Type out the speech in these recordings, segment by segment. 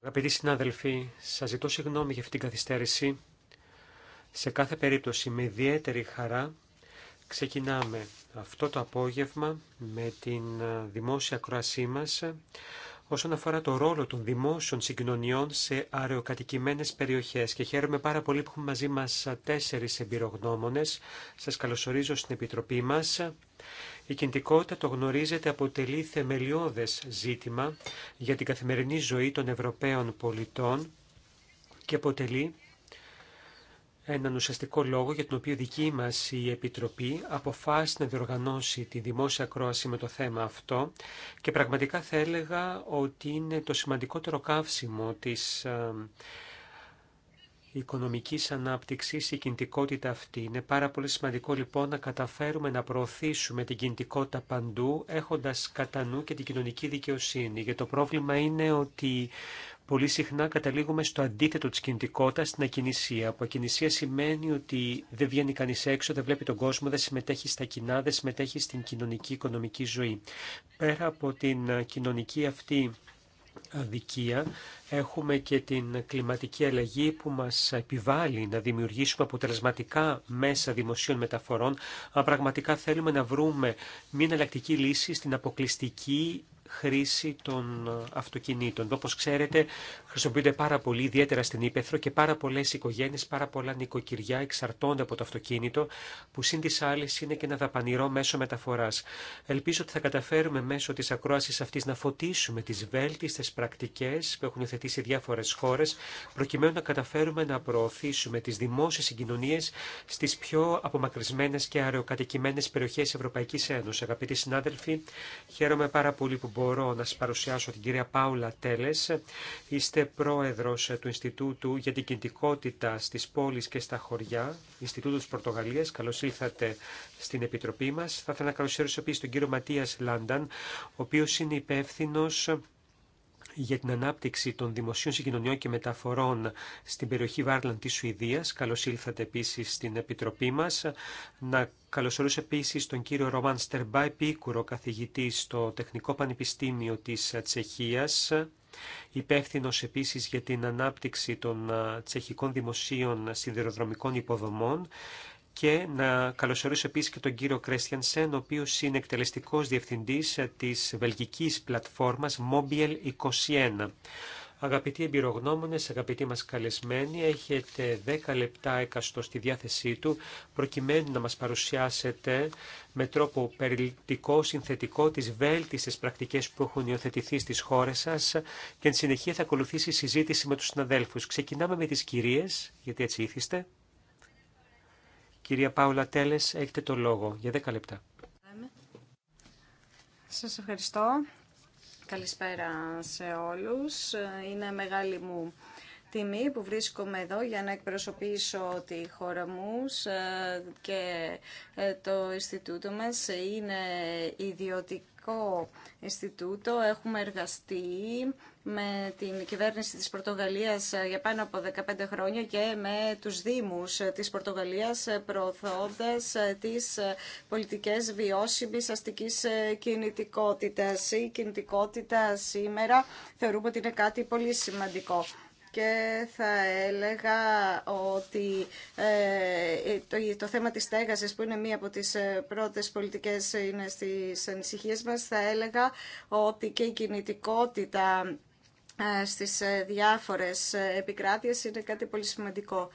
Αγαπητοί συνάδελφοι, σα ζητώ συγγνώμη για αυτήν την καθυστέρηση. Σε κάθε περίπτωση, με ιδιαίτερη χαρά, ξεκινάμε αυτό το απόγευμα με την δημόσια ακροασή μα ε, όσον αφορά το ρόλο των δημόσιων συγκοινωνιών σε αεροκατοικημένε περιοχές και χαίρομαι πάρα πολύ που έχουμε μαζί μα τέσσερι εμπειρογνώμονε. Σα καλωσορίζω στην Επιτροπή μα. Η κινητικότητα, το γνωρίζετε, αποτελεί θεμελιώδες ζήτημα για την καθημερινή ζωή των Ευρωπαίων πολιτών και αποτελεί έναν ουσιαστικό λόγο για τον οποίο δική μας η Επιτροπή αποφάσισε να διοργανώσει τη δημόσια κρόαση με το θέμα αυτό και πραγματικά θα έλεγα ότι είναι το σημαντικότερο καύσιμο της ε, οικονομικής ανάπτυξη, η κινητικότητα αυτή. Είναι πάρα πολύ σημαντικό λοιπόν να καταφέρουμε να προωθήσουμε την κινητικότητα παντού έχοντας κατά νου και την κοινωνική δικαιοσύνη. Γιατί το πρόβλημα είναι ότι πολύ συχνά καταλήγουμε στο αντίθετο της κινητικότητα στην ακινησία. Που ακινησία σημαίνει ότι δεν βγαίνει κανείς έξω, δεν βλέπει τον κόσμο, δεν συμμετέχει στα κοινά, δεν συμμετέχει στην κοινωνική οικονομική ζωή. Πέρα από την κοινωνική αυτή αδικία. Έχουμε και την κλιματική αλλαγή που μας επιβάλλει να δημιουργήσουμε αποτελεσματικά μέσα δημοσίων μεταφορών, αν πραγματικά θέλουμε να βρούμε μια εναλλακτική λύση στην αποκλειστική χρήση των ε, αυτοκινήτων. Όπως ξέρετε, χρησιμοποιούνται πάρα πολύ, ιδιαίτερα στην Ήπεθρο και πάρα πολλές οικογένειες, πάρα πολλά νοικοκυριά εξαρτώνται από το αυτοκίνητο, που σύν τις άλλες είναι και ένα δαπανηρό μέσο μεταφοράς. Ελπίζω ότι θα καταφέρουμε μέσω της ακρόασης αυτής να φωτίσουμε τις βέλτιστες πρακτικές που έχουν θετήσει διάφορες χώρες, προκειμένου να καταφέρουμε να προωθήσουμε τις δημόσιες συγκοινωνίες στις πιο απομακρυσμένες και αεροκατοικημένες περιοχές Ευρωπαϊκής Ένωσης. Αγαπητοί συνάδελφοι, χαίρομαι πάρα πολύ που μπορώ να σας παρουσιάσω την κυρία Πάουλα Τέλες. Είστε πρόεδρος του Ινστιτούτου για την Κινητικότητα στις πόλεις και στα χωριά, Ινστιτούτου της Πορτογαλίας. Καλώς ήρθατε στην Επιτροπή μας. Θα ήθελα να καλωσορίσω επίσης τον κύριο Ματίας Λάνταν, ο οποίος είναι υπεύθυνο για την ανάπτυξη των δημοσίων συγκοινωνιών και μεταφορών στην περιοχή Βάρλαν της Σουηδίας. Καλώς ήλθατε επίσης στην Επιτροπή μας. Να καλωσορίσω επίσης τον κύριο Ρωμάν Στερμπάι Πίκουρο, καθηγητή στο Τεχνικό Πανεπιστήμιο της Τσεχίας, υπεύθυνο επίσης για την ανάπτυξη των ε, τσεχικών δημοσίων σιδηροδρομικών υποδομών και να καλωσορίσω επίσης και τον κύριο Κρέστιανσεν, ο οποίος είναι εκτελεστικός διευθυντής της βελγικής Mobile Mobiel21. Αγαπητοί εμπειρογνώμονες, αγαπητοί μας καλεσμένοι, έχετε 10 λεπτά έκαστο στη διάθεσή του, προκειμένου να μας παρουσιάσετε με τρόπο περιληπτικό, συνθετικό, τις βέλτιστες πρακτικές που έχουν υιοθετηθεί στις χώρες σας και εν συνεχεία θα ακολουθήσει η συζήτηση με τους συναδέλφους. Ξεκινάμε με τις κυρίες, γιατί έτσι ήθιστε. Κυρία Πάουλα Τέλες, έχετε το λόγο για 10 λεπτά. Σας ευχαριστώ. Καλησπέρα σε όλους. Είναι μεγάλη μου τιμή που βρίσκομαι εδώ για να εκπροσωπήσω τη χώρα μου και ε, το Ινστιτούτο μας είναι ιδιωτικό Ινστιτούτο. Έχουμε εργαστεί με την κυβέρνηση της Πορτογαλίας ε, για πάνω από 15 χρόνια και με τους Δήμους ε, της Πορτογαλίας ε, προωθώντας τις πολιτικές βιώσιμης αστικής κινητικότητας. Η κινητικότητα σήμερα θεωρούμε ότι είναι κάτι πολύ σημαντικό και θα έλεγα ότι το, θέμα της στέγασης που είναι μία από τις πρώτες πολιτικές είναι στις ανησυχίες μας θα έλεγα ότι και η κινητικότητα ε, στις ε, διάφορες ε, επικράτειες είναι κάτι πολύ σημαντικό.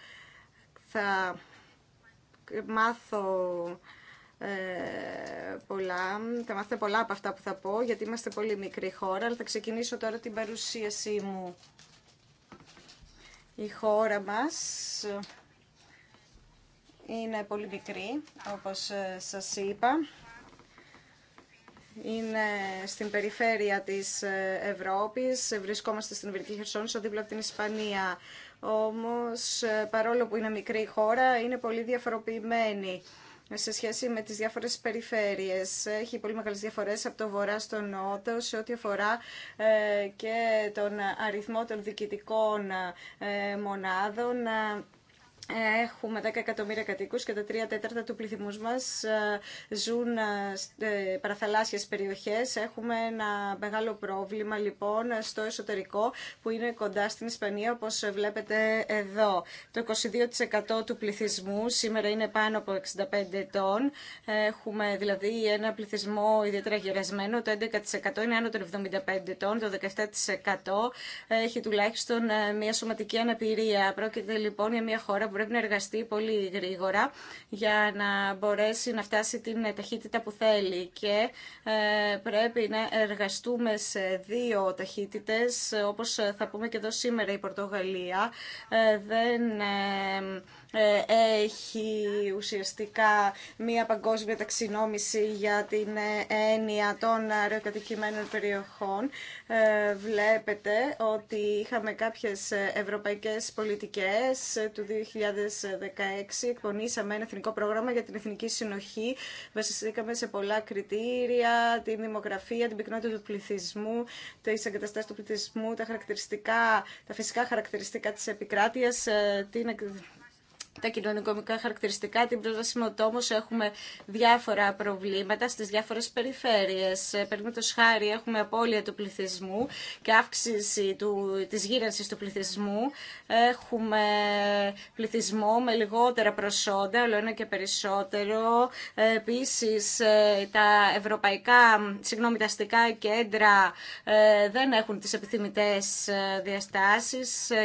Θα μάθω πολλά, θα μάθετε πολλά από αυτά που θα πω, γιατί είμαστε πολύ μικρή χώρα, αλλά θα ξεκινήσω τώρα την παρουσίασή μου. Η χώρα μας είναι πολύ μικρή, όπως σας είπα είναι στην περιφέρεια της ε, Ευρώπης, βρισκόμαστε στην Βυρική Χερσόνησο δίπλα από την Ισπανία. Όμως, ε, παρόλο που είναι μικρή η χώρα, είναι πολύ διαφοροποιημένη σε σχέση με τις διάφορες περιφέρειες. Έχει πολύ μεγάλες διαφορές από το βορρά στο νότο σε ό,τι αφορά ε, και τον αριθμό των διοικητικών μονάδων Έχουμε 10 εκατομμύρια κατοίκου και τα 3 τέταρτα του πληθυσμού μα ε, ζουν ε, σε παραθαλάσσιε περιοχέ. Έχουμε ένα μεγάλο πρόβλημα λοιπόν στο εσωτερικό που είναι κοντά στην Ισπανία όπω βλέπετε εδώ. Το 22% του πληθυσμού σήμερα είναι πάνω από 65 ετών. Έχουμε δηλαδή ένα πληθυσμό ιδιαίτερα γερασμένο. Το 11% είναι άνω των 75 ετών. Το 17% έχει τουλάχιστον ε, μια σωματική αναπηρία. Πρόκειται λοιπόν για μια χώρα πρέπει να εργαστεί πολύ γρήγορα για να μπορέσει να φτάσει την ταχύτητα που θέλει και ε, πρέπει να εργαστούμε σε δύο ταχύτητες όπως θα πούμε και εδώ σήμερα η Πορτογαλία ε, δεν ε, ε, έχει ουσιαστικά μία παγκόσμια ταξινόμηση για την ε, έννοια των αεροκατοικημένων περιοχών. Ε, βλέπετε ότι είχαμε κάποιες ευρωπαϊκές πολιτικές του 2016. Εκπονήσαμε ένα εθνικό πρόγραμμα για την εθνική συνοχή. Βασιστήκαμε σε πολλά κριτήρια, την δημογραφία, την πυκνότητα του πληθυσμού, τις εγκαταστάσεις του πληθυσμού, τα, χαρακτηριστικά, τα φυσικά χαρακτηριστικά της επικράτειας, την τα κοινωνικομικά χαρακτηριστικά, την προσβασιμότητα όμω έχουμε διάφορα προβλήματα στις διάφορες περιφέρειες. Ε, Παραδείγματο χάρη έχουμε απώλεια του πληθυσμού και αύξηση του, της του πληθυσμού. Έχουμε πληθυσμό με λιγότερα προσόντα, όλο ένα και περισσότερο. Ε, επίσης ε, τα ευρωπαϊκά, συγγνώμη, αστικά κέντρα δεν έχουν τι επιθυμητές διαστάσει.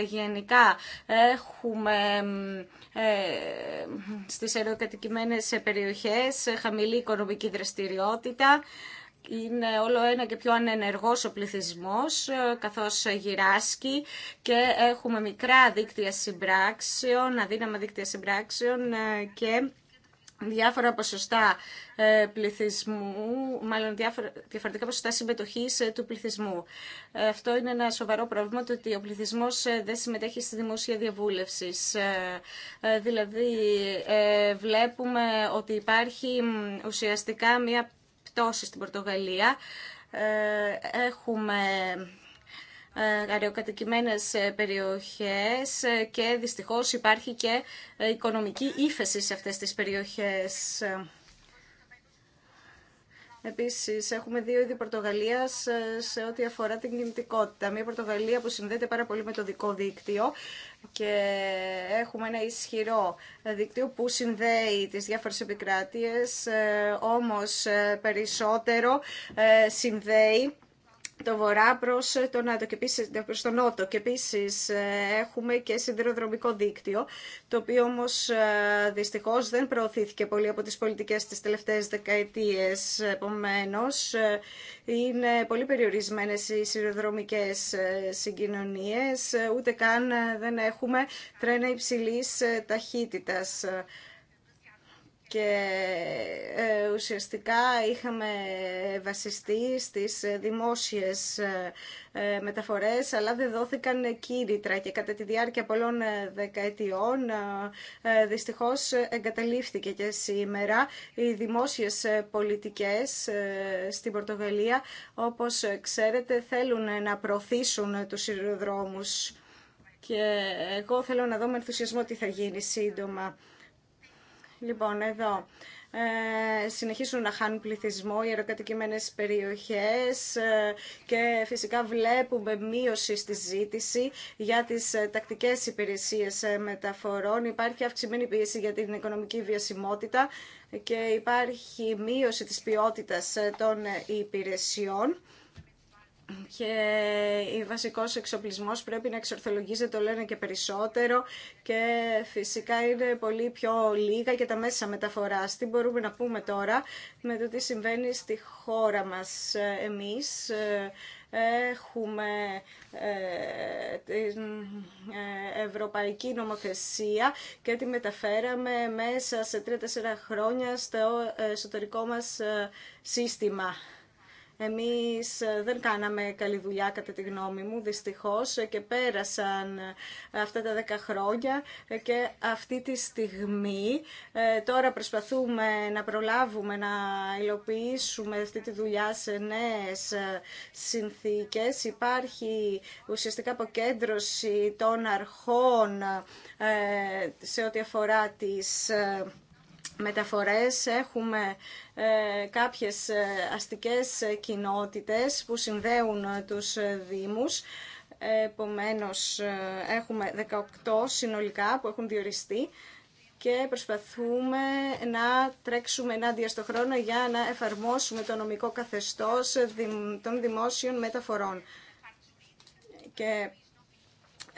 Γενικά έχουμε ε, στις αεροκατοικημένες περιοχές, χαμηλή οικονομική δραστηριότητα, είναι όλο ένα και πιο ανενεργός ο πληθυσμός, καθώς γυράσκει και έχουμε μικρά δίκτυα συμπράξεων, αδύναμα δίκτυα συμπράξεων ε, και διάφορα ποσοστά ε, πληθυσμού, μάλλον διαφορετικά ποσοστά συμμετοχής ε, του πληθυσμού. Ε, αυτό είναι ένα σοβαρό πρόβλημα, το ότι ο πληθυσμός δεν συμμετέχει στη δημόσια διαβούλευση. Δηλαδή, βλέπουμε ότι υπάρχει ουσιαστικά μία πτώση στην Πορτογαλία. Έχουμε ε, αραιοκατοικημένες ε, περιοχές ε, και δυστυχώς υπάρχει και οικονομική ύφεση σε αυτές τις περιοχές. Επίσης, έχουμε δύο είδη Πορτογαλίας σε ό,τι αφορά την κινητικότητα. Μία Πορτογαλία που συνδέεται πάρα πολύ με το δικό δίκτυο και έχουμε ένα ισχυρό δίκτυο που συνδέει τις διάφορες επικράτειες, όμως περισσότερο συνδέει το βορρά προς τον, Νότο και επίσης, και επίσης ε, έχουμε και σιδηροδρομικό δίκτυο το οποίο όμως ε, δυστυχώς δεν προωθήθηκε πολύ από τις πολιτικές τις τελευταίες δεκαετίες επομένω. Ε, είναι πολύ περιορισμένες οι σιδηροδρομικές συγκοινωνίες ούτε καν δεν έχουμε τρένα υψηλής ταχύτητας και ε, ουσιαστικά είχαμε βασιστεί στις δημόσιες ε, μεταφορές αλλά δεν δόθηκαν κίνητρα και κατά τη διάρκεια πολλών ε, δεκαετιών δυστυχώς εγκαταλείφθηκε και σήμερα οι δημόσιες πολιτικές στην Πορτογαλία όπως ξέρετε θέλουν να προωθήσουν τους σιδηροδρόμους και εγώ θέλω να δω με ενθουσιασμό τι θα γίνει σύντομα. Λοιπόν, εδώ ε, συνεχίσουν να χάνουν πληθυσμό οι αεροκατοικημένες περιοχές ε, και φυσικά βλέπουμε μείωση στη ζήτηση για τις ε, τακτικές υπηρεσίες ε, μεταφορών. Υπάρχει αυξημένη πίεση για την οικονομική βιωσιμότητα και υπάρχει μείωση της ποιότητας ε, των υπηρεσιών και ο βασικός εξοπλισμός πρέπει να εξορθολογίζεται, το λένε και περισσότερο και φυσικά είναι πολύ πιο λίγα και τα μέσα μεταφοράς. Τι μπορούμε να πούμε τώρα με το τι συμβαίνει στη χώρα μας εμείς. Ε, έχουμε ε, την ε, ευρωπαϊκή νομοθεσία και τη μεταφέραμε μέσα σε τρία-τέσσερα χρόνια στο εσωτερικό μας σύστημα. Εμείς ε, δεν κάναμε καλή δουλειά κατά τη γνώμη μου, δυστυχώς, ε, και πέρασαν ε, αυτά τα δέκα χρόνια και αυτή τη στιγμή τώρα προσπαθούμε να προλάβουμε να υλοποιήσουμε αυτή τη δουλειά σε νέες συνθήκες. Υπάρχει ουσιαστικά αποκέντρωση των αρχών σε ό,τι αφορά τις μεταφορές έχουμε ε, κάποιες ε, αστικές ε, κοινότητες που συνδέουν ε, τους δήμους. Επομένως, έχουμε 18 συνολικά που έχουν διοριστεί και προσπαθούμε να τρέξουμε ενάντια στο χρόνο για να εφαρμόσουμε το νομικό καθεστώς των δημόσιων μεταφορών. Και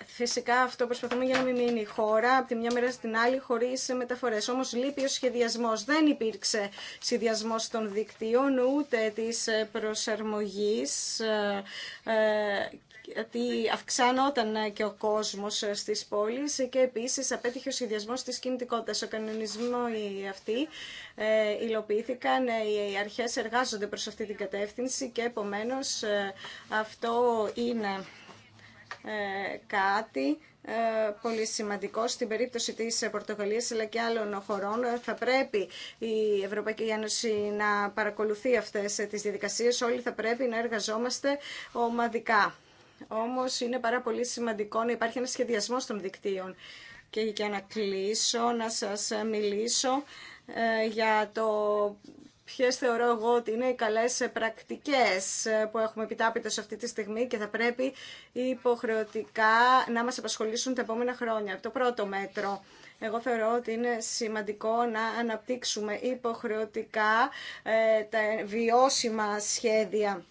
Φυσικά αυτό προσπαθούμε για να μην μείνει η χώρα από τη μια μέρα στην άλλη χωρί μεταφορέ. Όμω λείπει ο σχεδιασμό. Δεν υπήρξε σχεδιασμό των δικτύων ούτε τη ε, προσαρμογή. Ε, ε, γιατί αυξανόταν και ο κόσμο στι πόλει και επίση απέτυχε ο σχεδιασμό τη κινητικότητα. Ο κανονισμό αυτή υλοποιήθηκαν, οι αρχέ εργάζονται προ αυτή την κατεύθυνση και επομένω αυτό είναι ε, κάτι ε, πολύ σημαντικό στην περίπτωση της Πορτογαλίας αλλά και άλλων χωρών. Ε, θα πρέπει η Ευρωπαϊκή Ένωση να παρακολουθεί αυτές τις διαδικασίες. Όλοι θα πρέπει να εργαζόμαστε ομαδικά. Όμως είναι πάρα πολύ σημαντικό να υπάρχει ένα σχεδιασμό των δικτύων. Και για να κλείσω, να σας μιλήσω για το ποιε θεωρώ εγώ ότι είναι οι καλές πρακτικές που έχουμε σε αυτή τη στιγμή και θα πρέπει υποχρεωτικά να μα απασχολήσουν τα επόμενα χρόνια. Το πρώτο μέτρο. Εγώ θεωρώ ότι είναι σημαντικό να αναπτύξουμε υποχρεωτικά ε, τα βιώσιμα σχέδια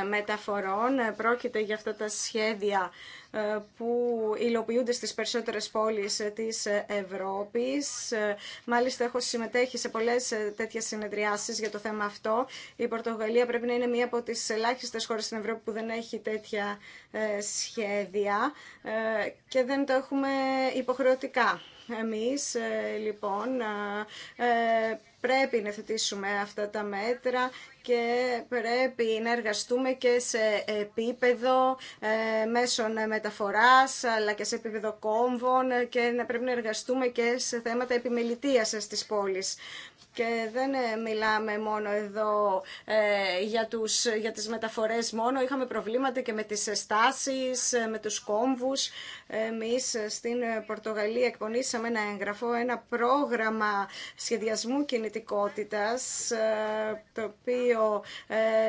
ε, μεταφορών. Πρόκειται για αυτά τα σχέδια ε, που υλοποιούνται στις περισσότερες πόλεις ε, της Ευρώπης. Ε, μάλιστα έχω συμμετέχει σε πολλές τέτοιες συνεδριάσεις για το θέμα αυτό. Η Πορτογαλία πρέπει να είναι μία από τις ελάχιστες χώρες στην Ευρώπη που δεν έχει τέτοια σχέδια και δεν το έχουμε υποχρεωτικά. Εμείς ε, λοιπόν ε, ε, πρέπει να θετήσουμε αυτά τα μέτρα και πρέπει να εργαστούμε και σε επίπεδο μέσων μεταφοράς αλλά και σε επίπεδο κόμβων και να πρέπει να εργαστούμε και σε θέματα επιμελητίας στις πόλεις και δεν ε, μιλάμε μόνο εδώ ε, για, τους, για τις μεταφορές μόνο, είχαμε προβλήματα και με τις στάσεις, ε, με τους κόμβους. Εμείς στην Πορτογαλία εκπονήσαμε ένα έγγραφο, ένα πρόγραμμα σχεδιασμού κινητικότητας, το οποίο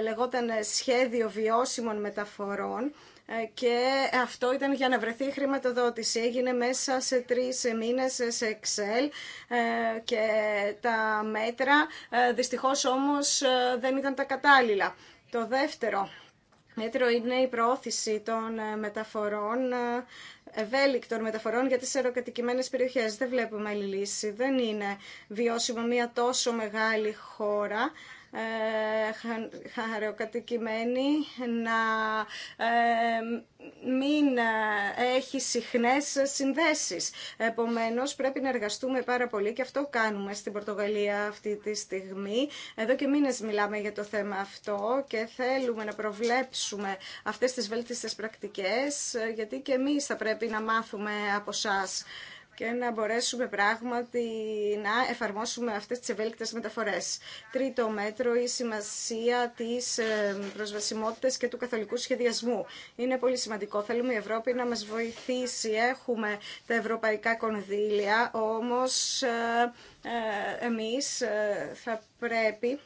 λεγόταν Σχέδιο Βιώσιμων Μεταφορών ε, και αυτό ήταν για να βρεθεί η χρηματοδότηση. Έγινε μέσα σε τρεις μήνες σε Excel ε, και τα μέτρα ε, δυστυχώς όμως δεν ήταν τα κατάλληλα. Το δεύτερο μέτρο είναι η προώθηση των μεταφορών ευέλικτων μεταφορών για τις αεροκατοικημένες περιοχές. Δεν βλέπουμε άλλη λύση. Δεν είναι βιώσιμο μια τόσο μεγάλη χώρα ε, χαροκατοικημένη να μην ε, έχει συχνές συνδέσεις. Επομένως, πρέπει να εργαστούμε πάρα πολύ και αυτό κάνουμε στην Πορτογαλία αυτή τη στιγμή. Εδώ και μήνες μιλάμε για το θέμα αυτό και θέλουμε να προβλέψουμε αυτές τις βέλτιστες πρακτικές, ε, γιατί και εμείς θα πρέπει να μάθουμε από σας και να μπορέσουμε πράγματι να εφαρμόσουμε αυτές τις ευέλικτες μεταφορές. Τρίτο μέτρο, η σημασία της ε, προσβασιμότητας και του καθολικού σχεδιασμού. Είναι πολύ σημαντικό. Θέλουμε η Ευρώπη να μας βοηθήσει. Έχουμε τα ευρωπαϊκά κονδύλια, όμως ε, ε, εμείς θα πρέπει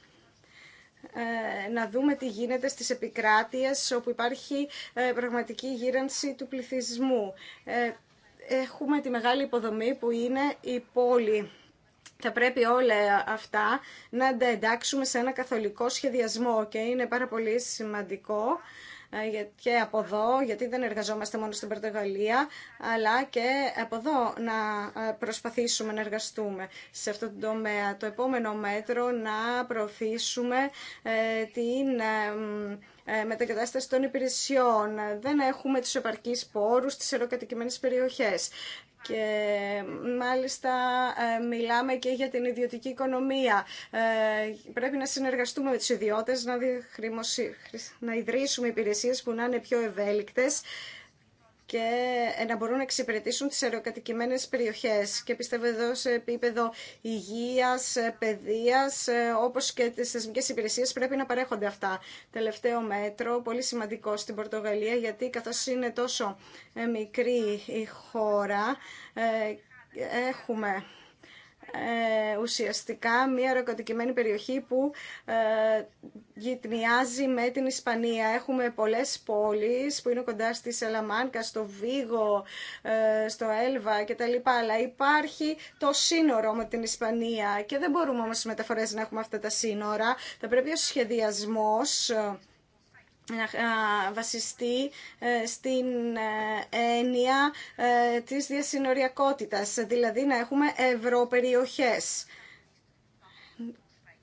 να δούμε τι γίνεται στις επικράτειες όπου υπάρχει πραγματική γύρανση του πληθυσμού έχουμε τη μεγάλη υποδομή που είναι η πόλη. Θα πρέπει όλα αυτά να τα εντάξουμε σε ένα καθολικό σχεδιασμό και είναι πάρα πολύ σημαντικό ε, και από εδώ, γιατί δεν εργαζόμαστε μόνο στην Πορτογαλία, αλλά και από εδώ να ε, προσπαθήσουμε να εργαστούμε σε αυτό το τομέα. Το επόμενο μέτρο να προωθήσουμε ε, την ε, κατάσταση των υπηρεσιών, δεν έχουμε τους επαρκείς πόρους στις αεροκατοικημένες περιοχές. Και μάλιστα ε, μιλάμε και για την ιδιωτική οικονομία. Ε, πρέπει να συνεργαστούμε με τους ιδιώτες, να ιδρύσουμε υπηρεσίες που να είναι πιο ευέλικτες και ε, να μπορούν να εξυπηρετήσουν τις αεροκατοικημένες περιοχές. Και πιστεύω εδώ σε επίπεδο υγείας, ε, παιδείας, ε, όπως και τις θεσμικές υπηρεσίες πρέπει να παρέχονται αυτά. Τελευταίο μέτρο, πολύ σημαντικό στην Πορτογαλία, γιατί καθώς είναι τόσο μικρή η χώρα, έχουμε ε, ουσιαστικά μια ροκατοικημένη περιοχή που ε, γυτνιάζει με την Ισπανία. Έχουμε πολλές πόλεις που είναι κοντά στη Σαλαμάνκα, στο Βίγο, ε, στο Έλβα κτλ. Αλλά υπάρχει το σύνορο με την Ισπανία και δεν μπορούμε όμως στις μεταφορές να έχουμε αυτά τα σύνορα. Θα πρέπει ο σχεδιασμός να βασιστεί ε, στην ε, έννοια ε, της διασυνοριακότητας, δηλαδή να έχουμε ευρωπεριοχές.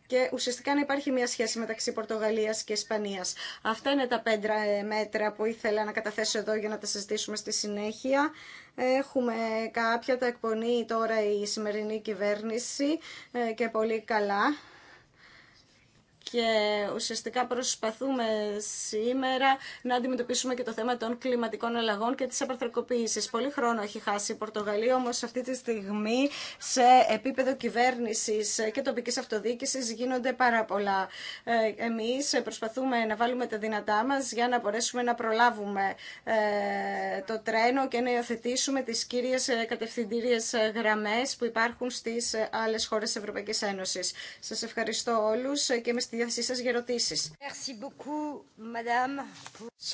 Και ουσιαστικά να υπάρχει μια σχέση μεταξύ Πορτογαλίας και Ισπανίας. Αυτά είναι τα πέντρα μέτρα που ήθελα να καταθέσω εδώ για να τα συζητήσουμε στη συνέχεια. Έχουμε κάποια, τα εκπονεί τώρα η σημερινή κυβέρνηση και πολύ καλά και ουσιαστικά προσπαθούμε σήμερα να αντιμετωπίσουμε και το θέμα των κλιματικών αλλαγών και της απαρθρακοποίησης. Πολύ χρόνο έχει χάσει η Πορτογαλία, όμως αυτή τη στιγμή σε επίπεδο κυβέρνησης και τοπικής αυτοδιοίκησης γίνονται πάρα πολλά. Ε, εμείς προσπαθούμε να βάλουμε τα δυνατά μας για να μπορέσουμε να προλάβουμε ε, το τρένο και να υιοθετήσουμε τις κύριες κατευθυντήριες γραμμές που υπάρχουν στις άλλες χώρες Ευρωπαϊκής Ένωσης. Σας ευχαριστώ όλους και με στη διάθεσή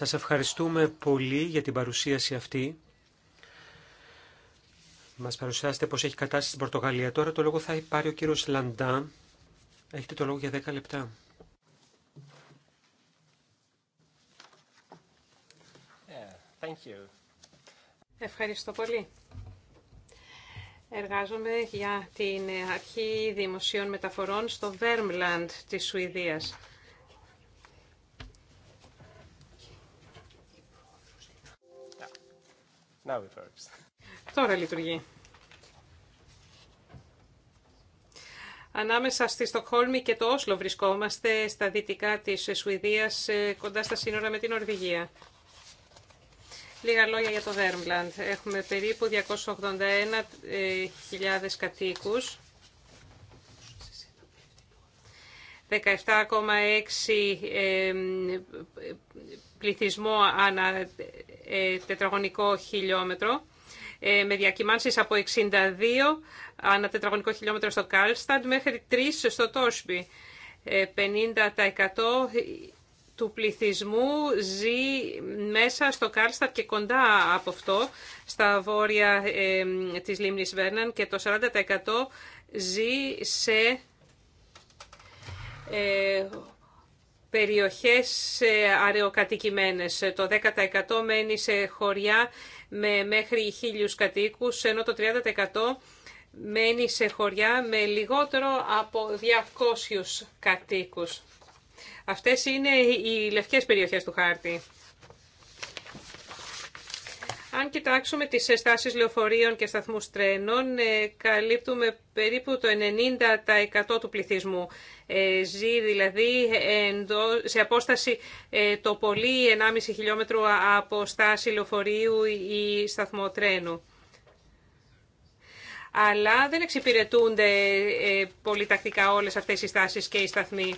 σας ευχαριστούμε πολύ για την παρουσίαση αυτή. Μας παρουσιάσετε πώς έχει κατάσταση στην Πορτογαλία. Τώρα το λόγο θα πάρει ο κύριος Λαντά. Έχετε το λόγο για 10 λεπτά. thank you. Ευχαριστώ πολύ. Εργάζομαι για την αρχή δημοσίων μεταφορών στο Βέρμλαντ της Σουηδίας. Τώρα λειτουργεί. Ανάμεσα στη Στοκχόλμη και το Όσλο βρισκόμαστε στα δυτικά της Σουηδίας, ε, κοντά στα σύνορα με την Ορβηγία. Λίγα λόγια για το Δέρμπλαντ. Έχουμε περίπου 281.000 κατοίκους. 17,6 πληθυσμό ανά ε, τετραγωνικό χιλιόμετρο ε, με διακυμάνσεις από 62 ανά τετραγωνικό χιλιόμετρο στο Κάλσταντ μέχρι 3 στο Τόσμπι. 50% ε, του πληθυσμού ζει μέσα στο Κάλσταρ και κοντά από αυτό, στα βόρεια ε, της λίμνης Βέρναν και το 40% ζει σε ε, περιοχές ε, αρεοκατοικημένες. Το 10% μένει σε χωριά με μέχρι χίλιους κατοίκους, ενώ το 30% μένει σε χωριά με λιγότερο από 200 κατοίκους. Αυτές είναι οι λευκές περιοχές του χάρτη. Αν κοιτάξουμε τις στάσεις λεωφορείων και σταθμούς τρένων, ε, καλύπτουμε περίπου το 90% του πληθυσμού. Ε, ζει δηλαδή σε απόσταση ε, το πολύ 1,5 χιλιόμετρο από στάση λεωφορείου ή σταθμό τρένου. Αλλά δεν εξυπηρετούνται πολυτακτικά όλες αυτές οι στάσεις και οι σταθμοί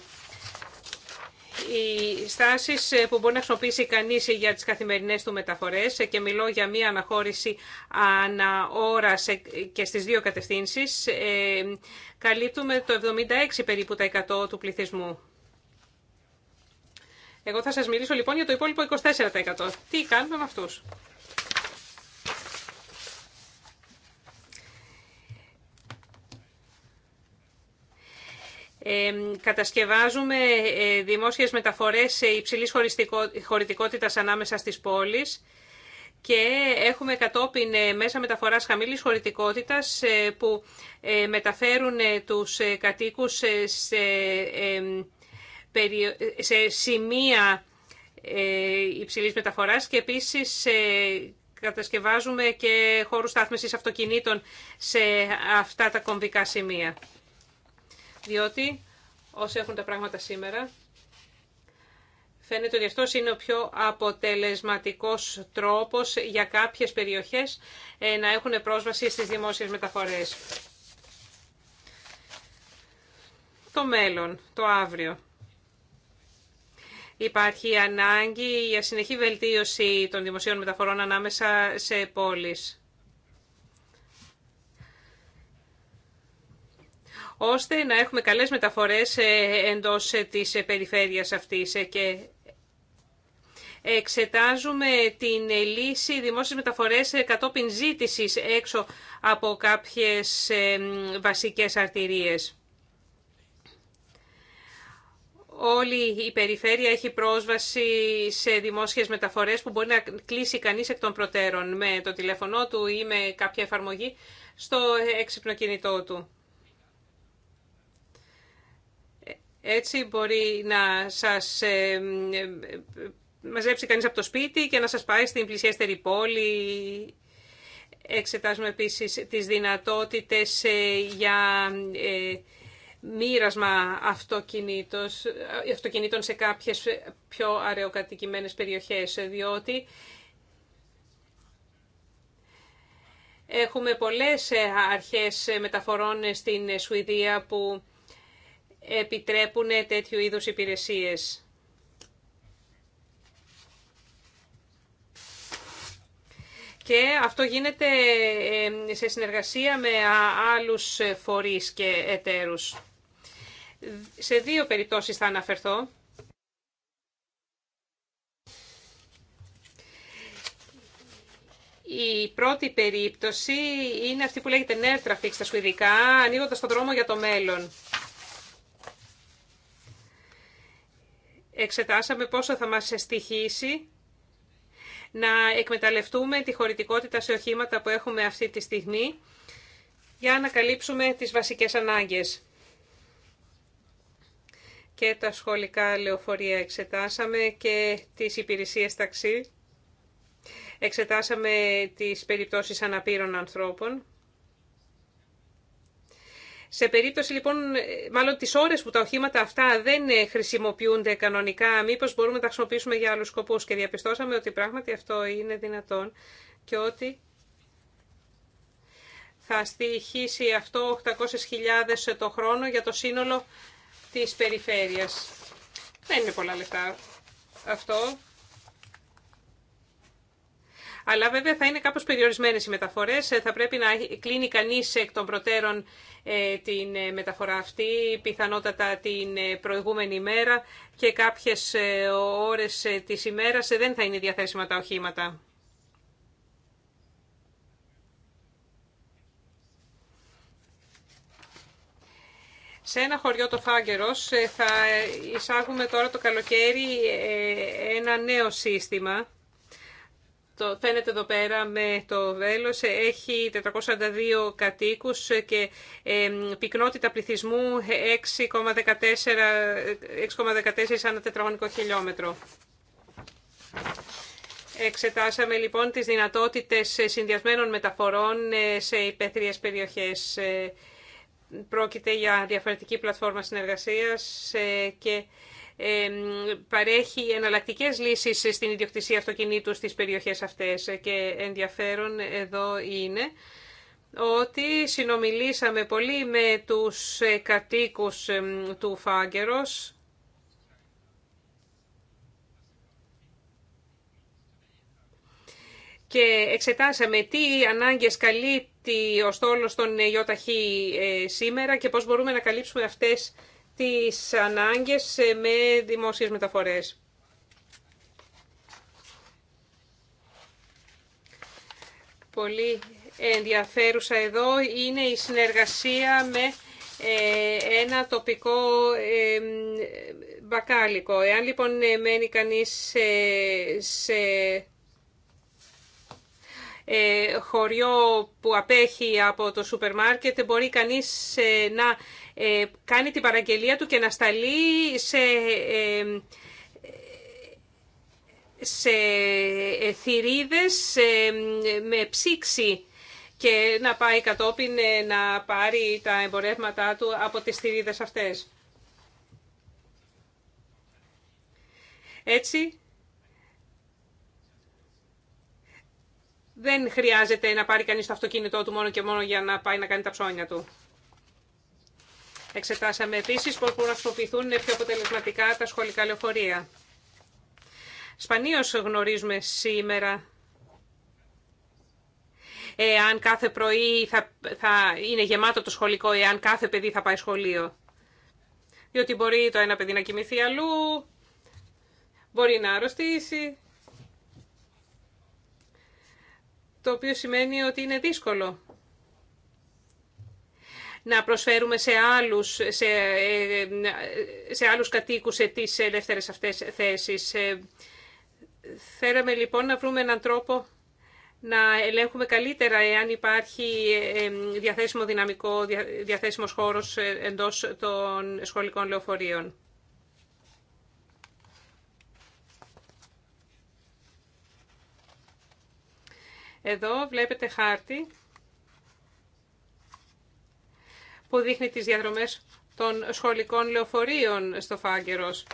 οι στάσεις ε, που μπορεί να χρησιμοποιήσει κανεί για τις καθημερινές του μεταφορές ε, και μιλώ για μία αναχώρηση ανά ώρα ε, και στι δύο κατευθύνσεις, καλύπτουμε το 76 περίπου τα 100 του πληθυσμού. Εγώ θα σας μιλήσω λοιπόν για το υπόλοιπο 24%. Τι κάνουμε με αυτούς. κατασκευάζουμε ε, δημόσιες μεταφορές υψηλής χωρητικότητας ανάμεσα στις πόλεις και έχουμε κατόπιν ε, μέσα μεταφοράς χαμηλής χωρητικότητας ε, που μεταφέρουν τους κατοίκους σε, σε σημεία υψηλής μεταφοράς και επίσης κατασκευάζουμε και χώρους στάθμισης αυτοκινήτων σε αυτά τα κομβικά σημεία διότι όσοι έχουν τα πράγματα σήμερα, φαίνεται ότι αυτό είναι ο πιο αποτελεσματικός τρόπος για κάποιες περιοχές ε, να έχουν πρόσβαση στις δημόσιες μεταφορές. Το μέλλον, το αύριο. Υπάρχει ανάγκη για συνεχή βελτίωση των δημοσίων μεταφορών ανάμεσα σε πόλεις. ώστε να έχουμε καλές μεταφορές ε, εντός ε, της ε, περιφέρειας αυτής και εξετάζουμε την λύση δημόσιες μεταφορές κατόπιν ζήτησης έξω από κάποιες βασικές αρτηρίες. Όλη η περιφέρεια έχει πρόσβαση σε δημόσιες μεταφορές που μπορεί να κλείσει κανείς εκ των προτέρων με το τηλέφωνό του ή με κάποια εφαρμογή στο έξυπνο κινητό του. Έτσι μπορεί να σας ε, μαζέψει κανείς από το σπίτι και να σας πάει στην πλησιέστερη πόλη. Εξετάζουμε επίσης τις δυνατότητες ε, για ε, μοίρασμα αυτοκινήτων σε κάποιες πιο αραιοκατοικημένες περιοχές, διότι έχουμε πολλές αρχές μεταφορών στην Σουηδία που επιτρέπουν τέτοιου είδους υπηρεσίες. Και αυτό γίνεται σε συνεργασία με άλλους φορείς και εταίρους. Σε δύο περιπτώσεις θα αναφερθώ. Η πρώτη περίπτωση είναι αυτή που λέγεται Traffic στα σουηδικά, ανοίγοντα τον δρόμο για το μέλλον. εξετάσαμε πόσο θα μας στοιχήσει να εκμεταλλευτούμε τη χωρητικότητα σε οχήματα που έχουμε αυτή τη στιγμή για να καλύψουμε τις βασικές ανάγκες. Και τα σχολικά λεωφορεία εξετάσαμε και τις υπηρεσίες ταξί. Εξετάσαμε τις περιπτώσεις αναπήρων ανθρώπων. Σε περίπτωση λοιπόν, ε, μάλλον τις ώρες που τα οχήματα αυτά δεν ε, χρησιμοποιούνται κανονικά, μήπως μπορούμε να τα χρησιμοποιήσουμε για άλλους σκοπούς και διαπιστώσαμε ότι πράγματι αυτό είναι δυνατόν και ότι θα στοιχήσει αυτό 800.000 το χρόνο για το σύνολο της περιφέρειας. Δεν είναι πολλά λεφτά αυτό. Αλλά βέβαια θα είναι κάπως περιορισμένες οι μεταφορές. Ε, θα πρέπει να κλείνει κανείς εκ των προτέρων ε, την ε, μεταφορά αυτή, πιθανότατα την προηγούμενη ημέρα και κάποιες ώρες της ημέρας δεν θα είναι διαθέσιμα τα οχήματα. Σε ένα χωριό το Φάγκερος θα εισάγουμε τώρα το καλοκαίρι ένα νέο σύστημα φαίνεται εδώ πέρα με το βέλος, έχει 442 κατοίκους και ε, πυκνότητα πληθυσμού 6,14 σαν τετραγωνικό χιλιόμετρο. Εξετάσαμε λοιπόν τις δυνατότητες συνδυασμένων μεταφορών ε, σε υπαίθριες περιοχές. Ε, πρόκειται για διαφορετική πλατφόρμα συνεργασίας ε, και παρέχει εναλλακτικέ λύσεις στην ιδιοκτησία αυτοκινήτου στις περιοχές αυτές. Και ενδιαφέρον εδώ είναι ότι συνομιλήσαμε πολύ με τους ε, κατοίκους του Φάγκερος, και εξετάσαμε τι ανάγκες καλύπτει ο στόλος των ΙΟΤΑΧΗ ε, σήμερα και πώς μπορούμε να καλύψουμε αυτές τις ανάγκες με δημόσιες μεταφορές. Πολύ ενδιαφέρουσα εδώ είναι η συνεργασία με ε, ένα τοπικό μπακάλικο. Εάν λοιπόν ε, μένει κανείς σε ε, χωριό που απέχει από το σούπερ μάρκετ μπορεί κανείς ε, να ε, κάνει την παραγγελία του και να σταλεί σε σε θηρίδες με ψήξη και να πάει κατόπιν να πάρει τα εμπορεύματά του από τις θηρίδες αυτές. Έτσι, δεν χρειάζεται να πάρει κανείς το αυτοκίνητό του μόνο και μόνο για να πάει να κάνει τα ψώνια του. Εξετάσαμε επίσης πώς μπορούν να χρησιμοποιηθούν πιο αποτελεσματικά τα σχολικά λεωφορεία. Σπανίως γνωρίζουμε σήμερα εάν κάθε πρωί θα, θα είναι γεμάτο το σχολικό, εάν κάθε παιδί θα πάει σχολείο. Διότι μπορεί το ένα παιδί να κοιμηθεί αλλού, μπορεί να αρρωστήσει. το οποίο σημαίνει ότι είναι δύσκολο να προσφέρουμε σε άλλους, σε, ε, σε άλλους κατοίκους σε τις ελεύθερες αυτές θέσεις. Ε, θέλαμε λοιπόν να βρούμε έναν τρόπο να ελέγχουμε καλύτερα εάν υπάρχει ε, διαθέσιμο δυναμικό, διαθέσιμος χώρος εντός των σχολικών λεωφορείων. Εδώ βλέπετε χάρτη που δείχνει τις διαδρομές των σχολικών λεωφορείων στο Φάγκερος.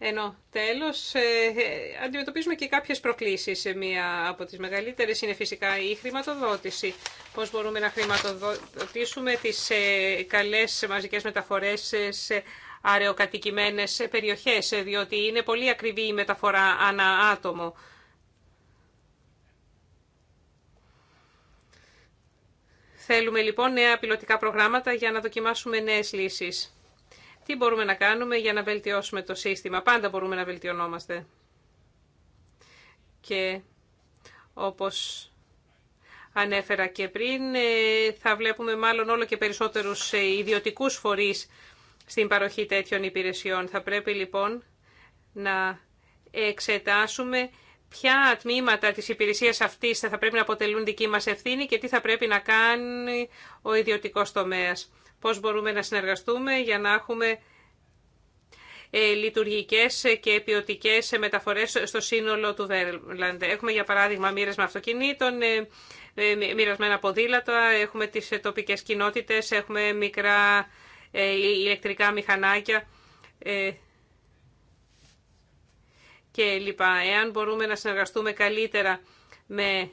Ενώ τέλος ε, ε, αντιμετωπίζουμε και κάποιες προκλήσεις. Μία από τις μεγαλύτερες είναι φυσικά η χρηματοδότηση. Πώς μπορούμε να χρηματοδοτήσουμε τις ε, καλές μαζικές μεταφορές σε αραιοκατοικημένες περιοχές, διότι είναι πολύ ακριβή η μεταφορά ανά άτομο. Θέλουμε λοιπόν νέα πιλωτικά προγράμματα για να δοκιμάσουμε νέες λύσεις. Τι μπορούμε να κάνουμε για να βελτιώσουμε το σύστημα. Πάντα μπορούμε να βελτιωνόμαστε. Και όπως ανέφερα και πριν, ε, θα βλέπουμε μάλλον όλο και περισσότερους ε, ιδιωτικούς φορείς στην παροχή τέτοιων υπηρεσιών. Θα πρέπει λοιπόν να εξετάσουμε ποια τμήματα της υπηρεσίας αυτής θα πρέπει να αποτελούν δική μας ευθύνη και τι θα πρέπει να κάνει ο ιδιωτικός τομέας. Πώς μπορούμε να συνεργαστούμε για να έχουμε ε, λειτουργικές και ποιοτικέ μεταφορές στο σύνολο του Βέρλαντ. Έχουμε για παράδειγμα με αυτοκινήτων, ε, ε, μοίρασμένα ποδήλατα, έχουμε τις τοπικές κοινότητες, έχουμε μικρά ε, ηλεκτρικά μηχανάκια ε, και λοιπά. Εάν μπορούμε να συνεργαστούμε καλύτερα με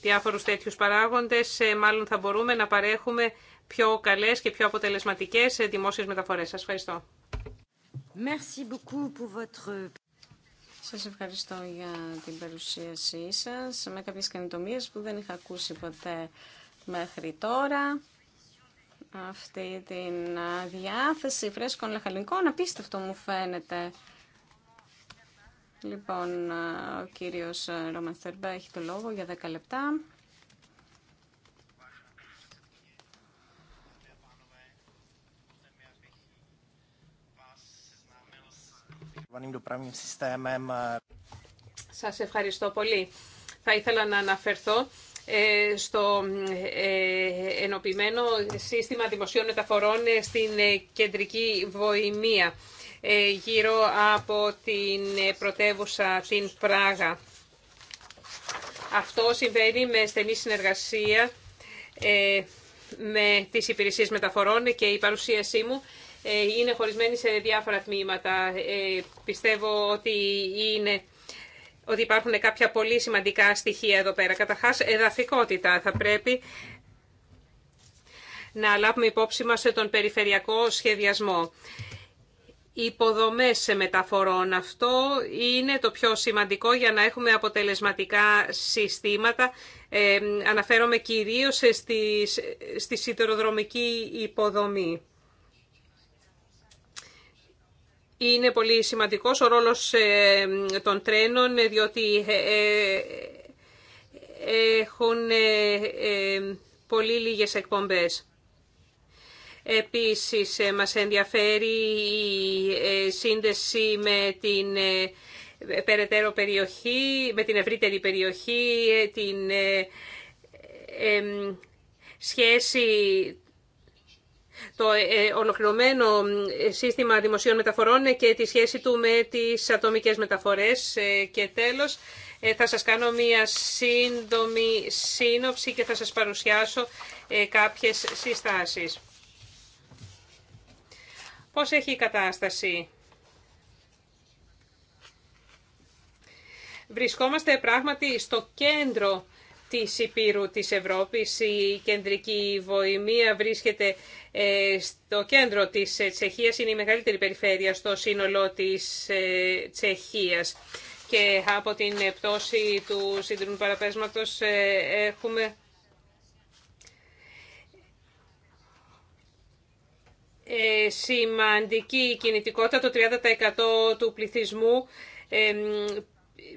διάφορους τέτοιους παράγοντες, ε, μάλλον θα μπορούμε να παρέχουμε πιο καλές και πιο αποτελεσματικές δημόσιες μεταφορές. Σας ευχαριστώ. Merci beaucoup pour votre... Σας ευχαριστώ για την παρουσίασή σας με κάποιες καινοτομίες που δεν είχα ακούσει ποτέ μέχρι τώρα αυτή την διάθεση φρέσκων λαχανικών. Απίστευτο μου φαίνεται. Λοιπόν, ο κύριος Ρόμαν έχει το λόγο για 10 λεπτά. Ε, Σας ευχαριστώ πολύ. Θα ήθελα να αναφερθώ ε, στο ε, ενοποιημένο σύστημα δημοσίων μεταφορών ε, στην κεντρική βοημία γύρω από την πρωτεύουσα την Πράγα. Αυτό συμβαίνει με στενή συνεργασία με τις υπηρεσίες μεταφορών και η παρουσίασή μου είναι χωρισμένη σε διάφορα τμήματα. Πιστεύω ότι είναι ότι υπάρχουν κάποια πολύ σημαντικά στοιχεία εδώ πέρα. Καταρχάς, εδαφικότητα. Θα πρέπει να λάβουμε υπόψη μας τον περιφερειακό σχεδιασμό. Υποδομές σε μεταφορών. Αυτό είναι το πιο σημαντικό για να έχουμε αποτελεσματικά συστήματα. Ε, αναφέρομαι κυρίως στη, στη υποδομή. Είναι πολύ σημαντικός ο ρόλος ε, των τρένων, διότι ε, ε, έχουν πολύ λίγες εκπομπές. Επίσης, μας ενδιαφέρει η σύνδεση με την περαιτέρω περιοχή, με την ευρύτερη περιοχή, την σχέση το ε, ε, ολοκληρωμένο ε, σύστημα δημοσίων μεταφορών και τη σχέση του με τις ατομικές μεταφορές. Και τέλος, θα σας κάνω μία σύντομη σύνοψη και θα σας παρουσιάσω κάποιες συστάσεις. Πώς έχει η κατάσταση. Βρισκόμαστε πράγματι στο κέντρο της Υπήρου της Ευρώπης. Η κεντρική βοημία βρίσκεται ε, στο κέντρο της ε, Τσεχίας είναι η μεγαλύτερη περιφέρεια στο σύνολο της ε, Τσεχίας. Και από την πτώση του σύντριμου παραπέσματος έχουμε... σημαντική κινητικότητα, το 30% του πληθυσμού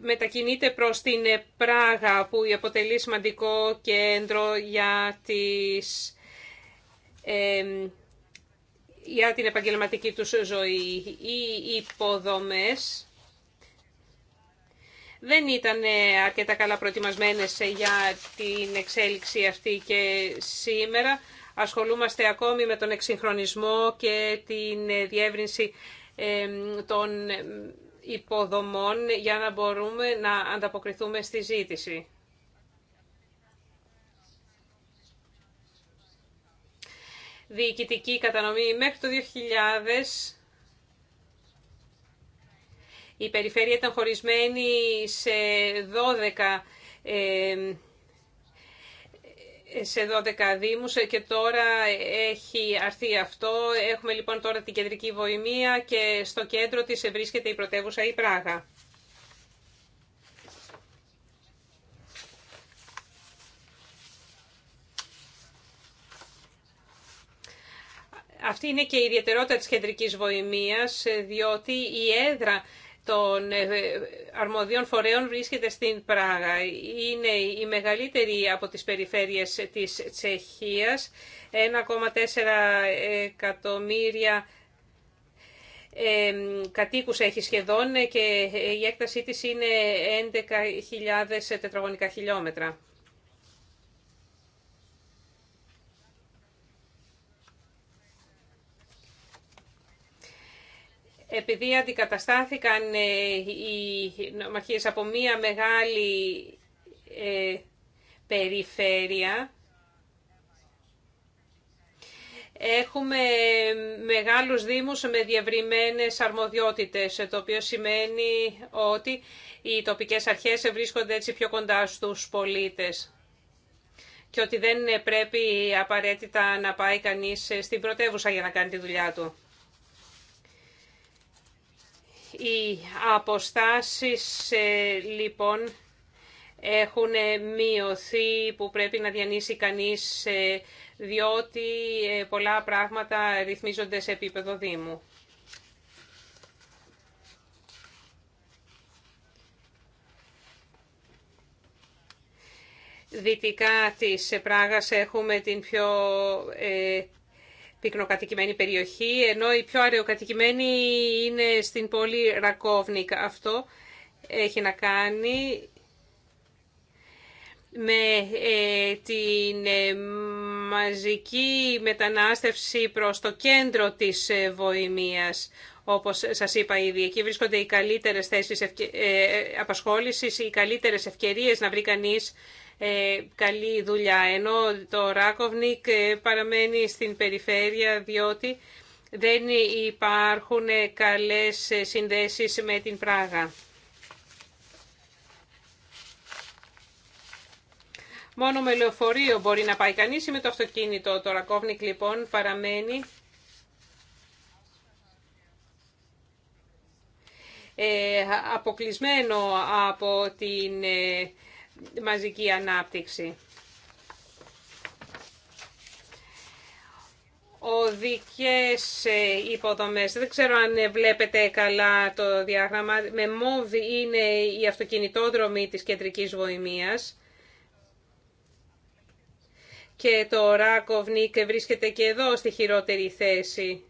μετακινείται προς την Πράγα που αποτελεί σημαντικό κέντρο για τις για την επαγγελματική τους ζωή. Οι υποδομές δεν ήταν αρκετά καλά προετοιμασμένες για την εξέλιξη αυτή και σήμερα ασχολούμαστε ακόμη με τον εξυγχρονισμό και την διεύρυνση των υποδομών για να μπορούμε να ανταποκριθούμε στη ζήτηση. διοικητική κατανομή μέχρι το 2000 η περιφέρεια ήταν χωρισμένη σε 12 σε 12 δήμους και τώρα έχει αρθεί αυτό. Έχουμε λοιπόν τώρα την κεντρική βοημία και στο κέντρο της βρίσκεται η πρωτεύουσα η Πράγα. Αυτή είναι και η ιδιαιτερότητα της κεντρικής βοημίας, ε, διότι η έδρα των ε, αρμοδίων φορέων βρίσκεται στην Πράγα. Είναι η μεγαλύτερη από τις περιφέρειες της Τσεχίας, 1,4 εκατομμύρια ε, κατοίκους έχει σχεδόν ε, και η έκτασή της είναι 11.000 τετραγωνικά χιλιόμετρα. επειδή αντικαταστάθηκαν ε, οι νομαρχίες από μία μεγάλη ε, περιφέρεια, Έχουμε μεγάλους δήμους με διευρυμένες αρμοδιότητες, το οποίο σημαίνει ότι οι τοπικές αρχές βρίσκονται έτσι πιο κοντά στους πολίτες και ότι δεν πρέπει απαραίτητα να πάει κανείς στην πρωτεύουσα για να κάνει τη δουλειά του. Οι αποστάσεις ε, λοιπόν έχουν μειωθεί που πρέπει να διανύσει κανείς ε, διότι ε, πολλά πράγματα ρυθμίζονται σε επίπεδο Δήμου. Δυτικά της Πράγας έχουμε την πιο πυκνοκατοικημένη περιοχή, ενώ η πιο αραιοκατοικημένη είναι στην πόλη Ρακόβνικ. Αυτό έχει να κάνει με ε, την ε, μαζική μετανάστευση προς το κέντρο της ε, βοημίας. Όπως σας είπα ήδη, εκεί βρίσκονται οι καλύτερες θέσεις απασχόλησης, οι καλύτερες ευκαιρίες να βρει κανείς ε, καλή δουλειά, ενώ το Ράκοβνικ ε, παραμένει στην περιφέρεια διότι δεν υπάρχουν ε, καλές συνδέσεις με την Πράγα. Μόνο με λεωφορείο μπορεί να πάει κανείς ή με το αυτοκίνητο. Το Ρακόβνικ λοιπόν παραμένει αποκλεισμένο από την μαζική ανάπτυξη. Οδικές ε, υποδομές. Δεν ξέρω αν βλέπετε καλά το διάγραμμα. Με MOV είναι η αυτοκινητόδρομη της κεντρικής βοημίας. Και το Ράκοβνικ βρίσκεται και εδώ στη χειρότερη θέση.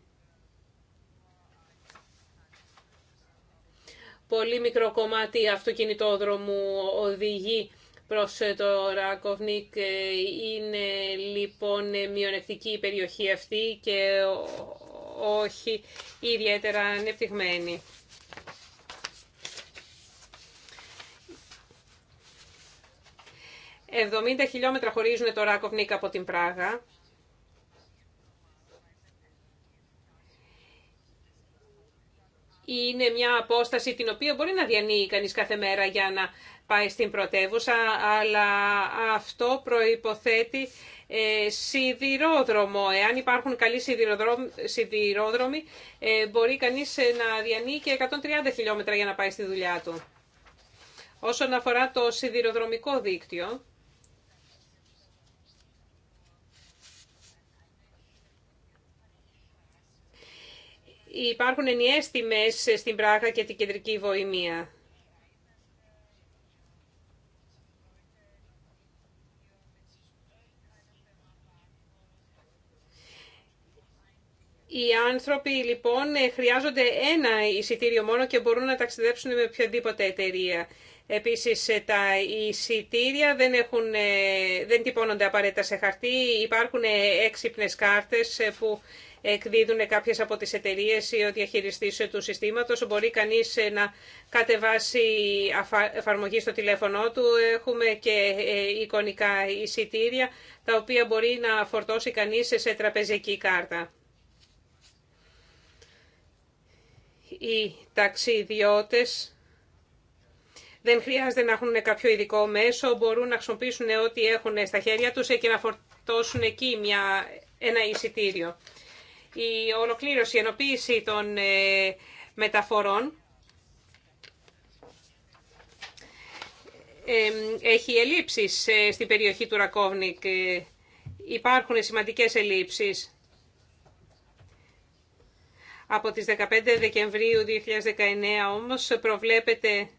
Πολύ μικρό κομμάτι αυτοκινητόδρομου οδηγεί προς ε, το Ρακοβνίκ. Ε, είναι λοιπόν ε, μειονεκτική η περιοχή αυτή και όχι ιδιαίτερα ανεπτυγμένη. 70 χιλιόμετρα χωρίζουν το Ράκοβνικ από την Πράγα. είναι μια απόσταση την οποία μπορεί να διανύει κανείς κάθε μέρα για να πάει στην πρωτεύουσα, αλλά αυτό προϋποθέτει ε, σιδηρόδρομο. Εάν υπάρχουν καλοί σιδηρόδρομοι, ε, μπορεί κανείς ε, να διανύει και 130 χιλιόμετρα για να πάει στη δουλειά του. Όσον αφορά το σιδηροδρομικό δίκτυο, υπάρχουν ενιαίες τιμές στην Πράγα και την Κεντρική Βοημία. Οι άνθρωποι λοιπόν χρειάζονται ένα εισιτήριο μόνο και μπορούν να ταξιδέψουν με οποιαδήποτε εταιρεία. Επίσης τα εισιτήρια δεν, έχουν, ε, δεν τυπώνονται απαραίτητα σε χαρτί, υπάρχουν έξυπνες κάρτες που εκδίδουν κάποιες από τις εταιρείε ή ο διαχειριστή του συστήματος. Μπορεί κανείς ε, να κατεβάσει εφαρμογή στο τηλέφωνό του. Έχουμε και ε, εικονικά εισιτήρια, τα οποία μπορεί να φορτώσει κανείς σε τραπεζική κάρτα. Οι ταξιδιώτες δεν χρειάζεται να έχουν κάποιο ειδικό μέσο, μπορούν να χρησιμοποιήσουν ό,τι έχουν στα χέρια τους και να φορτώσουν εκεί ένα εισιτήριο η ολοκλήρωση, η ενοποίηση των ε, μεταφορών ε, έχει ελλείψεις ε, στην περιοχή του Ρακόβνικ. Υπάρχουν σημαντικές ελλείψεις. Από τις 15 Δεκεμβρίου 2019 όμως προβλέπεται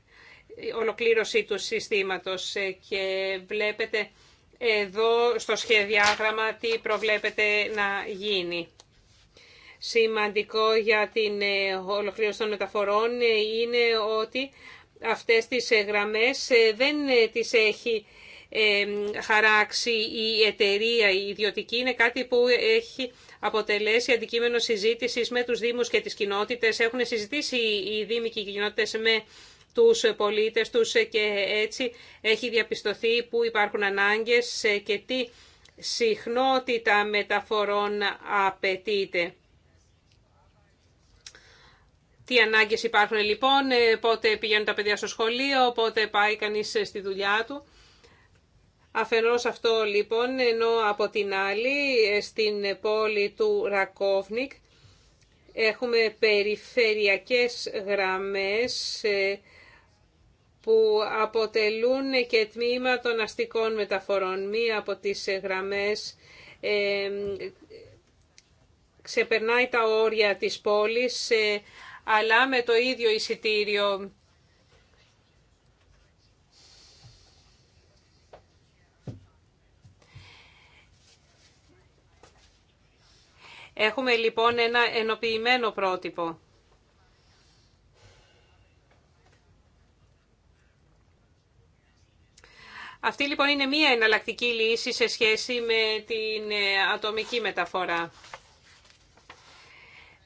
η ολοκλήρωση του συστήματος και βλέπετε εδώ στο σχεδιάγραμμα τι προβλέπεται να γίνει σημαντικό για την ε, ολοκλήρωση των μεταφορών ε, είναι ότι αυτές τις ε, γραμμές δεν τις έχει χαράξει η εταιρεία, η ιδιωτική. Είναι κάτι που έχει αποτελέσει αντικείμενο συζήτησης με τους Δήμους και τις κοινότητες. Έχουν συζητήσει οι Δήμοι και οι κοινότητες με τους πολίτες τους και έτσι έχει διαπιστωθεί που υπάρχουν ανάγκες και τι συχνότητα μεταφορών απαιτείται τι ανάγκε υπάρχουν λοιπόν, ε, πότε πηγαίνουν τα παιδιά στο σχολείο, πότε πάει κανεί ε, στη δουλειά του. Αφενό αυτό λοιπόν, ενώ από την άλλη ε, στην πόλη του Ρακόβνικ έχουμε περιφερειακές γραμμές που αποτελούν και τμήμα των αστικών μεταφορών. Μία από τις γραμμές ξεπερνάει τα όρια της πόλης, αλλά με το ίδιο εισιτήριο. Έχουμε λοιπόν ένα ενοποιημένο πρότυπο. Αυτή λοιπόν είναι μία εναλλακτική λύση σε σχέση με την ε, ατομική μεταφορά.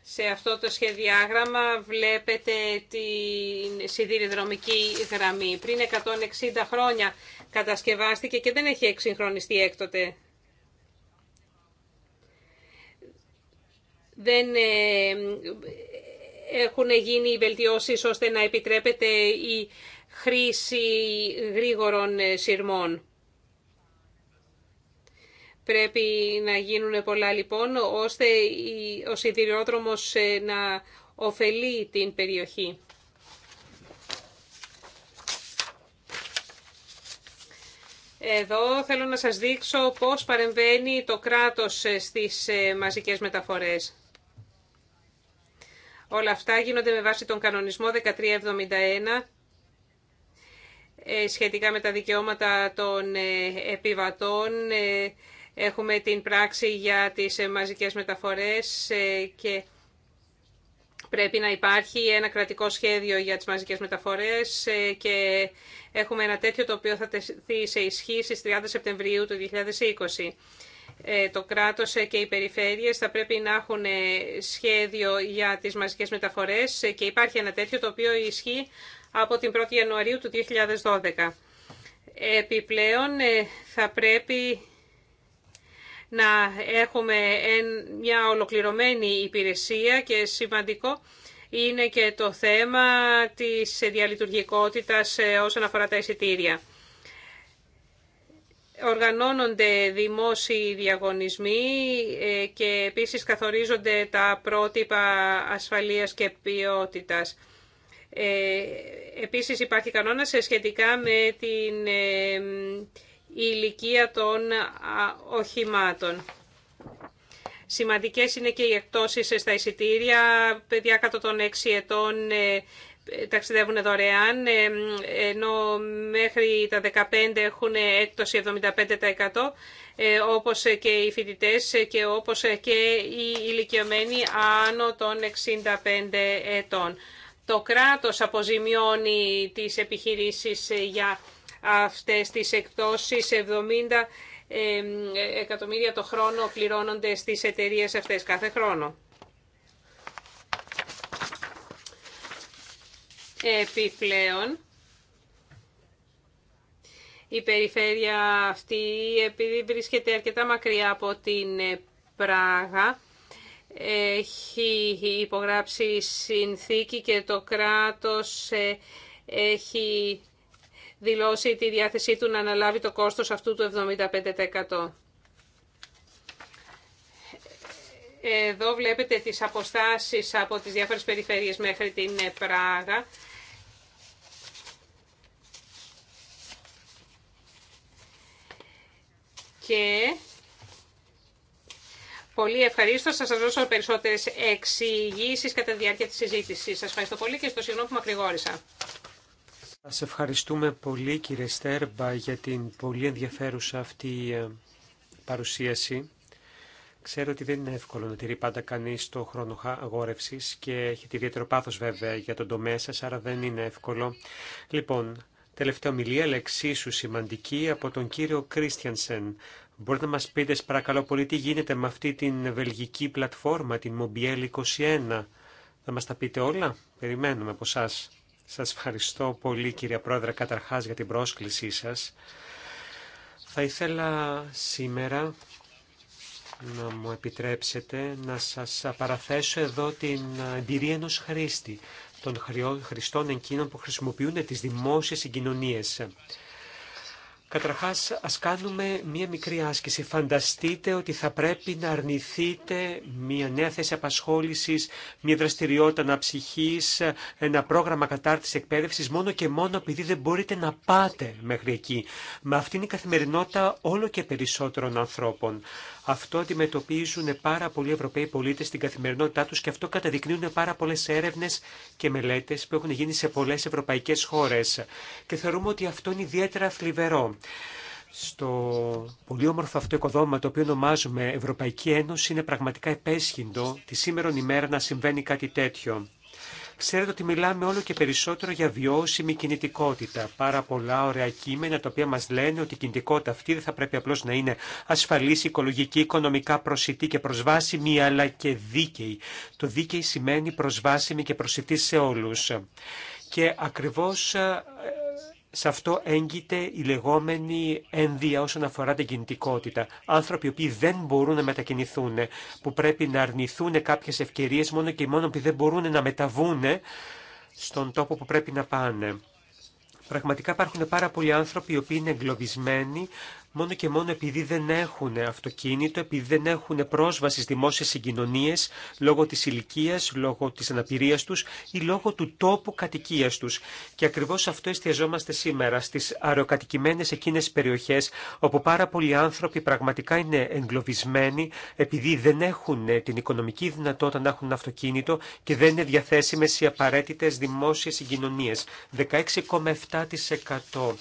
Σε αυτό το σχεδιάγραμμα βλέπετε τη σιδηροδρομική γραμμή. Πριν 160 χρόνια κατασκευάστηκε και δεν έχει εξυγχρονιστεί έκτοτε. Δεν ε, έχουν γίνει βελτιώσεις ώστε να επιτρέπεται η χρήση γρήγορων ε, σειρμών. Πρέπει να γίνουν πολλά λοιπόν, ώστε ο σιδηρόδρομος ε, να ωφελεί την περιοχή. Εδώ θέλω να σας δείξω πώς παρεμβαίνει το κράτος ε, στις ε, μαζικές μεταφορές. Όλα αυτά γίνονται με βάση τον κανονισμό 1371 σχετικά με τα δικαιώματα των επιβατών Έχουμε την πράξη για τις ε, μαζικές μεταφορές ε, και πρέπει να υπάρχει ένα κρατικό σχέδιο για τις μαζικές μεταφορές ε, και έχουμε ένα τέτοιο το οποίο θα τεθεί σε ισχύ στις 30 Σεπτεμβρίου του 2020. Το κράτος και οι περιφέρειες θα πρέπει να έχουν σχέδιο για τις μαζικές μεταφορές και υπάρχει ένα τέτοιο το οποίο ισχύει από την 1η Ιανουαρίου του 2012. Επιπλέον θα πρέπει να έχουμε μια ολοκληρωμένη υπηρεσία και σημαντικό είναι και το θέμα της διαλειτουργικότητας ε, όσον αφορά τα εισιτήρια. Οργανώνονται δημόσιοι διαγωνισμοί ε, και επίσης καθορίζονται τα πρότυπα ασφαλείας και ποιότητας. Ε, επίσης υπάρχει κανόνας σχετικά με την η ηλικία των οχημάτων. Σημαντικές είναι και οι εκτόσεις στα εισιτήρια, παιδιά κάτω των 6 ετών ε, ταξιδεύουν δωρεάν, ε, ενώ μέχρι τα 15 έχουν έκπτωση 75%, ε, όπως και οι φοιτητές και όπως και οι ηλικιωμένοι άνω των 65 ετών. Το κράτος αποζημιώνει τις επιχειρήσεις για αυτές τις εκπτώσεις. 70 εκατομμύρια το χρόνο πληρώνονται στις εταιρείες αυτές κάθε χρόνο. Επιπλέον, η περιφέρεια αυτή, επειδή βρίσκεται αρκετά μακριά από την Πράγα, έχει υπογράψει συνθήκη και το κράτος ε, έχει δηλώσει τη διάθεσή του να αναλάβει το κόστος αυτού του 75%. Εδώ βλέπετε τις αποστάσεις από τις διάφορες περιφέρειες μέχρι την Πράγα. Και πολύ ευχαρίστω. Θα σα δώσω περισσότερε εξηγήσει κατά τη διάρκεια τη συζήτηση. Σα ευχαριστώ πολύ και στο συγγνώμη που μακρηγόρησα. Σας ευχαριστούμε πολύ κύριε Στέρμπα για την πολύ ενδιαφέρουσα αυτή ε, παρουσίαση. Ξέρω ότι δεν είναι εύκολο να τηρεί πάντα κανεί το χρόνο αγόρευση και έχετε ιδιαίτερο πάθο βέβαια για τον τομέα σα, άρα δεν είναι εύκολο. Λοιπόν, τελευταία ομιλία, αλλά εξίσου σημαντική από τον κύριο Κρίστιανσεν. Μπορείτε να μα πείτε, παρακαλώ πολύ, τι γίνεται με αυτή την βελγική πλατφόρμα, την Mobiel 21. Θα μα τα πείτε όλα. Περιμένουμε από εσά. Σας ευχαριστώ πολύ κύριε Πρόεδρε καταρχάς για την πρόσκλησή σας. Θα ήθελα σήμερα να μου επιτρέψετε να σας παραθέσω εδώ την εμπειρία ενός χρήστη των χρηστών εκείνων που χρησιμοποιούν τις δημόσιες συγκοινωνίες. Καταρχάς, ας κάνουμε μία μικρή άσκηση. Φανταστείτε ότι θα πρέπει να αρνηθείτε μία νέα θέση απασχόλησης, μία δραστηριότητα αναψυχής, ένα πρόγραμμα κατάρτισης εκπαίδευσης, μόνο και μόνο επειδή δεν μπορείτε να πάτε μέχρι εκεί. Με αυτήν είναι η καθημερινότητα όλο και περισσότερων ανθρώπων. Αυτό αντιμετωπίζουν πάρα πολλοί Ευρωπαίοι πολίτε στην καθημερινότητά του και αυτό καταδεικνύουν πάρα πολλέ έρευνε και μελέτε που έχουν γίνει σε πολλέ ευρωπαϊκέ χώρε. Και θεωρούμε ότι αυτό είναι ιδιαίτερα θλιβερό. Στο πολύ όμορφο αυτό οικοδόμημα το οποίο ονομάζουμε Ευρωπαϊκή Ένωση είναι πραγματικά επέσχυντο τη σήμερον ημέρα να συμβαίνει κάτι τέτοιο. Ξέρετε ότι μιλάμε όλο και περισσότερο για βιώσιμη κινητικότητα. Πάρα πολλά ωραία κείμενα τα οποία μα λένε ότι η κινητικότητα αυτή δεν θα πρέπει απλώ να είναι ασφαλή, οικολογική, οικονομικά προσιτή και προσβάσιμη, αλλά και δίκαιη. Το δίκαιη σημαίνει προσβάσιμη και προσιτή σε όλου. Και ακριβώς ε, σε αυτό έγκυται η λεγόμενη ένδυα όσον αφορά την κινητικότητα. Άνθρωποι οι οποίοι δεν μπορούν να μετακινηθούν, που πρέπει να αρνηθούν κάποιες ευκαιρίες μόνο και μόνο που δεν μπορούν να μεταβούν στον τόπο που πρέπει να πάνε. Πραγματικά υπάρχουν πάρα πολλοί άνθρωποι οι οποίοι είναι εγκλωβισμένοι μόνο και μόνο επειδή δεν έχουν αυτοκίνητο, επειδή δεν έχουν πρόσβαση στις δημόσιες συγκοινωνίες λόγω της ηλικία, λόγω της αναπηρίας τους ή λόγω του τόπου κατοικίας τους. Και ακριβώς αυτό εστιαζόμαστε σήμερα στις αεροκατοικημένες εκείνες περιοχές όπου πάρα πολλοί άνθρωποι πραγματικά είναι εγκλωβισμένοι επειδή δεν έχουν την οικονομική δυνατότητα να έχουν αυτοκίνητο και δεν είναι διαθέσιμες οι απαραίτητες δημόσιες συγκοινωνίες. 16,7%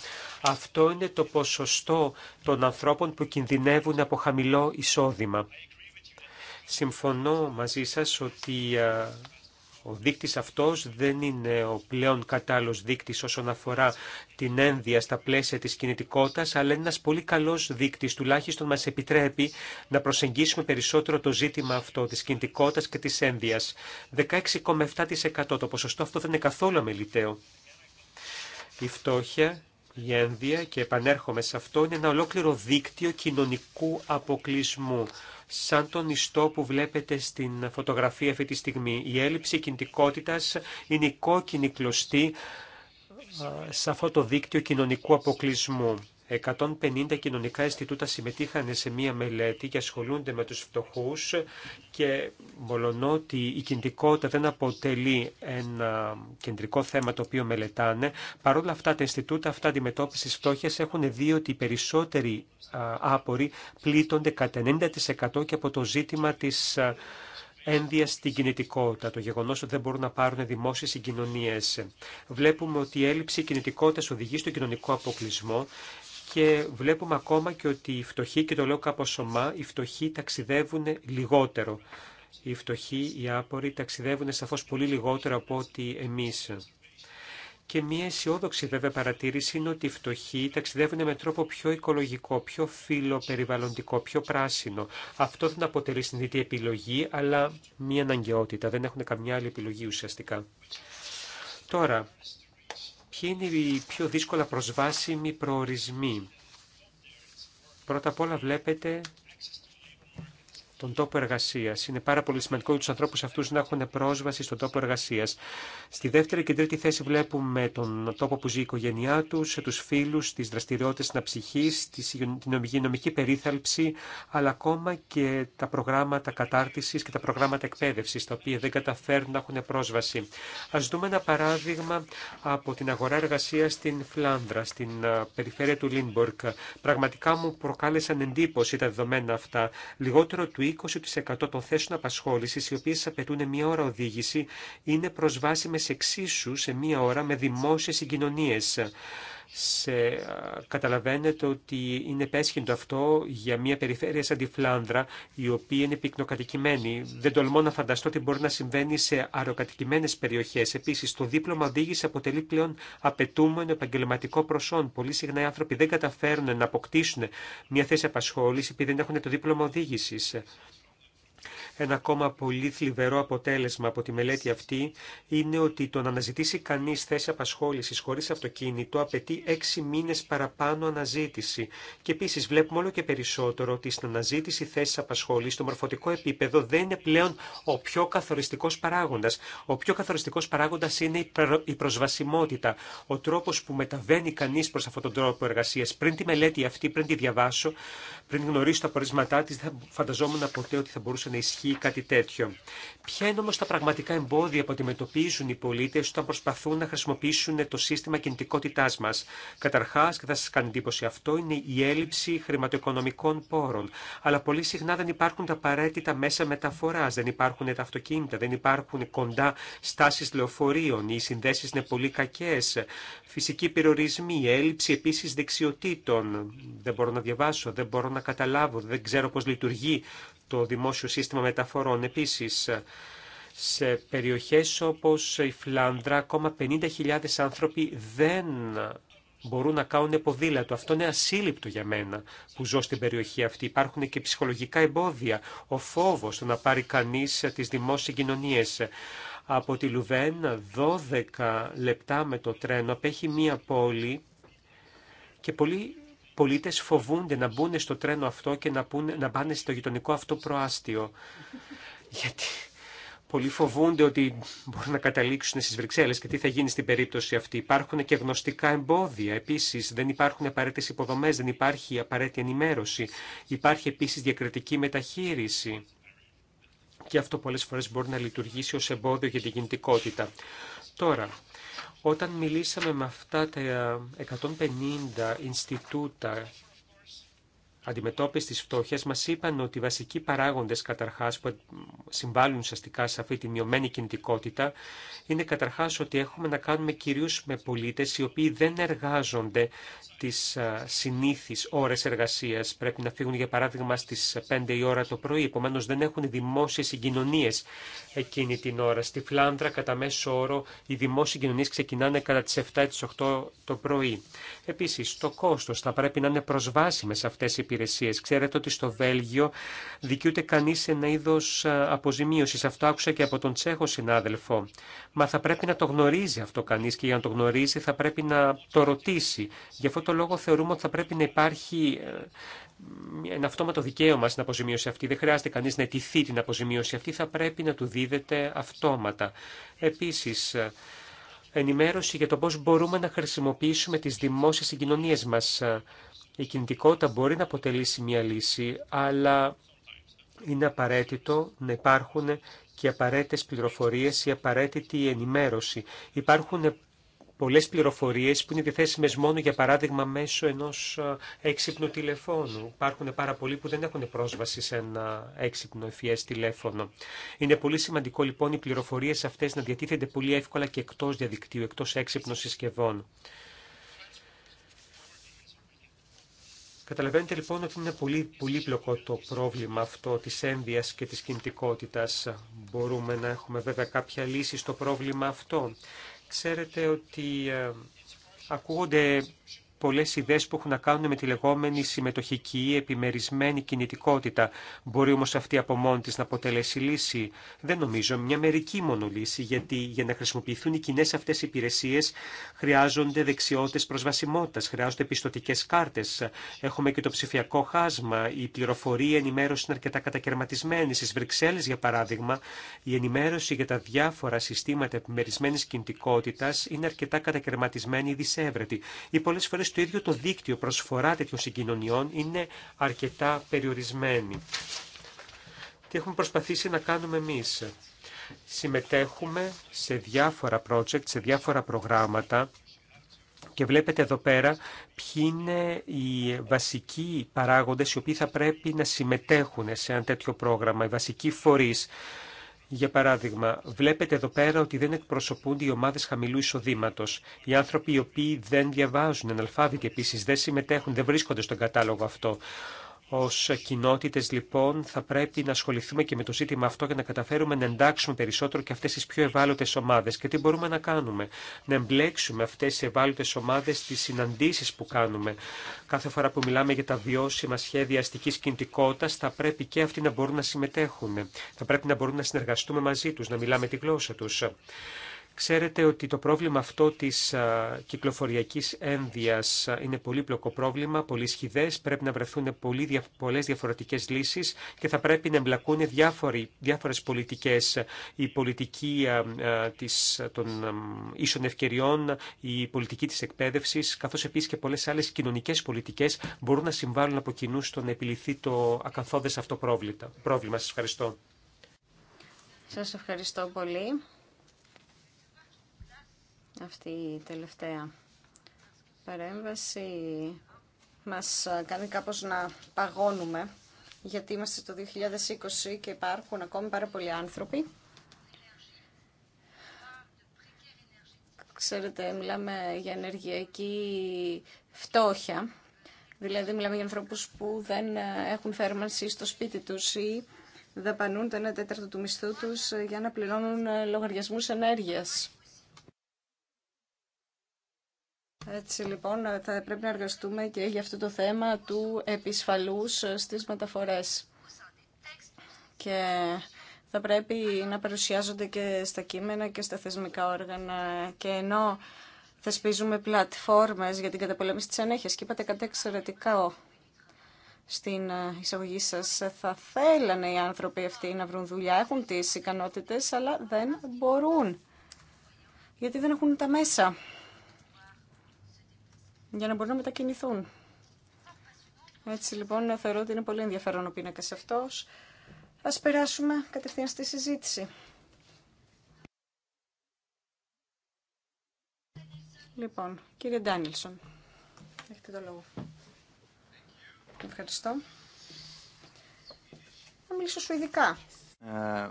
αυτό είναι το ποσοστό των ανθρώπων που κινδυνεύουν από χαμηλό εισόδημα. Συμφωνώ μαζί σας ότι ο δείκτης αυτός δεν είναι ο πλέον κατάλληλος δείκτης όσον αφορά την ένδυα στα πλαίσια της κινητικότητας, αλλά είναι ένας πολύ καλός δείκτης, τουλάχιστον μας επιτρέπει να προσεγγίσουμε περισσότερο το ζήτημα αυτό της κινητικότητας και της ένδυας. 16,7% το ποσοστό αυτό δεν είναι καθόλου αμεληταίο. Η φτώχεια η ένδυα, και επανέρχομαι σε αυτό, είναι ένα ολόκληρο δίκτυο κοινωνικού αποκλεισμού. Σαν τον ιστό που βλέπετε στην φωτογραφία αυτή τη στιγμή. Η έλλειψη κινητικότητας είναι η κόκκινη κλωστή ε, σε αυτό το δίκτυο κοινωνικού αποκλεισμού. 150 κοινωνικά αισθητούτα συμμετείχαν σε μία μελέτη και ασχολούνται με τους φτωχούς και μολονότι η κινητικότητα δεν αποτελεί ένα κεντρικό θέμα το οποίο μελετάνε, παρόλα αυτά τα αισθητούτα αυτά αντιμετώπιση φτώχειας έχουν δει ότι οι περισσότεροι άποροι πλήττονται κατά 90% και από το ζήτημα της ένδυα στην κινητικότητα, το γεγονό ότι δεν μπορούν να πάρουν δημόσιε συγκοινωνίε. Βλέπουμε ότι η έλλειψη κινητικότητα οδηγεί στο κοινωνικό αποκλεισμό και βλέπουμε ακόμα και ότι οι φτωχοί, και το λέω κάπως σωμά, οι φτωχοί ταξιδεύουν λιγότερο. Οι φτωχοί, οι άποροι ταξιδεύουν σαφώς πολύ λιγότερο από ότι εμείς. Και μια αισιόδοξη βέβαια παρατήρηση είναι ότι οι φτωχοί ταξιδεύουν με τρόπο πιο οικολογικό, πιο φιλοπεριβαλλοντικό, πιο πράσινο. Αυτό δεν αποτελεί συνειδητή επιλογή, αλλά μια αναγκαιότητα. Δεν έχουν καμιά άλλη επιλογή ουσιαστικά. Τώρα, Ποιοι είναι οι πιο δύσκολα προσβάσιμοι προορισμοί. Πρώτα απ' όλα βλέπετε τον τόπο εργασία. Είναι πάρα πολύ σημαντικό για του ανθρώπου αυτού να έχουν πρόσβαση στον τόπο εργασία. Στη δεύτερη και τρίτη θέση βλέπουμε τον τόπο που ζει η οικογένειά του, του φίλου, τι δραστηριότητε τη αναψυχή, την νομική περίθαλψη, αλλά ακόμα και τα προγράμματα κατάρτιση και τα προγράμματα εκπαίδευση, τα οποία δεν καταφέρνουν να έχουν πρόσβαση. Α δούμε ένα παράδειγμα από την αγορά εργασία στην Φλάνδρα, στην περιφέρεια του Λίνμπορκ. Πραγματικά μου προκάλεσαν εντύπωση τα δεδομένα αυτά. Λιγότερο του 20% των θέσεων απασχόληση, οι οποίε απαιτούν μία ώρα οδήγηση, είναι προσβάσιμες εξίσου σε μία ώρα με δημόσιε συγκοινωνίε σε, καταλαβαίνετε ότι είναι επέσχυντο αυτό για μια περιφέρεια σαν τη Φλάνδρα, η οποία είναι πυκνοκατοικημένη. Δεν τολμώ να φανταστώ ότι μπορεί να συμβαίνει σε αεροκατοικημένε περιοχέ. Επίση, το δίπλωμα οδήγηση αποτελεί πλέον απαιτούμενο επαγγελματικό προσόν. Πολύ συχνά οι άνθρωποι δεν καταφέρουν να αποκτήσουν μια θέση απασχόληση επειδή δεν έχουν το δίπλωμα οδήγηση. Ένα ακόμα πολύ θλιβερό αποτέλεσμα από τη μελέτη αυτή είναι ότι το να αναζητήσει κανεί θέση απασχόληση χωρί αυτοκίνητο απαιτεί έξι μήνε παραπάνω αναζήτηση. Και επίση βλέπουμε όλο και περισσότερο ότι στην αναζήτηση θέση απασχόληση το μορφωτικό επίπεδο δεν είναι πλέον ο πιο καθοριστικό παράγοντα. Ο πιο καθοριστικό παράγοντα είναι η προσβασιμότητα. Ο τρόπο που μεταβαίνει κανεί προ αυτόν τον τρόπο εργασία. Πριν τη μελέτη αυτή, πριν τη διαβάσω, πριν γνωρίσω τα πορίσματά τη, δεν φανταζόμουν ποτέ ότι θα μπορούσε να ισχύει ή κάτι τέτοιο. Ποια είναι όμω τα πραγματικά εμπόδια που αντιμετωπίζουν οι πολίτες όταν προσπαθούν να χρησιμοποιήσουν το σύστημα κινητικότητάς μα. Καταρχά και θα σα κάνει εντύπωση αυτό, είναι η έλλειψη χρηματοοικονομικών πόρων. Αλλά πολύ συχνά δεν υπάρχουν τα απαραίτητα μέσα μεταφορά. δεν υπάρχουν τα αυτοκίνητα, δεν υπάρχουν κοντά στάσει λεωφορείων, οι συνδέσει είναι πολύ κακέ. φυσικοί περιορισμοί, έλλειψη επίση δεξιοτήτων. Δεν μπορώ να διαβάσω, δεν μπορώ να καταλάβω, δεν ξέρω πώ λειτουργεί το δημόσιο σύστημα μεταφορών. Επίσης, σε περιοχές όπως η Φλάνδρα, ακόμα 50.000 άνθρωποι δεν μπορούν να κάνουν ποδήλατο. Αυτό είναι ασύλληπτο για μένα που ζω στην περιοχή αυτή. Υπάρχουν και ψυχολογικά εμπόδια, ο φόβος το να πάρει κανείς τις δημόσιες κοινωνίε. Από τη Λουβέν, 12 λεπτά με το τρένο, απέχει μία πόλη και πολύ πολίτες φοβούνται να μπουν στο τρένο αυτό και να, πούνε, να πάνε στο γειτονικό αυτό προάστιο. Γιατί πολλοί φοβούνται ότι μπορούν να καταλήξουν στι Βρυξέλλες και τι θα γίνει στην περίπτωση αυτή. Υπάρχουν και γνωστικά εμπόδια. Επίση, δεν υπάρχουν απαραίτητε υποδομέ, δεν υπάρχει απαραίτητη ενημέρωση. Υπάρχει επίση διακριτική μεταχείριση. Και αυτό πολλέ φορέ μπορεί να λειτουργήσει ω εμπόδιο για την κινητικότητα. Τώρα, όταν μιλήσαμε με αυτά τα 150 Ινστιτούτα αντιμετώπιση τη φτώχεια μα είπαν ότι οι βασικοί παράγοντε καταρχά που συμβάλλουν ουσιαστικά σε αυτή τη μειωμένη κινητικότητα είναι καταρχά ότι έχουμε να κάνουμε κυρίω με πολίτε οι οποίοι δεν εργάζονται τι συνήθει ώρε εργασία. Πρέπει να φύγουν για παράδειγμα στι 5 η ώρα το πρωί, επομένω δεν έχουν δημόσιε συγκοινωνίε εκείνη την ώρα. Στη Φλάνδρα κατά μέσο όρο οι δημόσιε συγκοινωνίε ξεκινάνε κατά τι 7 ή τι 8 το πρωί. Επίση, το κόστο θα πρέπει να είναι προσβάσιμες αυτέ οι Ξέρετε ότι στο Βέλγιο δικαιούται κανείς ένα είδος αποζημίωσης. Αυτό άκουσα και από τον Τσέχο συνάδελφο. Μα θα πρέπει να το γνωρίζει αυτό κανείς και για να το γνωρίζει θα πρέπει να το ρωτήσει. Γι' αυτό το λόγο θεωρούμε ότι θα πρέπει να υπάρχει ε, ένα αυτόματο δικαίωμα στην αποζημίωση αυτή. Δεν χρειάζεται κανείς να ετηθεί την αποζημίωση αυτή, θα πρέπει να του δίδεται αυτόματα. Επίσης, ε, ενημέρωση για το πώς μπορούμε να χρησιμοποιήσουμε τις δημόσιες συγκοινωνίε μας. Η κινητικότητα μπορεί να αποτελήσει μια λύση, αλλά είναι απαραίτητο να υπάρχουν και απαραίτητες πληροφορίες ή απαραίτητη ενημέρωση. Υπάρχουν πολλές πληροφορίες που είναι διαθέσιμες μόνο για παράδειγμα μέσω ενός έξυπνου τηλεφώνου. Υπάρχουν πάρα πολλοί που δεν έχουν πρόσβαση σε ένα έξυπνο ευφυές τηλέφωνο. Είναι πολύ σημαντικό λοιπόν οι πληροφορίες αυτές να διατίθενται πολύ εύκολα και εκτός διαδικτύου, εκτός έξυπνων συσκευών. Καταλαβαίνετε λοιπόν ότι είναι πολύ πολύπλοκο το πρόβλημα αυτό της ένδυας και της κινητικότητας. Μπορούμε να έχουμε βέβαια κάποια λύση στο πρόβλημα αυτό. Ξέρετε ότι ε, ακούγονται Πολλέ ιδέε που έχουν να κάνουν με τη λεγόμενη συμμετοχική επιμερισμένη κινητικότητα. Μπορεί όμω αυτή από μόνη τη να αποτελέσει λύση. Δεν νομίζω, μια μερική μόνο λύση, γιατί για να χρησιμοποιηθούν οι κοινέ αυτέ οι υπηρεσίες χρειάζονται δεξιότητε προσβασιμότητα, χρειάζονται πιστοτικέ κάρτε. Έχουμε και το ψηφιακό χάσμα, η πληροφορία η ενημέρωση είναι αρκετά κατακαιρματισμένη. στι Βρυξέλλε, για παράδειγμα, η ενημέρωση για τα διάφορα συστήματα επιμερισμένη κινητικότητα είναι αρκετά κατακαιρματισμένη ή δυσέβρετη στο ίδιο το δίκτυο προσφορά τέτοιων συγκοινωνιών είναι αρκετά περιορισμένη. Τι έχουμε προσπαθήσει να κάνουμε εμείς. Συμμετέχουμε σε διάφορα project, σε διάφορα προγράμματα και βλέπετε εδώ πέρα ποιοι είναι οι βασικοί παράγοντες οι οποίοι θα πρέπει να συμμετέχουν σε ένα τέτοιο πρόγραμμα, οι βασικοί φορείς. Για παράδειγμα, βλέπετε εδώ πέρα ότι δεν εκπροσωπούνται οι ομάδε χαμηλού εισοδήματο. Οι άνθρωποι οι οποίοι δεν διαβάζουν, και επίση, δεν συμμετέχουν, δεν βρίσκονται στον κατάλογο αυτό. Ως κοινότητες λοιπόν θα πρέπει να ασχοληθούμε και με το ζήτημα αυτό για να καταφέρουμε να εντάξουμε περισσότερο και αυτές τις πιο ευάλωτες ομάδες. Και τι μπορούμε να κάνουμε. Να εμπλέξουμε αυτές τις ευάλωτες ομάδες στις συναντήσεις που κάνουμε. Κάθε φορά που μιλάμε για τα βιώσιμα σχέδια αστικής κινητικότητας θα πρέπει και αυτοί να μπορούν να συμμετέχουν. Θα πρέπει να μπορούν να συνεργαστούμε μαζί τους, να μιλάμε τη γλώσσα τους. Ξέρετε ότι το πρόβλημα αυτό της κυκλοφοριακής ένδυας είναι πολύ πλοκό πρόβλημα, πολύ σχηδές, πρέπει να βρεθούν πολύ, πολλές διαφορετικές λύσεις και θα πρέπει να εμπλακούν διάφοροι, διάφορες πολιτικές. Η πολιτική της, των ίσων ευκαιριών, η πολιτική της εκπαίδευσης, καθώς επίσης και πολλές άλλες κοινωνικές πολιτικές μπορούν να συμβάλλουν από κοινού στο να επιληθεί το ακαθόδες αυτό πρόβλημα. Σας ευχαριστώ. Σας ευχαριστώ πολύ αυτή η τελευταία παρέμβαση μας κάνει κάπως να παγώνουμε γιατί είμαστε το 2020 και υπάρχουν ακόμη πάρα πολλοί άνθρωποι. Ξέρετε, μιλάμε για ενεργειακή φτώχεια. Δηλαδή, μιλάμε για ανθρώπους που δεν έχουν θέρμανση στο σπίτι τους ή δαπανούν το 1 τέταρτο του μισθού τους για να πληρώνουν λογαριασμούς ενέργειας. Έτσι λοιπόν θα πρέπει να εργαστούμε και για αυτό το θέμα του επισφαλούς στις μεταφορές. Και θα πρέπει να παρουσιάζονται και στα κείμενα και στα θεσμικά όργανα. Και ενώ θεσπίζουμε πλατφόρμες για την καταπολέμηση της ανέχειας και είπατε κάτι εξαιρετικά στην ε, εισαγωγή σας θα θέλανε οι άνθρωποι αυτοί να βρουν δουλειά, έχουν τις ικανότητες αλλά δεν μπορούν γιατί δεν έχουν τα μέσα για να μπορούν να μετακινηθούν. Έτσι λοιπόν θεωρώ ότι είναι πολύ ενδιαφέρον ο πίνακας αυτός. Ας περάσουμε κατευθείαν στη συζήτηση. Λοιπόν, κύριε Ντάνιλσον, έχετε το λόγο. Ευχαριστώ. Θα μιλήσω σου ειδικά. Ε,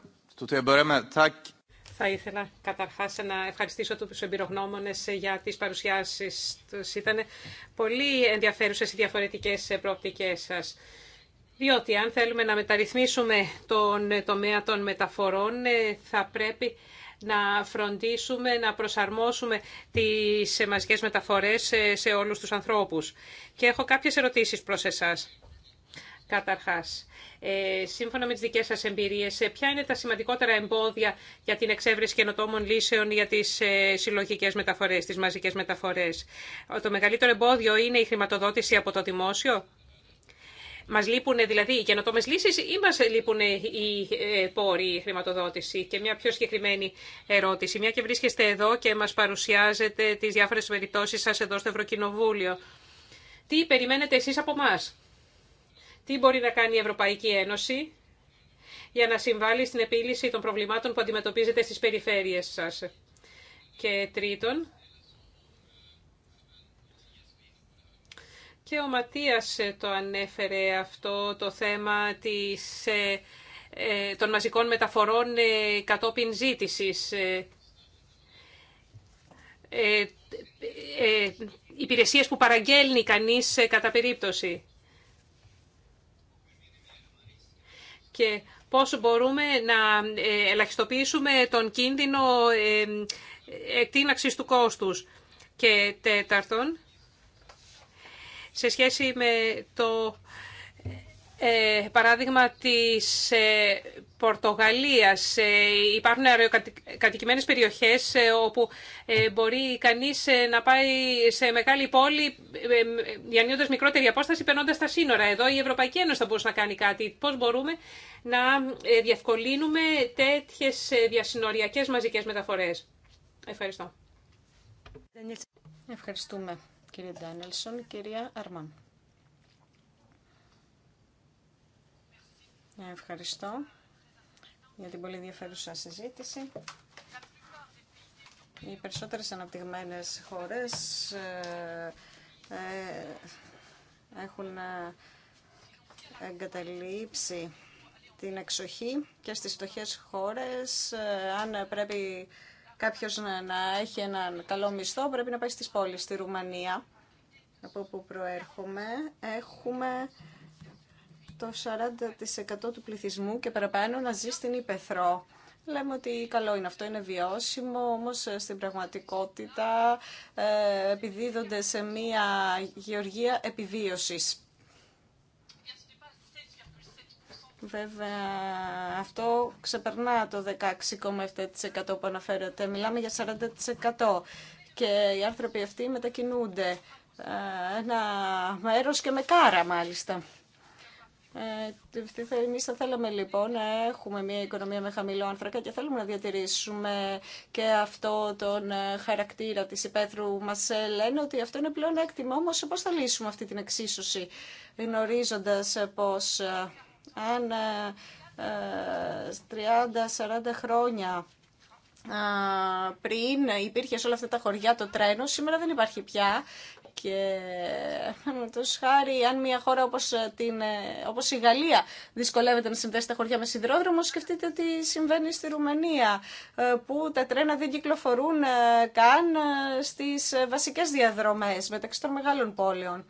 θα ήθελα καταρχάς να ευχαριστήσω τους εμπειρογνώμονε για τις παρουσιάσεις τους. Ήταν πολύ ενδιαφέρουσες οι διαφορετικέ προοπτικέ σας. Διότι αν θέλουμε να μεταρρυθμίσουμε τον τομέα των μεταφορών ε, θα πρέπει να φροντίσουμε, να προσαρμόσουμε τις μαζικές μεταφορές ε, σε όλους τους ανθρώπους. Και έχω κάποιες ερωτήσεις προς εσάς. Καταρχάς, ε, σύμφωνα με τις δικές σας εμπειρίες, ε, ποια είναι τα σημαντικότερα εμπόδια για την εξέβρεση καινοτόμων λύσεων για τις ε, συλλογικές μεταφορές, τις μαζικές μεταφορές. Το μεγαλύτερο εμπόδιο είναι η χρηματοδότηση από το δημόσιο. Μας λείπουν δηλαδή οι καινοτόμες λύσεις ή μας λείπουν οι πόροι, η χρηματοδότηση. Και μια πιο συγκεκριμένη ερώτηση. Μια και βρίσκεστε εδώ και μας παρουσιάζετε τις διάφορες περιπτώσεις σας εδώ στο Ευρωκοινοβούλιο. Τι περιμένετε εσείς από εμά, τι μπορεί να κάνει η Ευρωπαϊκή Ένωση για να συμβάλλει στην επίλυση των προβλημάτων που αντιμετωπίζετε στις περιφέρειες σας. Και τρίτον, και ο Ματίας το ανέφερε αυτό το θέμα της, των μαζικών μεταφορών κατόπιν ζήτησης. Υπηρεσίες που παραγγέλνει κανείς κατά περίπτωση. και πώς μπορούμε να ε, ελαχιστοποιήσουμε τον κίνδυνο ε, εκτείναξης του κόστους. Και τέταρτον, σε σχέση με το ε, παράδειγμα της ε, Πορτογαλίας. Ε, υπάρχουν αεροκατοικημένες περιοχές όπου μπορεί κανείς να πάει σε μεγάλη πόλη διανύοντας μικρότερη απόσταση, περνώντας τα σύνορα. Εδώ η Ευρωπαϊκή Ένωση θα μπορούσε να κάνει κάτι. Πώς μπορούμε να διευκολύνουμε τέτοιες διασυνοριακές μαζικές μεταφορές. Ευχαριστώ. Ευχαριστούμε κύριε Ντάνελσον. Κυρία Αρμάν. Ευχαριστώ για την πολύ ενδιαφέρουσα συζήτηση. Οι περισσότερες αναπτυγμένες χώρες ε, ε, έχουν ε, εγκαταλείψει την εξοχή και στις φτωχές χώρες αν πρέπει κάποιος να έχει έναν καλό μισθό πρέπει να πάει στις πόλεις. Στη Ρουμανία από που προέρχομαι έχουμε το 40% του πληθυσμού και παραπάνω να ζει στην υπεθρό. Λέμε ότι καλό είναι αυτό, είναι βιώσιμο, όμως ε, στην πραγματικότητα ε, επιδίδονται σε μία γεωργία επιβίωσης. Βέβαια, αυτό ξεπερνά το 16,7% που αναφέρεται. Μιλάμε για 40% και οι άνθρωποι αυτοί μετακινούνται ε, ένα μέρος και με κάρα μάλιστα. Ε, Εμεί θα θέλαμε λοιπόν να έχουμε μια οικονομία με χαμηλό άνθρακα και θέλουμε να διατηρήσουμε και αυτό τον ε, χαρακτήρα τη υπαίθρου. Μας ε, λένε ότι αυτό είναι πλέον έκτημα, όμως πώς θα λύσουμε αυτή την εξίσωση, γνωρίζοντα πως αν 30-40 χρόνια πριν υπήρχε σε όλα αυτά τα χωριά το τρένο, σήμερα δεν υπάρχει πια και το χάρη, αν μια χώρα όπως, την, ε, όπως η Γαλλία δυσκολεύεται να συνδέσει τα χωριά με σιδηρόδρομο, σκεφτείτε τι συμβαίνει στη Ρουμανία, ε, που τα τρένα δεν κυκλοφορούν ε, καν στις βασικές διαδρομές μεταξύ των μεγάλων πόλεων.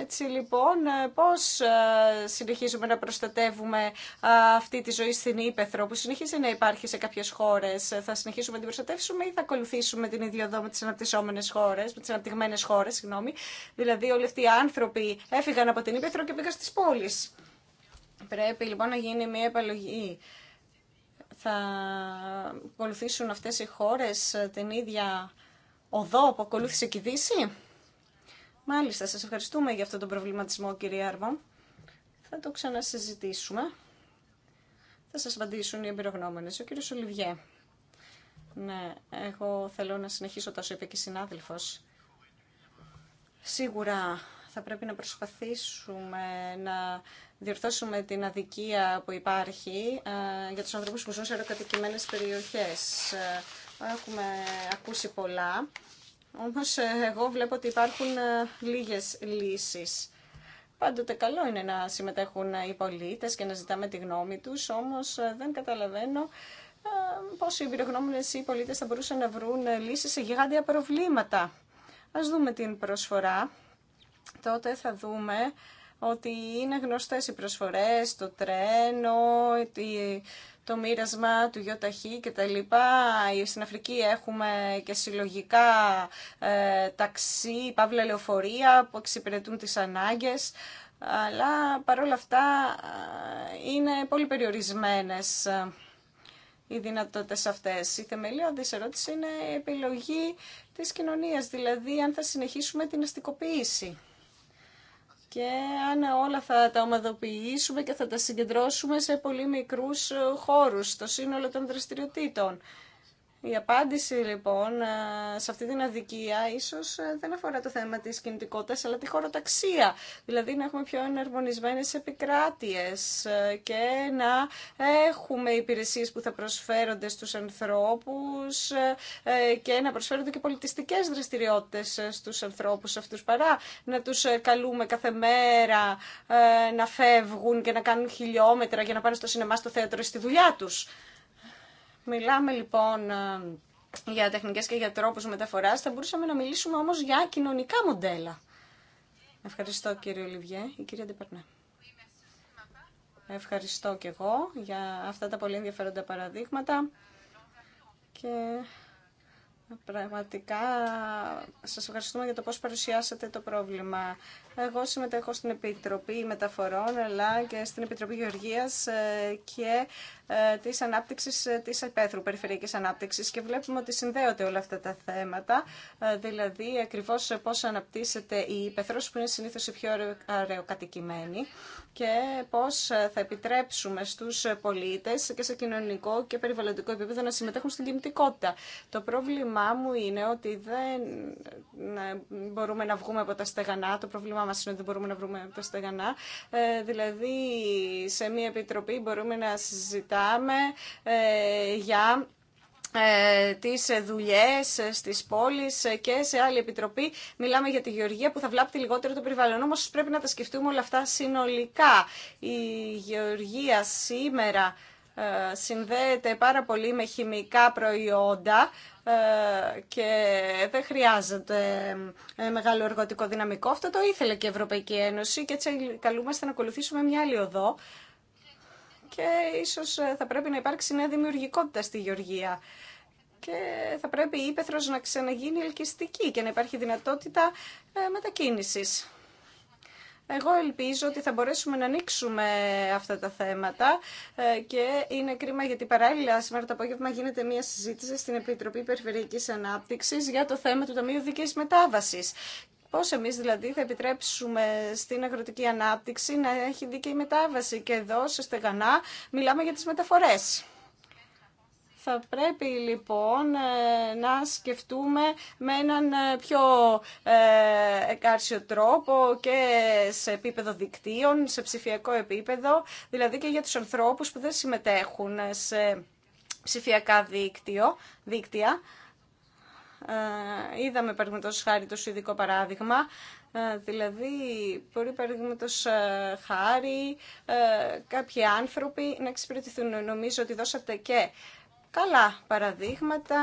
Έτσι λοιπόν, ε, πώς ε, συνεχίζουμε να προστατεύουμε ε, αυτή τη ζωή στην Ήπεθρο που συνεχίζει να υπάρχει σε κάποιες χώρες. Θα συνεχίσουμε να την προστατεύσουμε ή θα ακολουθήσουμε την ίδια οδό με τις αναπτυσσόμενες χώρες, με τις αναπτυγμένες χώρες, συγγνώμη. Δηλαδή όλοι αυτοί οι άνθρωποι έφυγαν από την Ήπεθρο και πήγαν στις πόλεις. Πρέπει λοιπόν να γίνει μια επαλλογή. Θα ακολουθήσουν αυτές οι χώρες την ίδια οδό που ακολούθησε και η Δύση. Μάλιστα, σας ευχαριστούμε για αυτόν τον προβληματισμό, κύριε Άρβο. Θα το ξανασυζητήσουμε. Θα σας απαντήσουν οι εμπειρογνώμενες. Ο κύριος Ολιβιέ. Ναι, εγώ θέλω να συνεχίσω τόσο είπε και συνάδελφος. Σίγουρα θα πρέπει να προσπαθήσουμε να διορθώσουμε την αδικία που υπάρχει ε, για τους ανθρώπους που ζουν σε αεροκατοικημένες περιοχές. Ε, έχουμε ακούσει πολλά όμως ε, εγώ βλέπω ότι υπάρχουν ε, λίγες λύσεις. Πάντοτε καλό είναι να συμμετέχουν ε, οι πολίτες και να ζητάμε τη γνώμη τους, όμως δεν καταλαβαίνω πώς οι εμπειρογνώμονες ή οι πολίτες θα μπορούσαν να βρουν λύσεις σε γιγάντια προβλήματα. Ας δούμε την προσφορά. Τότε θα δούμε ότι είναι γνωστές οι προσφορές, το τρένο, το μοίρασμα του ΙΟΤΑΧΗ και τα λοιπά. Ε, στην Αφρική έχουμε και συλλογικά ε, ταξί, παύλα λεωφορεία που εξυπηρετούν τις ανάγκες αλλά παρόλα αυτά ε, είναι πολύ περιορισμένες οι δυνατότητες αυτές. Η θεμελιώδης ερώτηση είναι επιλογή της κοινωνίας, δηλαδή αν θα συνεχίσουμε την αστικοποίηση και αν όλα θα τα ομαδοποιήσουμε και θα τα συγκεντρώσουμε σε πολύ μικρούς ε, χώρους, στο σύνολο των δραστηριοτήτων. Η απάντηση λοιπόν ε, σε αυτή την αδικία ίσως ε, δεν αφορά το θέμα της κινητικότητα, αλλά τη χωροταξία. Δηλαδή να έχουμε πιο εναρμονισμένε επικράτειες ε, και να έχουμε υπηρεσίες που θα προσφέρονται στους ανθρώπους και να προσφέρονται και πολιτιστικές δραστηριότητες στους ανθρώπους αυτού παρά να τους καλούμε κάθε μέρα να φεύγουν και να κάνουν χιλιόμετρα για να πάνε στο σινεμά, στο θέατρο, στη δουλειά τους. Μιλάμε λοιπόν ε, για τεχνικές και για τρόπους μεταφοράς, θα μπορούσαμε να μιλήσουμε όμως για κοινωνικά μοντέλα. Ευχαριστώ κύριε Ολιβιέ, η κυρία Ντεπερνέ. Ευχαριστώ και εγώ για αυτά τα πολύ ενδιαφέροντα παραδείγματα και πραγματικά σας ευχαριστούμε για το πώς παρουσιάσατε το πρόβλημα. Εγώ συμμετέχω στην Επιτροπή Μεταφορών αλλά και στην Επιτροπή Γεωργίας ε, και ε, τη ανάπτυξη ε, τη Επέθρου περιφερειακή ανάπτυξη. και βλέπουμε ότι συνδέονται όλα αυτά τα θέματα, δηλαδή ακριβώ πώ αναπτύσσεται η Επέθρο, που είναι συνήθω η πιο αραιοκατοικημένη και πώ θα επιτρέψουμε στου πολίτε και σε κοινωνικό και περιβαλλοντικό επίπεδο να συμμετέχουν στην κινητικότητα. Το πρόβλημά μου είναι ότι δεν μπορούμε να βγούμε από τα στεγανά, το πρόβλημά πρόβλημά είναι ότι δεν μπορούμε να βρούμε τα στεγανά. Ε, δηλαδή, σε μια επιτροπή μπορούμε να συζητάμε ε, για ε, τις δουλειές στις πόλεις και σε άλλη επιτροπή μιλάμε για τη γεωργία που θα βλάπτει λιγότερο το περιβάλλον. Όμως πρέπει να τα σκεφτούμε όλα αυτά συνολικά. Η γεωργία σήμερα ε, συνδέεται πάρα πολύ με χημικά προϊόντα ε, και δεν χρειάζεται ε, μεγάλο εργοτικό δυναμικό. Αυτό το ήθελε και η Ευρωπαϊκή Ένωση και έτσι καλούμαστε να ακολουθήσουμε μια άλλη οδό και ίσως θα πρέπει να υπάρξει νέα δημιουργικότητα στη Γεωργία και θα πρέπει η Ήπεθρος να ξαναγίνει ελκυστική και να υπάρχει δυνατότητα μετακίνησης. Εγώ ελπίζω ότι θα μπορέσουμε να ανοίξουμε αυτά τα θέματα ε, και είναι κρίμα γιατί παράλληλα σήμερα το απόγευμα γίνεται μια συζήτηση στην Επιτροπή Περιφερειακής Ανάπτυξης για το θέμα του Ταμείου Δικής Μετάβασης. Πώς εμείς δηλαδή θα επιτρέψουμε στην αγροτική ανάπτυξη να έχει δίκαιη μετάβαση και εδώ σε στεγανά μιλάμε για τις μεταφορές. Θα πρέπει λοιπόν ε, να σκεφτούμε με έναν ε, πιο ε, εκάρσιο τρόπο και σε επίπεδο δικτύων, σε ψηφιακό επίπεδο, δηλαδή και για τους ανθρώπους που δεν συμμετέχουν σε ψηφιακά δίκτυο, δίκτυα. είδαμε παραδείγματος χάρη το σουηδικό παράδειγμα, δηλαδή μπορεί παραδείγματος χάρη κάποιοι άνθρωποι να εξυπηρετηθούν. Νομίζω ότι δώσατε και καλά παραδείγματα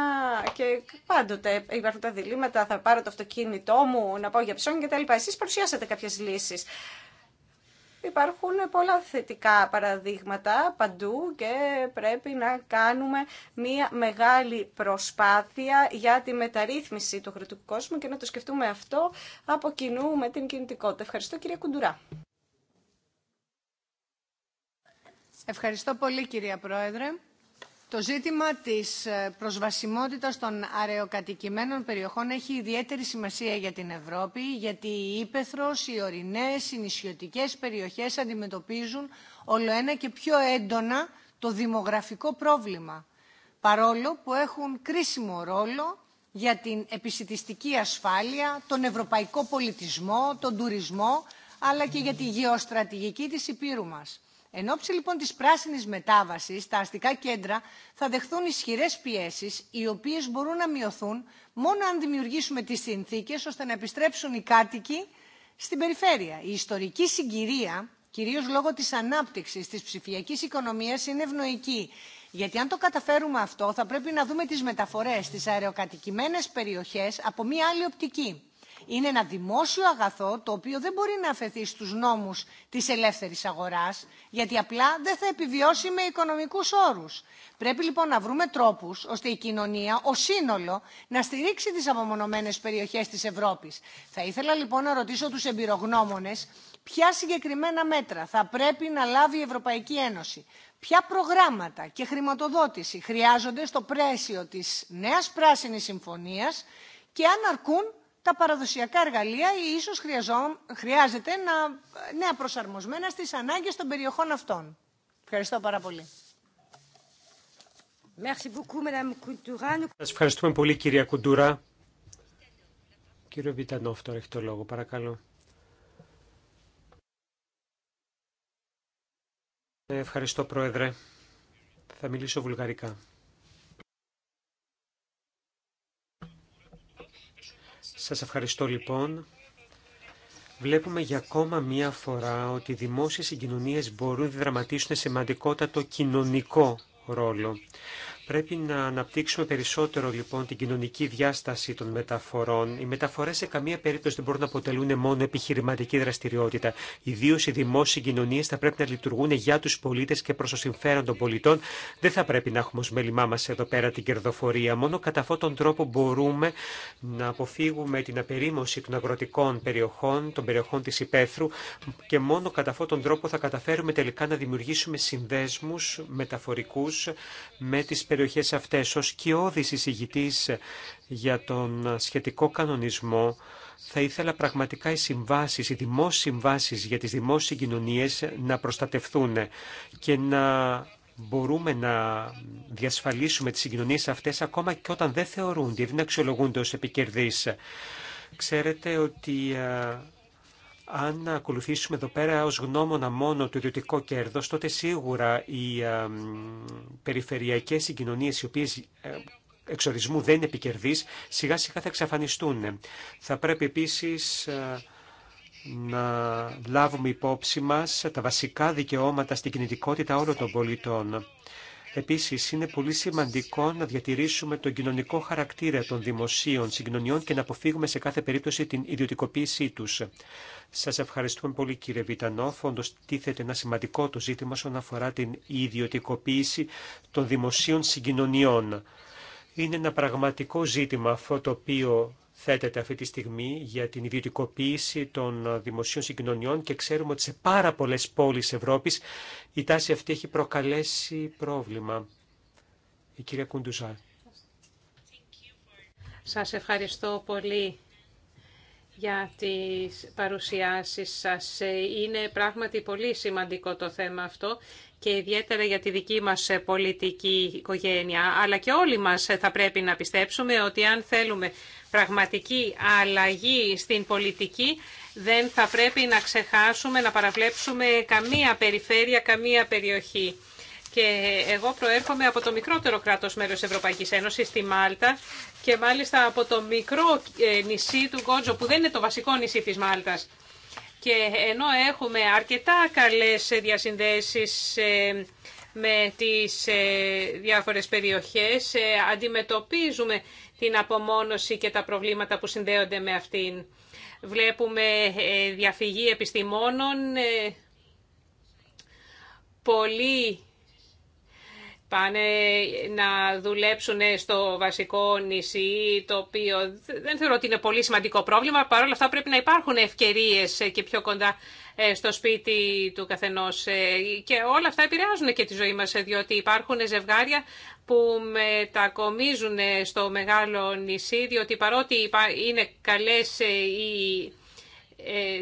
και πάντοτε υπάρχουν τα διλήμματα, θα πάρω το αυτοκίνητό μου, να πάω για ψώνια κτλ. Εσείς παρουσιάσατε κάποιες λύσεις. Υπάρχουν πολλά θετικά παραδείγματα παντού και πρέπει να κάνουμε μία μεγάλη προσπάθεια για τη μεταρρύθμιση του χρητικού κόσμου και να το σκεφτούμε αυτό από κοινού με την κινητικότητα. Ευχαριστώ κυρία Κουντουρά. Ευχαριστώ πολύ κυρία Πρόεδρε. Το ζήτημα της ε, προσβασιμότητας των αρεοκατοικημένων περιοχών έχει ιδιαίτερη σημασία για την Ευρώπη, γιατί η ύπεθρο, οι ορεινές, οι νησιωτικές περιοχές αντιμετωπίζουν όλο ένα και πιο έντονα το δημογραφικό πρόβλημα, παρόλο που έχουν κρίσιμο ρόλο για την επισητιστική ασφάλεια, τον ευρωπαϊκό πολιτισμό, τον τουρισμό, αλλά και για τη γεωστρατηγική της Υπήρου μας. Εν ώψη λοιπόν της πράσινης μετάβασης, τα αστικά κέντρα θα δεχθούν ισχυρές πιέσεις, οι οποίες μπορούν να μειωθούν μόνο αν δημιουργήσουμε τις συνθήκες ώστε να επιστρέψουν οι κάτοικοι στην περιφέρεια. Η ιστορική συγκυρία, κυρίως λόγω της ανάπτυξης της ψηφιακής οικονομίας, είναι ευνοϊκή. Γιατί αν το καταφέρουμε αυτό θα πρέπει να δούμε τις μεταφορές στις αεροκατοικημένες περιοχές από μία άλλη οπτική είναι ένα δημόσιο αγαθό το οποίο δεν μπορεί να αφαιθεί στους νόμους της ελεύθερης αγοράς γιατί απλά δεν θα επιβιώσει με οικονομικούς όρους. Πρέπει λοιπόν να βρούμε τρόπους ώστε η κοινωνία ο σύνολο να στηρίξει τις απομονωμένες περιοχές της Ευρώπης. Θα ήθελα λοιπόν να ρωτήσω τους εμπειρογνώμονες ποια συγκεκριμένα μέτρα θα πρέπει να λάβει η Ευρωπαϊκή Ένωση. Ποια προγράμματα και χρηματοδότηση χρειάζονται στο πλαίσιο της νέας πράσινης συμφωνίας και αν αρκούν τα παραδοσιακά εργαλεία ή ίσως χρειάζεται να, είναι προσαρμοσμένα στις ανάγκες των περιοχών αυτών. Ευχαριστώ πάρα πολύ. Σα ευχαριστούμε πολύ κυρία Κουντούρα. Κύριο Βιτανόφ, τώρα έχει το λόγο, παρακαλώ. Ε, ευχαριστώ, Πρόεδρε. Θα μιλήσω βουλγαρικά. Σας ευχαριστώ λοιπόν. Βλέπουμε για ακόμα μία φορά ότι οι δημόσιες συγκοινωνίες μπορούν να δραματίσουν σημαντικότατο κοινωνικό ρόλο. Πρέπει να αναπτύξουμε περισσότερο λοιπόν την κοινωνική διάσταση των μεταφορών. Οι μεταφορέ σε καμία περίπτωση δεν μπορούν να αποτελούν μόνο επιχειρηματική δραστηριότητα. Ιδίω οι δημόσιοι κοινωνίε θα πρέπει να λειτουργούν για του πολίτε και προ το συμφέρον των πολιτών. Δεν θα πρέπει να έχουμε ω μέλημά μα εδώ πέρα την κερδοφορία. Μόνο κατά αυτόν τον τρόπο μπορούμε να αποφύγουμε την απερίμωση των αγροτικών περιοχών, των περιοχών τη υπαίθρου και μόνο κατά αυτόν τον τρόπο θα καταφέρουμε τελικά να δημιουργήσουμε συνδέσμου μεταφορικού με τι περιοχέ περιοχές αυτές. Ως κοιόδης εισηγητής για τον σχετικό κανονισμό θα ήθελα πραγματικά οι συμβάσεις, οι δημόσιες συμβάσεις για τις δημόσιες συγκοινωνίες να προστατευθούν και να μπορούμε να διασφαλίσουμε τις συγκοινωνίες αυτές ακόμα και όταν δεν θεωρούνται, δεν αξιολογούνται ως επικερδείς. Ξέρετε ότι αν ακολουθήσουμε εδώ πέρα ως γνώμονα μόνο το ιδιωτικό κέρδος, τότε σίγουρα οι α, περιφερειακές συγκοινωνίες οι οποίες ε, εξορισμού δεν είναι επικερδείς, σιγά σιγά θα εξαφανιστούν. Θα πρέπει επίσης ε, να λάβουμε υπόψη μας τα βασικά δικαιώματα στην κινητικότητα όλων των πολιτών. Επίσης, είναι πολύ σημαντικό να διατηρήσουμε τον κοινωνικό χαρακτήρα των δημοσίων συγκοινωνιών και να αποφύγουμε σε κάθε περίπτωση την ιδιωτικοποίησή τους. Σας ευχαριστούμε πολύ κύριε Βιτανόφ. Όντως τίθεται ένα σημαντικό το ζήτημα όσον αφορά την ιδιωτικοποίηση των δημοσίων συγκοινωνιών. Είναι ένα πραγματικό ζήτημα αυτό το οποίο θέτεται αυτή τη στιγμή για την ιδιωτικοποίηση των δημοσίων συγκοινωνιών και ξέρουμε ότι σε πάρα πολλές πόλεις Ευρώπης η τάση αυτή έχει προκαλέσει πρόβλημα. Η κυρία Κουντουζά. Σας ευχαριστώ πολύ για τις παρουσιάσεις σας. Είναι πράγματι πολύ σημαντικό το θέμα αυτό και ιδιαίτερα για τη δική μας ε, πολιτική οικογένεια, αλλά και όλοι μας ε, θα πρέπει να πιστέψουμε ότι αν θέλουμε πραγματική αλλαγή στην πολιτική, δεν θα πρέπει να ξεχάσουμε, να παραβλέψουμε καμία περιφέρεια, καμία περιοχή. Και εγώ προέρχομαι από το μικρότερο κράτος της Ευρωπαϊκής Ένωσης, τη Μάλτα, και μάλιστα από το μικρό ε, νησί του Γκότζο, που δεν είναι το βασικό νησί της Μάλτας. Και ενώ έχουμε αρκετά καλές διασυνδέσεις ε, με τις ε, διάφορες περιοχές, ε, αντιμετωπίζουμε την απομόνωση και τα προβλήματα που συνδέονται με αυτήν. Βλέπουμε διαφυγή επιστημόνων, πολύ πάνε να δουλέψουν στο βασικό νησί, το οποίο δεν θεωρώ ότι είναι πολύ σημαντικό πρόβλημα. Παρ' αυτά πρέπει να υπάρχουν ευκαιρίες και πιο κοντά ε, στο σπίτι του καθενός. Ε, και όλα αυτά επηρεάζουν και τη ζωή μας, ε, διότι υπάρχουν ζευγάρια που μετακομίζουν στο μεγάλο νησί, διότι παρότι είναι καλές οι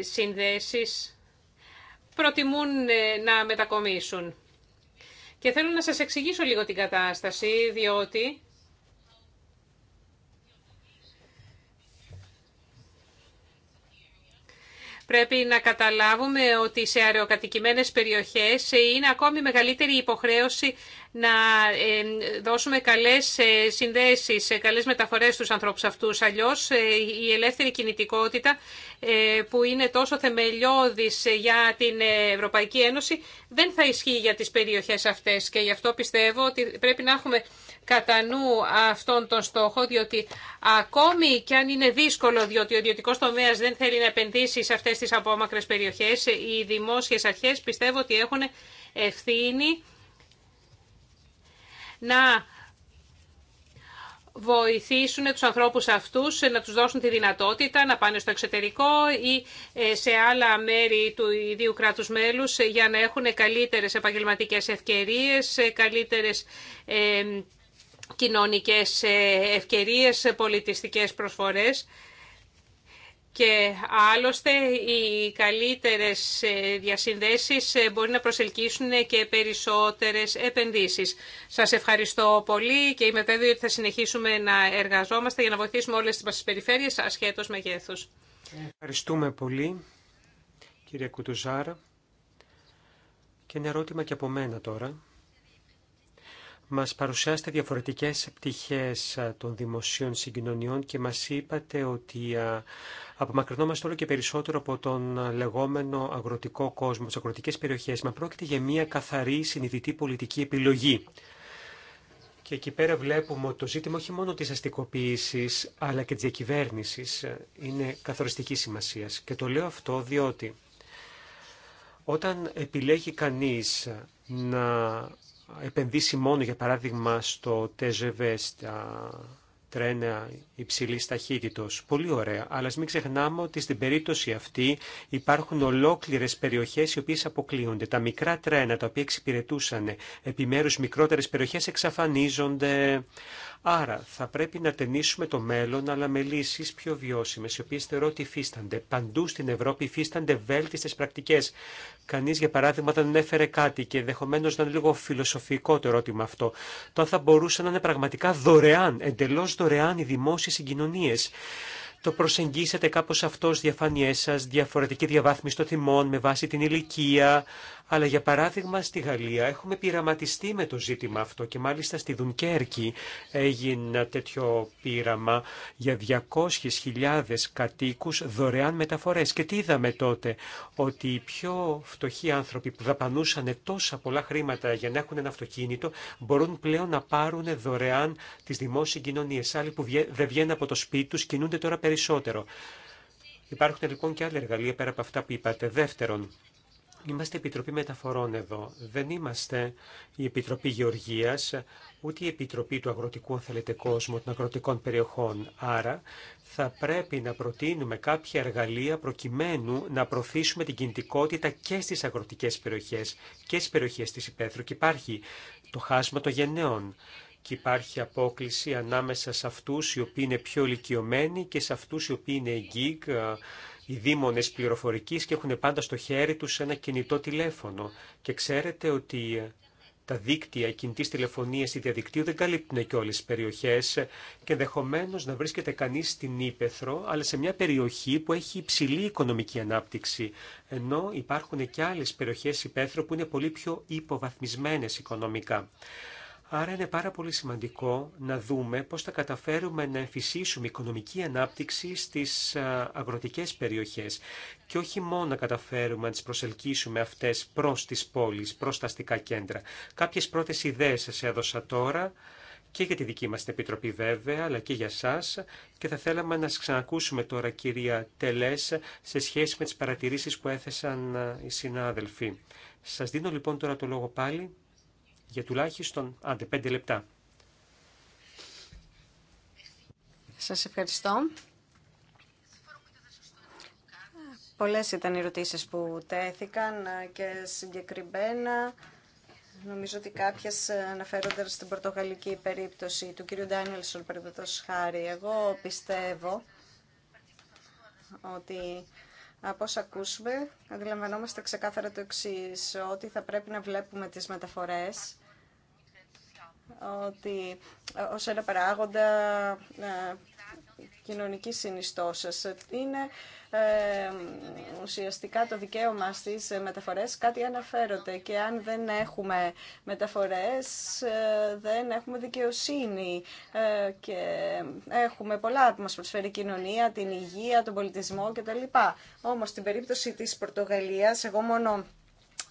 συνδέσεις, προτιμούν να μετακομίσουν. Και θέλω να σας εξηγήσω λίγο την κατάσταση, διότι πρέπει να καταλάβουμε ότι σε αεροκατοικημένες περιοχές είναι ακόμη μεγαλύτερη υποχρέωση να δώσουμε καλές ε, συνδέσεις, ε, καλές μεταφορές στους ανθρώπους αυτούς. Αλλιώς ε, η ελεύθερη κινητικότητα που είναι τόσο θεμελιώδης για την Ευρωπαϊκή Ένωση δεν θα ισχύει για τις περιοχές αυτές και γι' αυτό πιστεύω ότι πρέπει να έχουμε κατά νου αυτόν τον στόχο, διότι ακόμη και αν είναι δύσκολο, διότι ο ιδιωτικό τομέα δεν θέλει να επενδύσει σε αυτέ τι απόμακρε περιοχέ, οι δημόσιε αρχέ πιστεύω ότι έχουν ευθύνη να βοηθήσουν τους ανθρώπους αυτούς να τους δώσουν τη δυνατότητα να πάνε στο εξωτερικό ή ε, σε άλλα μέρη του ιδίου κράτους μέλους για να έχουν καλύτερες επαγγελματικές ευκαιρίες, ε, καλύτερες ε, κοινωνικές ε, ευκαιρίες, ε, πολιτιστικές προσφορές. Και άλλωστε οι καλύτερες ε, διασυνδέσεις μπορεί να προσελκύσουν και περισσότερες επενδύσεις. Σας ευχαριστώ πολύ και είμαι βέβαιη ότι θα συνεχίσουμε να εργαζόμαστε για να βοηθήσουμε όλες τις μας περιφέρειες ασχέτως μεγέθους. Ευχαριστούμε πολύ κύριε Κουτουζάρα. Και ένα ερώτημα και από μένα τώρα μας παρουσιάσετε διαφορετικές πτυχές των δημοσίων συγκοινωνιών και μας είπατε ότι απομακρυνόμαστε όλο και περισσότερο από τον λεγόμενο αγροτικό κόσμο, τις αγροτικές περιοχές. Μα πρόκειται για μια καθαρή συνειδητή πολιτική επιλογή. Και εκεί πέρα βλέπουμε ότι το ζήτημα όχι μόνο της αστικοποίησης, αλλά και της διακυβέρνηση είναι καθοριστική σημασίας. Και το λέω αυτό διότι όταν επιλέγει κανείς να επενδύσει μόνο για παράδειγμα στο TGV, στα τρένα υψηλή ταχύτητο. Πολύ ωραία. Αλλά μην ξεχνάμε ότι στην περίπτωση αυτή υπάρχουν ολόκληρε περιοχέ οι οποίε αποκλείονται. Τα μικρά τρένα τα οποία εξυπηρετούσαν επιμέρου μικρότερε περιοχέ εξαφανίζονται. Άρα θα πρέπει να ταινίσουμε το μέλλον, αλλά με λύσει πιο βιώσιμε, οι οποίε θεωρώ ότι υφίστανται. Παντού στην Ευρώπη υφίστανται βέλτιστε πρακτικέ. Κανεί, για παράδειγμα, δεν έφερε κάτι και ενδεχομένω να είναι λίγο φιλοσοφικό το ερώτημα αυτό. Το θα μπορούσαν να είναι πραγματικά δωρεάν, εντελώ δωρεάν οι το προσεγγίσατε κάπως αυτό στις διαφάνειές σας, διαφορετική διαβάθμιση των θυμών με βάση την ηλικία, αλλά για παράδειγμα στη Γαλλία έχουμε πειραματιστεί με το ζήτημα αυτό και μάλιστα στη Δουνκέρκη έγινε ένα τέτοιο πείραμα για 200.000 κατοίκους δωρεάν μεταφορές. Και τι είδαμε τότε, ότι οι πιο φτωχοί άνθρωποι που δαπανούσαν τόσα πολλά χρήματα για να έχουν ένα αυτοκίνητο μπορούν πλέον να πάρουν δωρεάν τις δημόσιες κοινωνίες. Άλλοι που δεν βγαίνουν από το σπίτι τους κινούνται τώρα περισσότερο. Υπάρχουν λοιπόν και άλλα εργαλεία πέρα από αυτά που είπατε. Δεύτερον, Είμαστε Επιτροπή Μεταφορών εδώ. Δεν είμαστε η Επιτροπή Γεωργίας, ούτε η Επιτροπή του Αγροτικού, θέλετε, κόσμου, των αγροτικών περιοχών. Άρα, θα πρέπει να προτείνουμε κάποια εργαλεία προκειμένου να προωθήσουμε την κινητικότητα και στις αγροτικές περιοχές και στις περιοχές της Υπέθρου. Και υπάρχει το χάσμα των γενναίων και υπάρχει απόκληση ανάμεσα σε αυτούς οι οποίοι είναι πιο ηλικιωμένοι και σε αυτούς οι οποίοι είναι γκίγκ, οι δήμονες πληροφορικής και έχουν πάντα στο χέρι τους ένα κινητό τηλέφωνο. Και ξέρετε ότι τα δίκτυα κινητής τηλεφωνίας ή διαδικτύου δεν καλύπτουν και όλες τις περιοχές και ενδεχομένω να βρίσκεται κανείς στην Ήπεθρο, αλλά σε μια περιοχή που έχει υψηλή οικονομική ανάπτυξη, ενώ υπάρχουν και άλλες περιοχές Ήπεθρο που είναι πολύ πιο υποβαθμισμένες οικονομικά. Άρα είναι πάρα πολύ σημαντικό να δούμε πώς θα καταφέρουμε να εμφυσίσουμε οικονομική ανάπτυξη στις αγροτικές περιοχές και όχι μόνο να καταφέρουμε να τις προσελκύσουμε αυτές προς τις πόλεις, προς τα αστικά κέντρα. Κάποιες πρώτες ιδέες σας έδωσα τώρα και για τη δική μας την Επιτροπή βέβαια, αλλά και για σας και θα θέλαμε να σας ξανακούσουμε τώρα κυρία Τελές σε σχέση με τις παρατηρήσεις που έθεσαν οι συνάδελφοι. Σας δίνω λοιπόν τώρα το λόγο πάλι για τουλάχιστον, άντε, πέντε λεπτά. Σας ευχαριστώ. Πολλές ήταν οι ερωτήσεις που τέθηκαν και συγκεκριμένα. Νομίζω ότι κάποιε αναφέρονται στην πορτογαλική περίπτωση του κ. Ντάνιελσον, παραδείγματο χάρη. Εγώ πιστεύω ότι από όσα ακούσουμε, αντιλαμβανόμαστε ξεκάθαρα το εξή, ότι θα πρέπει να βλέπουμε τις μεταφορέ ότι ε, ως ένα παράγοντα ε, κοινωνικής συνιστώσεως Είναι ε, ουσιαστικά το δικαίωμα στις μεταφορές κάτι αναφέρονται και αν δεν έχουμε μεταφορές δεν έχουμε δικαιοσύνη και έχουμε πολλά που μας προσφέρει η κοινωνία, την υγεία, τον πολιτισμό κτλ. Όμως στην περίπτωση της Πορτογαλίας, εγώ μόνο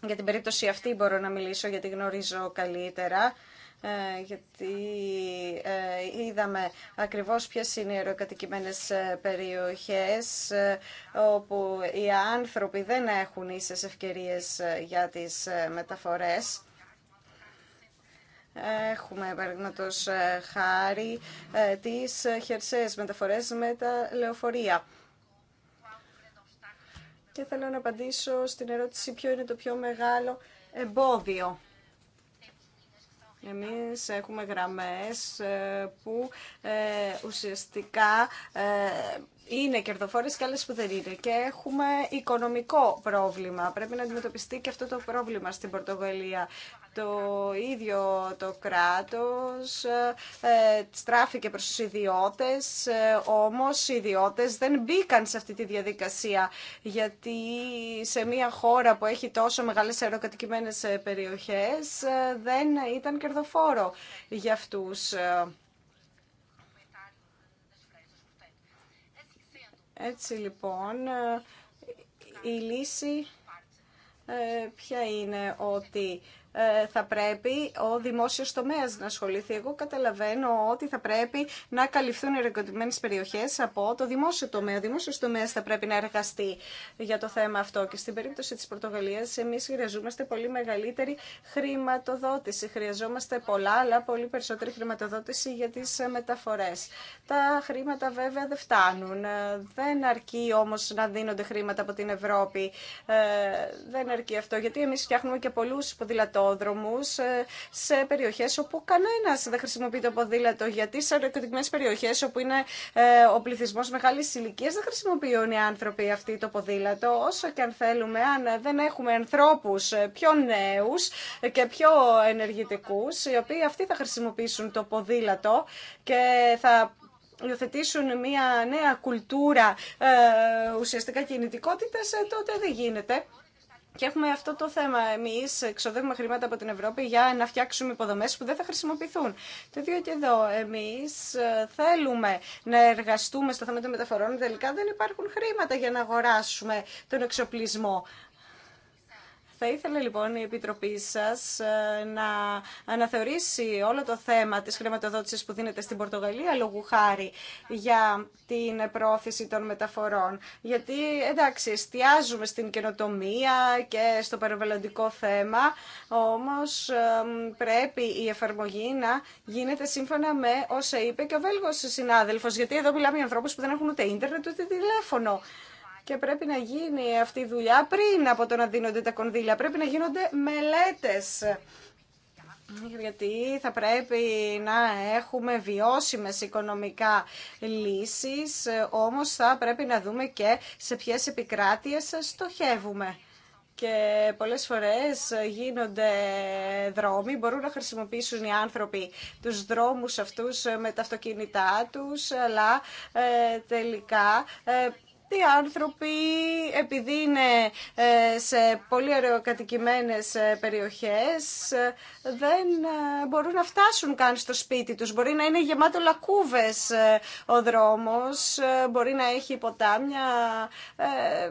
για την περίπτωση αυτή μπορώ να μιλήσω γιατί γνωρίζω καλύτερα, ε, γιατί ε, είδαμε ακριβώς ποιες είναι οι αεροκατοικημένες ε, περιοχές όπου οι άνθρωποι δεν έχουν ίσες ευκαιρίες για τις μεταφορές. Έχουμε, παραδείγματο χάρη, τις χερσαίες μεταφορές με τα λεωφορεία. Και θέλω να απαντήσω στην ερώτηση ποιο είναι το πιο μεγάλο εμπόδιο εμείς έχουμε γραμμές ε, που ε, ουσιαστικά ε, είναι κερδοφόρες και άλλες που δεν είναι. Και έχουμε οικονομικό πρόβλημα. Πρέπει να αντιμετωπιστεί και αυτό το πρόβλημα στην Πορτογαλία το ίδιο το κράτος ε, ε, στράφηκε προς τους ιδιώτες, ε, όμως οι ιδιώτες δεν μπήκαν σε αυτή τη διαδικασία, γιατί σε μια χώρα που έχει τόσο μεγάλες αεροκατοικημένες περιοχές δεν ήταν κερδοφόρο για αυτούς. Έτσι λοιπόν, η λύση ποια είναι ότι ε, θα πρέπει ο δημόσιο τομέα να ασχοληθεί. Εγώ καταλαβαίνω ότι θα πρέπει να καλυφθούν οι ρεκοντημένε περιοχέ από το δημόσιο τομέα. Ο δημόσιο τομέα θα πρέπει να εργαστεί για το θέμα αυτό. Και στην περίπτωση τη Πορτογαλία, εμεί χρειαζόμαστε πολύ μεγαλύτερη χρηματοδότηση. Χρειαζόμαστε πολλά, αλλά πολύ περισσότερη χρηματοδότηση για τι μεταφορέ. Τα χρήματα βέβαια δεν φτάνουν. Δεν αρκεί όμω να δίνονται χρήματα από την Ευρώπη. Ε, δεν αρκεί αυτό, γιατί εμεί φτιάχνουμε και πολλού ποδηλατών ε, σε περιοχές όπου κανένας δεν χρησιμοποιεί το ποδήλατο γιατί σε αεροκρατικές περιοχές όπου είναι ε, ο πληθυσμό μεγάλη ηλικία δεν χρησιμοποιούν οι άνθρωποι αυτοί το ποδήλατο όσο και αν θέλουμε αν δεν έχουμε ανθρώπους ε, πιο νέους και πιο ενεργητικούς οι οποίοι αυτοί θα χρησιμοποιήσουν το ποδήλατο και θα υιοθετήσουν μια νέα κουλτούρα ουσιαστικά κινητικότητας τότε δεν γίνεται. Και έχουμε αυτό το θέμα. Εμεί ξοδεύουμε χρήματα από την Ευρώπη για να φτιάξουμε υποδομέ που δεν θα χρησιμοποιηθούν. Το ίδιο και εδώ. Εμεί ε, θέλουμε να εργαστούμε στο θέμα των μεταφορών. Τελικά δεν υπάρχουν χρήματα για να αγοράσουμε τον εξοπλισμό. Θα ήθελα λοιπόν η Επιτροπή σας ε, να αναθεωρήσει όλο το θέμα της χρηματοδότησης που δίνεται στην Πορτογαλία λόγου χάρη για την πρόθεση των μεταφορών. Γιατί εντάξει, εστιάζουμε στην καινοτομία και στο περιβαλλοντικό θέμα, όμως ε, πρέπει η εφαρμογή να γίνεται σύμφωνα με όσα είπε και ο Βέλγος συνάδελφος, γιατί εδώ μιλάμε για ανθρώπους που δεν έχουν ούτε ίντερνετ ούτε τηλέφωνο. Και πρέπει να γίνει αυτή η δουλειά πριν από το να δίνονται τα κονδύλια. Πρέπει να γίνονται μελέτες. Γιατί θα πρέπει να έχουμε βιώσιμες οικονομικά λύσεις, όμως θα πρέπει να δούμε και σε ποιες επικράτειες στοχεύουμε. Και πολλές φορές γίνονται δρόμοι, μπορούν να χρησιμοποιήσουν οι άνθρωποι τους δρόμους αυτούς με τα αυτοκίνητά τους, αλλά ε, τελικά... Ε, οι άνθρωποι επειδή είναι ε, σε πολύ αεροκατοικημένε ε, περιοχές ε, δεν μπορούν να φτάσουν καν στο σπίτι τους. Μπορεί να είναι γεμάτο λακκούβες ο δρόμος, μπορεί να έχει ποτάμια.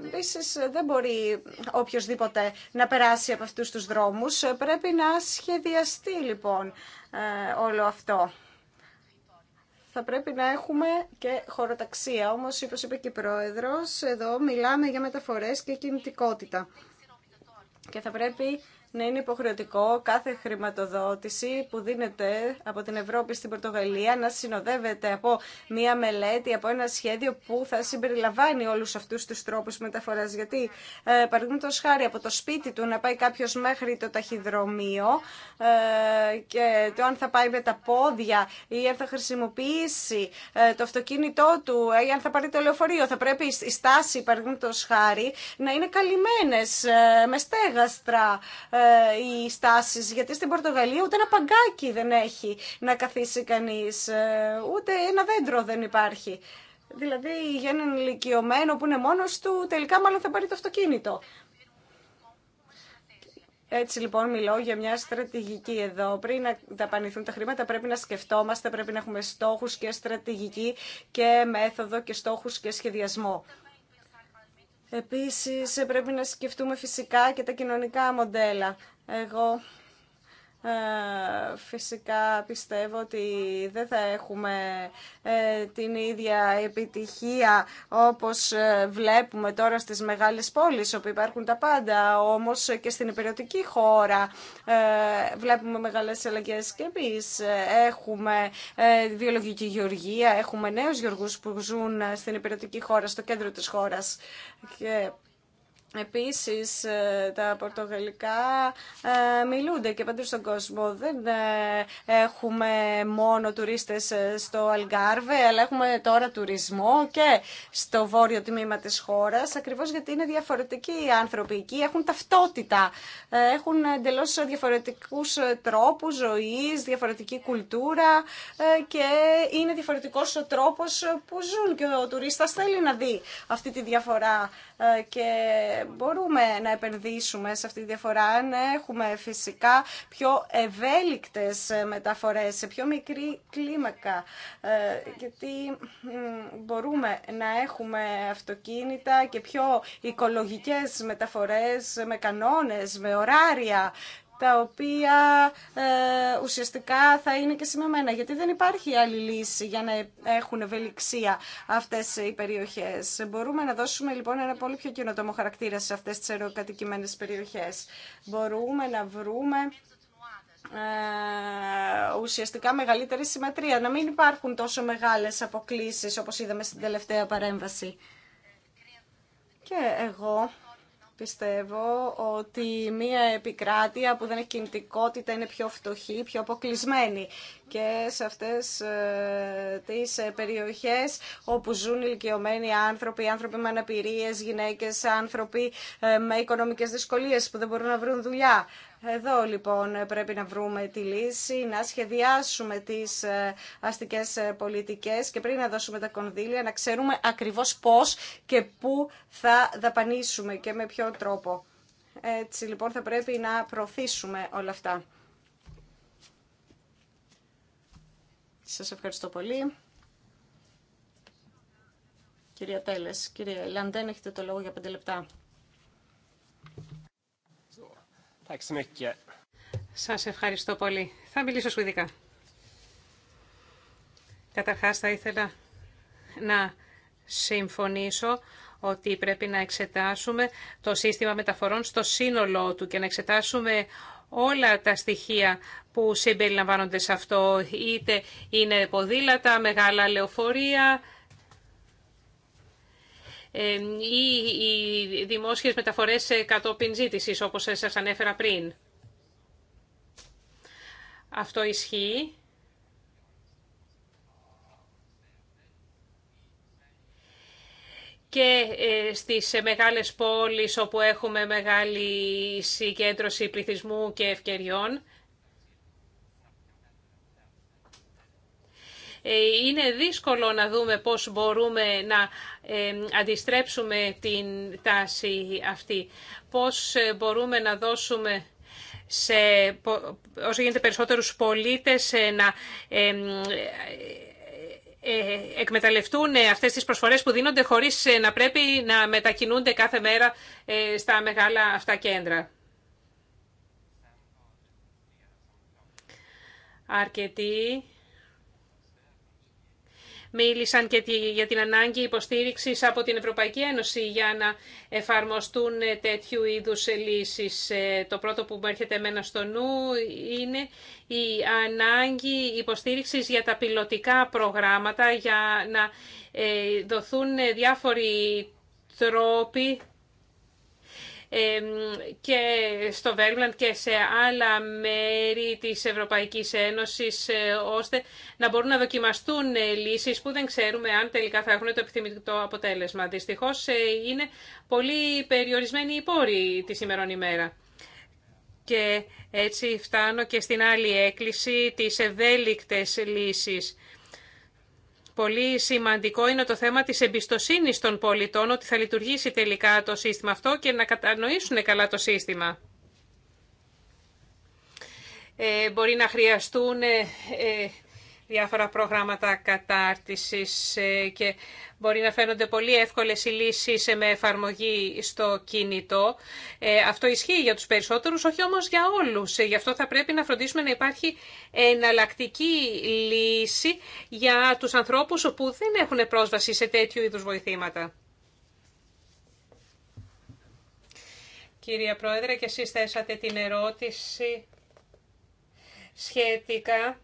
Επίση δεν μπορεί οποιοδήποτε να περάσει από αυτούς τους δρόμους. Πρέπει να σχεδιαστεί λοιπόν όλο αυτό θα πρέπει να έχουμε και χωροταξία. Όμως, όπως είπε και η Πρόεδρος, εδώ μιλάμε για μεταφορές και κινητικότητα. Και θα πρέπει να είναι υποχρεωτικό κάθε χρηματοδότηση που δίνεται από την Ευρώπη στην Πορτογαλία να συνοδεύεται από μία μελέτη, από ένα σχέδιο που θα συμπεριλαμβάνει όλους αυτούς τους τρόπους μεταφοράς. Γιατί, ε, παραδείγματο χάρη, από το σπίτι του να πάει κάποιο μέχρι το ταχυδρομείο ε, και το αν θα πάει με τα πόδια ή αν θα χρησιμοποιήσει ε, το αυτοκίνητό του ή αν θα πάρει το λεωφορείο. Θα πρέπει η στάση, παραδείγματο χάρη, να είναι καλυμμένες ε, με στέγαστρα ε, οι στάσει γιατί στην Πορτογαλία ούτε ένα παγκάκι δεν έχει να καθίσει κανείς, ε, ούτε ένα δέντρο δεν υπάρχει. Δηλαδή για έναν ηλικιωμένο που είναι μόνο του, τελικά μάλλον θα πάρει το αυτοκίνητο. Έτσι λοιπόν μιλώ για μια στρατηγική εδώ. Πριν να ταπανηθούν τα χρήματα πρέπει να σκεφτόμαστε, πρέπει να έχουμε στόχους και στρατηγική και μέθοδο και στόχους και σχεδιασμό. Επίσης πρέπει να σκεφτούμε φυσικά και τα κοινωνικά μοντέλα. Εγώ ε, φυσικά πιστεύω ότι δεν θα έχουμε ε, την ίδια επιτυχία όπως ε, βλέπουμε τώρα στις μεγάλες πόλεις όπου υπάρχουν τα πάντα όμως και στην υπηρετική χώρα βλέπουμε μεγάλες αλλαγές και εμείς έχουμε βιολογική γεωργία έχουμε νέους γεωργούς που ζουν στην υπηρετική χώρα, στο κέντρο της χώρας και Επίσης ε, τα πορτογαλικά ε, μιλούνται και παντού στον κόσμο. Δεν ε, έχουμε μόνο τουρίστες στο Αλγκάρβε, αλλά έχουμε τώρα τουρισμό και στο βόρειο τμήμα της χώρας, ακριβώς γιατί είναι διαφορετικοί οι άνθρωποι εκεί, έχουν ταυτότητα, έχουν εντελώ διαφορετικούς τρόπους ζωής, διαφορετική κουλτούρα και είναι διαφορετικός ο τρόπος που ζουν και ο τουρίστας θέλει να δει αυτή τη διαφορά και μπορούμε να επενδύσουμε σε αυτή τη διαφορά αν έχουμε φυσικά πιο ευέλικτες μεταφορές, σε πιο μικρή κλίμακα. Ε, γιατί μπορούμε να έχουμε αυτοκίνητα και πιο οικολογικές μεταφορές με κανόνες, με ωράρια τα οποία ε, ουσιαστικά θα είναι και σημεμένα, γιατί δεν υπάρχει άλλη λύση για να έχουν ευελιξία αυτές οι περιοχές. Μπορούμε να δώσουμε λοιπόν ένα πολύ πιο κοινοτόμο χαρακτήρα σε αυτές τις αεροκατοικημένες περιοχές. Μπορούμε να βρούμε ε, ουσιαστικά μεγαλύτερη συμμετρία, να μην υπάρχουν τόσο μεγάλες αποκλίσεις όπως είδαμε στην τελευταία παρέμβαση. Και εγώ Πιστεύω ότι μια επικράτεια που δεν έχει κινητικότητα είναι πιο φτωχή, πιο αποκλεισμένη και σε αυτές ε, τις ε, περιοχές όπου ζουν ηλικιωμένοι άνθρωποι, άνθρωποι με αναπηρίες, γυναίκες, άνθρωποι ε, με οικονομικές δυσκολίες που δεν μπορούν να βρουν δουλειά. Εδώ λοιπόν πρέπει να βρούμε τη λύση, να σχεδιάσουμε τις αστικές πολιτικές και πριν να δώσουμε τα κονδύλια να ξέρουμε ακριβώς πώς και πού θα δαπανίσουμε και με ποιο τρόπο. Έτσι λοιπόν θα πρέπει να προωθήσουμε όλα αυτά. Σας ευχαριστώ πολύ. Κυρία Τέλες, κυρία Λαντέν, έχετε το λόγο για πέντε λεπτά. Σας ευχαριστώ πολύ. Θα μιλήσω σουηδικά. Καταρχάς θα ήθελα να συμφωνήσω ότι πρέπει να εξετάσουμε το σύστημα μεταφορών στο σύνολό του και να εξετάσουμε όλα τα στοιχεία που συμπεριλαμβάνονται σε αυτό, είτε είναι ποδήλατα, μεγάλα λεωφορεία ή οι δημόσιες μεταφορές κατόπιν ζήτησης, όπως σας ανέφερα πριν. Αυτό ισχύει και ε, στις ε, μεγάλες πόλεις όπου έχουμε μεγάλη συγκέντρωση πληθυσμού και ευκαιριών. Ε, είναι δύσκολο να δούμε πώς μπορούμε να αντιστρέψουμε την τάση αυτή. Πώς μπορούμε να δώσουμε σε όσο γίνεται περισσότερους πολίτες να ε, εκμεταλλευτούν ε, αυτές τις προσφορές που δίνονται χωρίς ε, να πρέπει να μετακινούνται κάθε μέρα στα μεγάλα αυτά κέντρα. Αρκετοί μίλησαν και για την ανάγκη υποστήριξης από την Ευρωπαϊκή Ένωση για να εφαρμοστούν ε, τέτοιου είδους ε, λύσεις. Ε, το πρώτο που μου έρχεται εμένα στο νου είναι η ανάγκη υποστήριξης για τα πιλωτικά προγράμματα για να δοθούν διάφοροι τρόποι και στο Βέρμπλαντ και σε άλλα μέρη της Ευρωπαϊκής Ένωσης ε, ώστε να μπορούν να δοκιμαστούν ε, λύσεις που δεν ξέρουμε αν τελικά θα έχουν το επιθυμητό αποτέλεσμα. Δυστυχώς ε, είναι πολύ περιορισμένοι οι πόροι τη σημερών ημέρα. Και έτσι φτάνω και στην άλλη έκκληση, της ευέλικτες λύσεις Πολύ σημαντικό είναι το θέμα της εμπιστοσύνης των πολιτών ότι θα λειτουργήσει τελικά το σύστημα αυτό και να κατανοήσουν καλά το σύστημα. Ε, μπορεί να χρειαστούν ε, ε διάφορα προγράμματα κατάρτισης ε, και μπορεί να φαίνονται πολύ εύκολες οι λύσεις ε, με εφαρμογή στο κινητό. Ε, αυτό ισχύει για τους περισσότερους, όχι όμως για όλους. Γι' αυτό θα πρέπει να φροντίσουμε να υπάρχει εναλλακτική λύση για τους ανθρώπους που δεν έχουν πρόσβαση σε τέτοιου είδους βοηθήματα. Κυρία Πρόεδρε, και εσείς θέσατε την ερώτηση σχετικά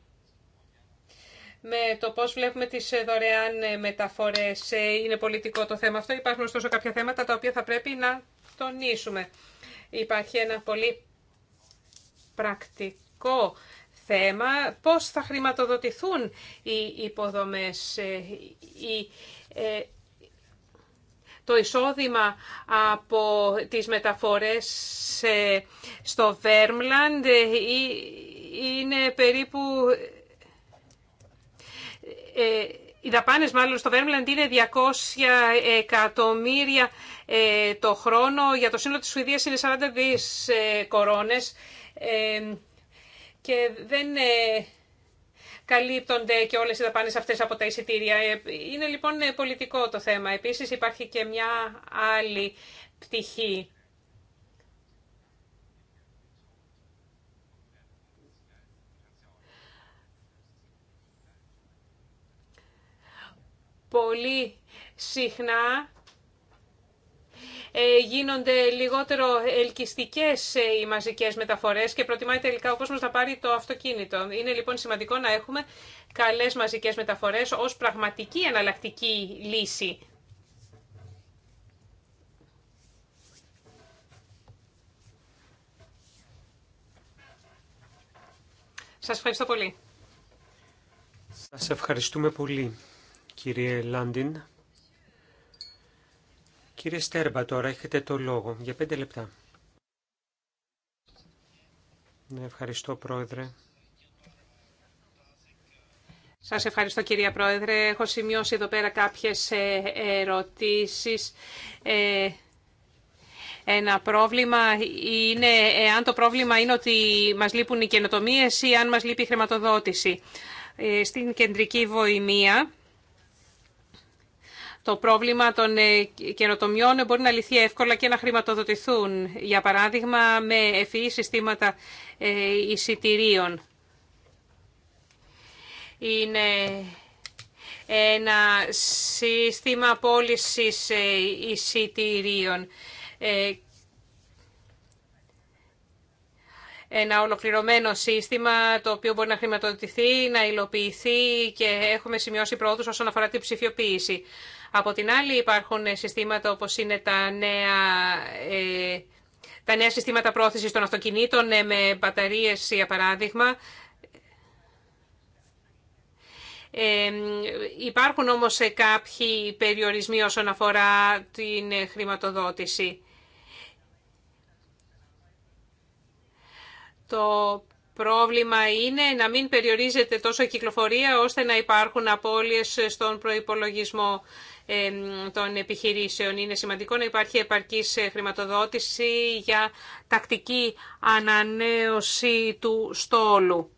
με το πώς βλέπουμε τις ε, δωρεάν ε, μεταφορές. Ε, είναι πολιτικό το θέμα αυτό. Υπάρχουν ωστόσο κάποια θέματα τα οποία θα πρέπει να τονίσουμε. Υπάρχει ένα πολύ πρακτικό θέμα. Πώς θα χρηματοδοτηθούν οι υποδομές, το εισόδημα από τις μεταφορές στο Βέρμλαντ είναι περίπου ε, οι δαπάνες μάλλον στο Βέρμλαντ είναι 200 εκατομμύρια ε, το χρόνο. Για το σύνολο της Σουηδίας είναι 40 δις ε, κορώνες και δεν καλύπτονται και όλες οι δαπάνες αυτές από τα εισιτήρια. Είναι λοιπόν πολιτικό το θέμα. Επίσης υπάρχει και μια άλλη πτυχή. πολύ συχνά ε, γίνονται λιγότερο ελκυστικές ε, οι μαζικές μεταφορές και προτιμάει τελικά ο κόσμος να πάρει το αυτοκίνητο. Είναι λοιπόν σημαντικό να έχουμε καλές μαζικές μεταφορές ως πραγματική εναλλακτική λύση. Σας ευχαριστώ πολύ. Σας ευχαριστούμε πολύ κύριε Λάντιν. Κύριε Στέρμπα, τώρα έχετε το λόγο για πέντε λεπτά. Ναι, ευχαριστώ, Πρόεδρε. Σας ευχαριστώ κυρία Πρόεδρε. Έχω σημειώσει εδώ πέρα κάποιες ε, ερωτήσεις. Ε, ένα πρόβλημα είναι, ε, αν το πρόβλημα είναι ότι μας λείπουν οι καινοτομίες ή αν μας λείπει η χρηματοδότηση. Στην κεντρική βοημία το πρόβλημα των ε, καινοτομιών μπορεί να λυθεί εύκολα και να χρηματοδοτηθούν, για παράδειγμα με ευφυή e συστήματα ε, εισιτηρίων. Είναι ένα σύστημα πώλησης ε, εισιτηρίων. Ένα ολοκληρωμένο σύστημα το οποίο μπορεί να χρηματοδοτηθεί, να υλοποιηθεί και έχουμε σημειώσει πρόοδους όσον αφορά την ψηφιοποίηση. Από την άλλη υπάρχουν συστήματα όπως είναι τα νέα, ε, τα νέα συστήματα πρόθεσης των αυτοκινήτων ε, με μπαταρίες για παράδειγμα. Ε, υπάρχουν όμως ε, κάποιοι περιορισμοί όσον αφορά την χρηματοδότηση. Το πρόβλημα είναι να μην περιορίζεται τόσο η κυκλοφορία ώστε να υπάρχουν απώλειες στον προϋπολογισμό των επιχειρήσεων. Είναι σημαντικό να υπάρχει επαρκής ε, χρηματοδότηση για τακτική ανανέωση του στόλου.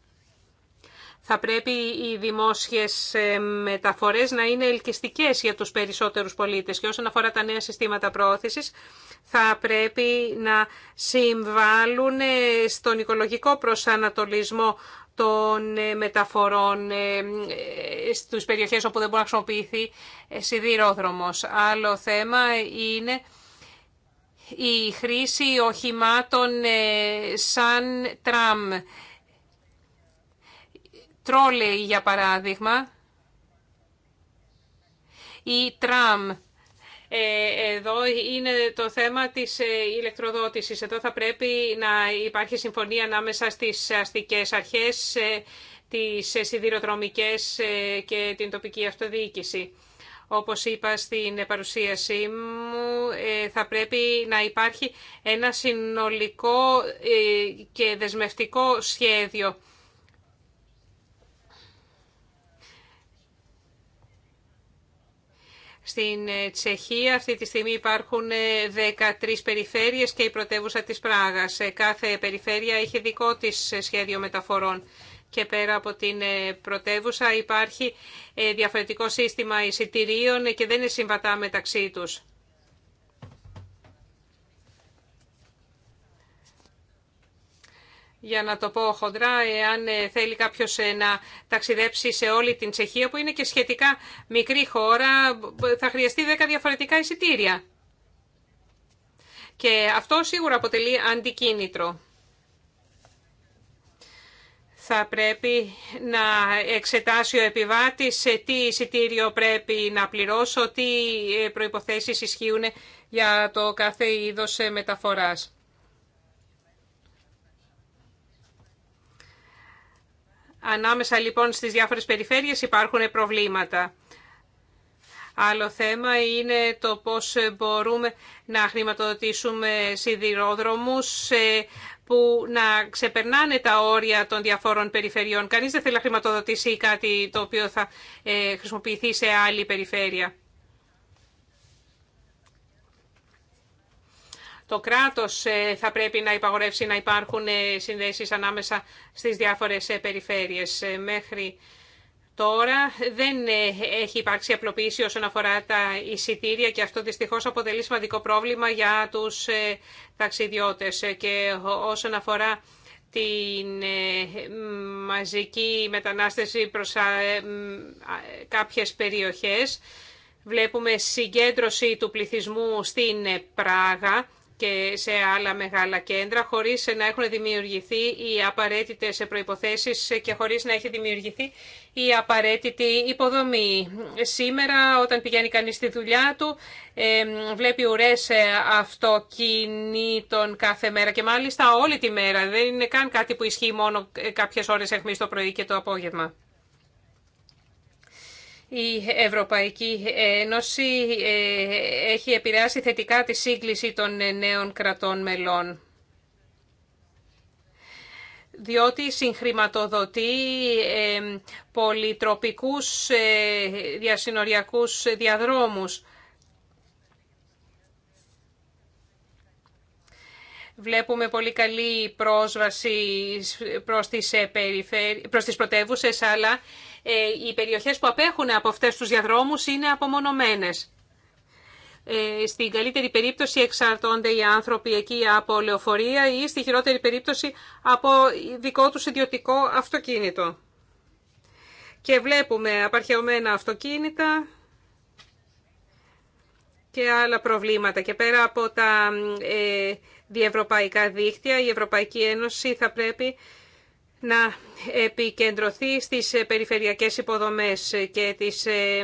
Θα πρέπει οι δημόσιες ε, μεταφορές να είναι ελκυστικές για τους περισσότερους πολίτες και όσον αφορά τα νέα συστήματα προώθησης θα πρέπει να συμβάλλουν ε, στον οικολογικό προσανατολισμό των ε, μεταφορών ε, ε, στους περιοχές όπου δεν μπορεί να χρησιμοποιηθεί σιδηρόδρομος. Άλλο θέμα είναι η χρήση οχημάτων σαν τραμ. Τρόλεϊ για παράδειγμα ή τραμ ε, εδώ είναι το θέμα της ε, ηλεκτροδότησης. Εδώ θα πρέπει να υπάρχει συμφωνία ανάμεσα στις αστικές αρχές, ε, τις σιδηροδρομικές και την τοπική αυτοδιοίκηση. Όπως είπα στην παρουσίασή μου, θα πρέπει να υπάρχει ένα συνολικό και δεσμευτικό σχέδιο Στην ε, Τσεχία αυτή τη στιγμή υπάρχουν 13 ε, περιφέρειες και η πρωτεύουσα της Πράγας. Ε, κάθε περιφέρεια έχει δικό της σχέδιο μεταφορών και πέρα από την πρωτεύουσα υπάρχει διαφορετικό σύστημα εισιτηρίων και δεν είναι συμβατά μεταξύ τους. για να το πω χοντρά, εάν ε, θέλει κάποιος ε, να ταξιδέψει σε όλη την Τσεχία, που είναι και σχετικά μικρή χώρα, θα χρειαστεί 10 διαφορετικά εισιτήρια. Και αυτό σίγουρα αποτελεί αντικίνητρο. Θα πρέπει να εξετάσει ο επιβάτης σε τι εισιτήριο πρέπει να πληρώσω, τι ε, προϋποθέσεις ισχύουν για το κάθε είδος μεταφοράς. Ανάμεσα λοιπόν στις διάφορες περιφέρειες υπάρχουν προβλήματα. Άλλο θέμα είναι το πώς μπορούμε να χρηματοδοτήσουμε σιδηρόδρομους ε, που να ξεπερνάνε τα όρια των διαφόρων περιφερειών. Κανείς δεν θέλει να χρηματοδοτήσει κάτι το οποίο θα ε, χρησιμοποιηθεί σε άλλη περιφέρεια. το κράτος ε, θα πρέπει να υπαγορεύσει να υπάρχουν ε, συνδέσεις ανάμεσα στις διάφορες ε, περιφέρειες. Μέχρι τώρα δεν έχει υπάρξει απλοποίηση όσον αφορά τα εισιτήρια και αυτό δυστυχώς αποτελεί σημαντικό πρόβλημα για τους ταξιδιώτες και όσον αφορά την μαζική μετανάστευση προς κάποιες περιοχές. Βλέπουμε συγκέντρωση του πληθυσμού στην Πράγα και σε άλλα μεγάλα κέντρα, χωρίς να έχουν δημιουργηθεί οι απαραίτητες προϋποθέσεις και χωρίς να έχει δημιουργηθεί η απαραίτητη υποδομή. Σήμερα, όταν πηγαίνει κανείς στη δουλειά του, βλέπει ουρές αυτοκινήτων κάθε μέρα και μάλιστα όλη τη μέρα. Δεν είναι καν κάτι που ισχύει μόνο κάποιες ώρες αιχμής το πρωί και το απόγευμα. Η Ευρωπαϊκή Ένωση ε, έχει επηρεάσει θετικά τη σύγκληση των νέων κρατών μελών διότι συγχρηματοδοτεί ε, πολυτροπικούς ε, διασυνοριακούς διαδρόμους. Βλέπουμε πολύ καλή πρόσβαση προς τις, ε, περιφέρει... προς τις πρωτεύουσες, αλλά ε, οι περιοχές που απέχουν από αυτές τους διαδρόμους είναι απομονωμένες. Ε, στην καλύτερη περίπτωση εξαρτώνται οι άνθρωποι εκεί από λεωφορεία ή στη χειρότερη περίπτωση από δικό τους ιδιωτικό αυτοκίνητο. Και βλέπουμε απαρχαιωμένα αυτοκίνητα και άλλα προβλήματα. Και πέρα από τα ε, διευρωπαϊκά δίκτυα, η Ευρωπαϊκή Ένωση θα πρέπει να επικεντρωθεί στις ε, περιφερειακές υποδομές και τις ε, ε,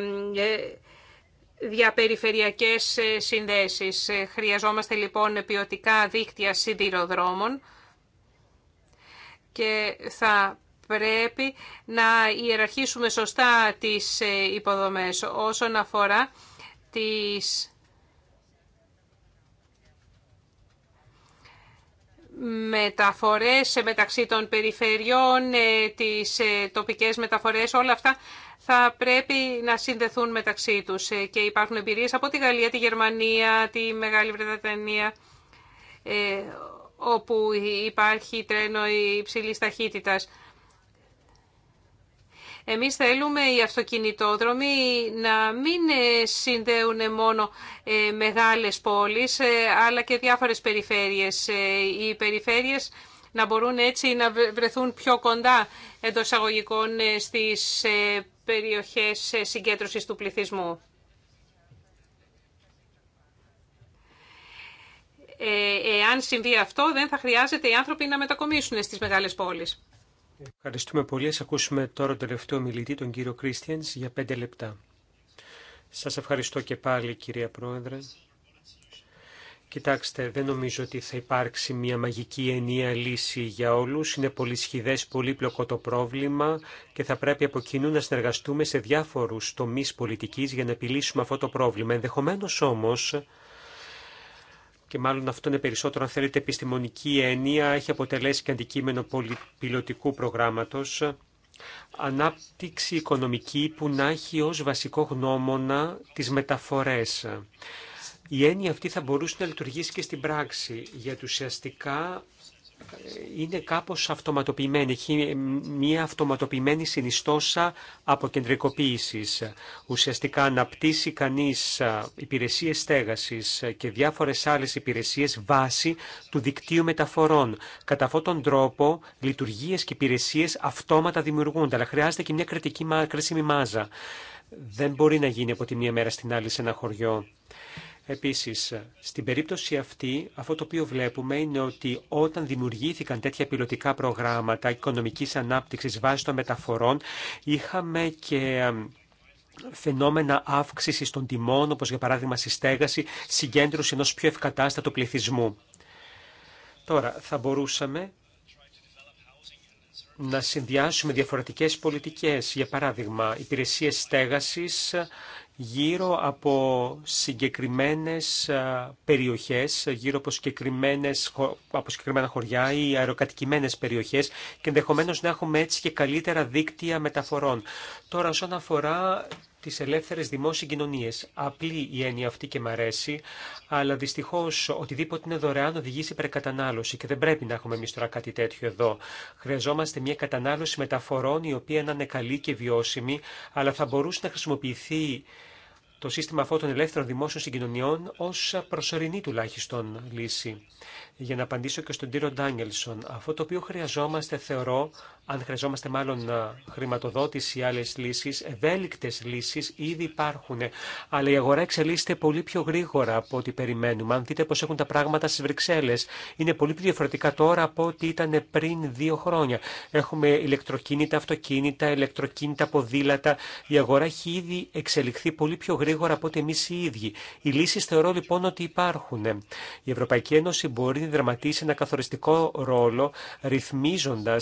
διαπεριφερειακές συνδέσεις. Χρειαζόμαστε λοιπόν ποιοτικά δίκτυα σιδηροδρόμων και θα πρέπει να ιεραρχήσουμε σωστά τις υποδομές όσον αφορά τις μεταφορές μεταξύ των περιφερειών, ε, τις ε, τοπικές μεταφορές, όλα αυτά θα πρέπει να συνδεθούν μεταξύ τους. Ε, και υπάρχουν εμπειρίες από τη Γαλλία, τη Γερμανία, τη Μεγάλη Βρετανία, όπου υπάρχει τρένο υψηλής ταχύτητας. Εμείς θέλουμε οι αυτοκινητόδρομοι να μην ε, συνδέουν μόνο ε, μεγάλες πόλεις, ε, αλλά και διάφορες περιφέρειες. Οι περιφέρειες να μπορούν έτσι να βρεθούν πιο κοντά εντό αγωγικών στις περιοχές συγκέντρωσης του πληθυσμού. Εάν συμβεί αυτό, δεν θα χρειάζεται οι άνθρωποι να μετακομίσουν στις μεγάλες πόλεις. Ευχαριστούμε πολύ. Ας ακούσουμε τώρα τον τελευταίο μιλητή, τον κύριο Κρίστιανς, για πέντε λεπτά. Σας ευχαριστώ και πάλι, κυρία Πρόεδρε. Κοιτάξτε, δεν νομίζω ότι θα υπάρξει μια μαγική ενία λύση για όλους. Είναι πολύ σχηδές, πολύπλοκο το πρόβλημα και θα πρέπει από κοινού να συνεργαστούμε σε διάφορους τομείς πολιτικής για να επιλύσουμε αυτό το πρόβλημα. Ενδεχομένως όμως και μάλλον αυτό είναι περισσότερο, αν θέλετε, επιστημονική έννοια, έχει αποτελέσει και αντικείμενο πολυπιλωτικού προγράμματος, ανάπτυξη οικονομική που να έχει ως βασικό γνώμονα τις μεταφορές. Η έννοια αυτή θα μπορούσε να λειτουργήσει και στην πράξη, γιατί ουσιαστικά είναι κάπως αυτοματοποιημένη, έχει μια αυτοματοποιημένη συνιστόσα αποκεντρικοποίησης. Ουσιαστικά να πτήσει κανείς υπηρεσίες στέγασης και διάφορες άλλες υπηρεσίες βάση του δικτύου μεταφορών. Κατά αυτόν τον τρόπο λειτουργίες και υπηρεσίες αυτόματα δημιουργούνται, αλλά χρειάζεται και μια κριτική κρίσιμη μάζα. Δεν μπορεί να γίνει από τη μία μέρα στην άλλη σε ένα χωριό. Επίσης, στην περίπτωση αυτή, αυτό το οποίο βλέπουμε είναι ότι όταν δημιουργήθηκαν τέτοια πιλωτικά προγράμματα οικονομικής ανάπτυξης βάσει των μεταφορών, είχαμε και φαινόμενα αύξησης των τιμών, όπως για παράδειγμα συστέγαση, στέγαση, συγκέντρωση ενός πιο ευκατάστατου πληθυσμού. Τώρα, θα μπορούσαμε να συνδυάσουμε διαφορετικές πολιτικές, για παράδειγμα υπηρεσίες στέγασης γύρω από συγκεκριμένες περιοχές, γύρω από, συγκεκριμένες, από συγκεκριμένα χωριά ή αεροκατοικημένες περιοχές και ενδεχομένως να έχουμε έτσι και καλύτερα δίκτυα μεταφορών. Τώρα όσον αφορά τι ελεύθερε δημόσιε κοινωνίε. Απλή η έννοια αυτή και μ' αρέσει, αλλά δυστυχώ οτιδήποτε είναι δωρεάν οδηγεί σε υπερκατανάλωση και δεν πρέπει να έχουμε εμεί τώρα κάτι τέτοιο εδώ. Χρειαζόμαστε μια κατανάλωση μεταφορών η οποία να είναι καλή και βιώσιμη, αλλά θα μπορούσε να χρησιμοποιηθεί το σύστημα αυτό των ελεύθερων δημόσιων συγκοινωνιών ω προσωρινή τουλάχιστον λύση. Για να απαντήσω και στον κύριο Ντάνιελσον, αυτό το οποίο χρειαζόμαστε θεωρώ αν χρειαζόμαστε μάλλον ε, χρηματοδότηση ή άλλες λύσεις, ευέλικτες λύσεις ήδη υπάρχουν. Αλλά η αγορά εξελίσσεται πολύ πιο γρήγορα από ό,τι περιμένουμε. Αν δείτε πώς έχουν τα πράγματα στις Βρυξέλλες, είναι πολύ πιο διαφορετικά τώρα από ό,τι ήταν πριν δύο χρόνια. Έχουμε ηλεκτροκίνητα, αυτοκίνητα, ηλεκτροκίνητα, ποδήλατα. Η αγορά έχει ήδη εξελιχθεί πολύ πιο γρήγορα από δειτε πώ εμείς στι βρυξελλες ίδιοι. Οι λύσεις θεωρώ λοιπόν ότι υπάρχουν. Η Ευρωπαϊκή οτι εμεί οι ιδιοι οι λύσει θεωρω μπορεί να δραματίσει ένα καθοριστικό ρόλο ρυθμίζοντα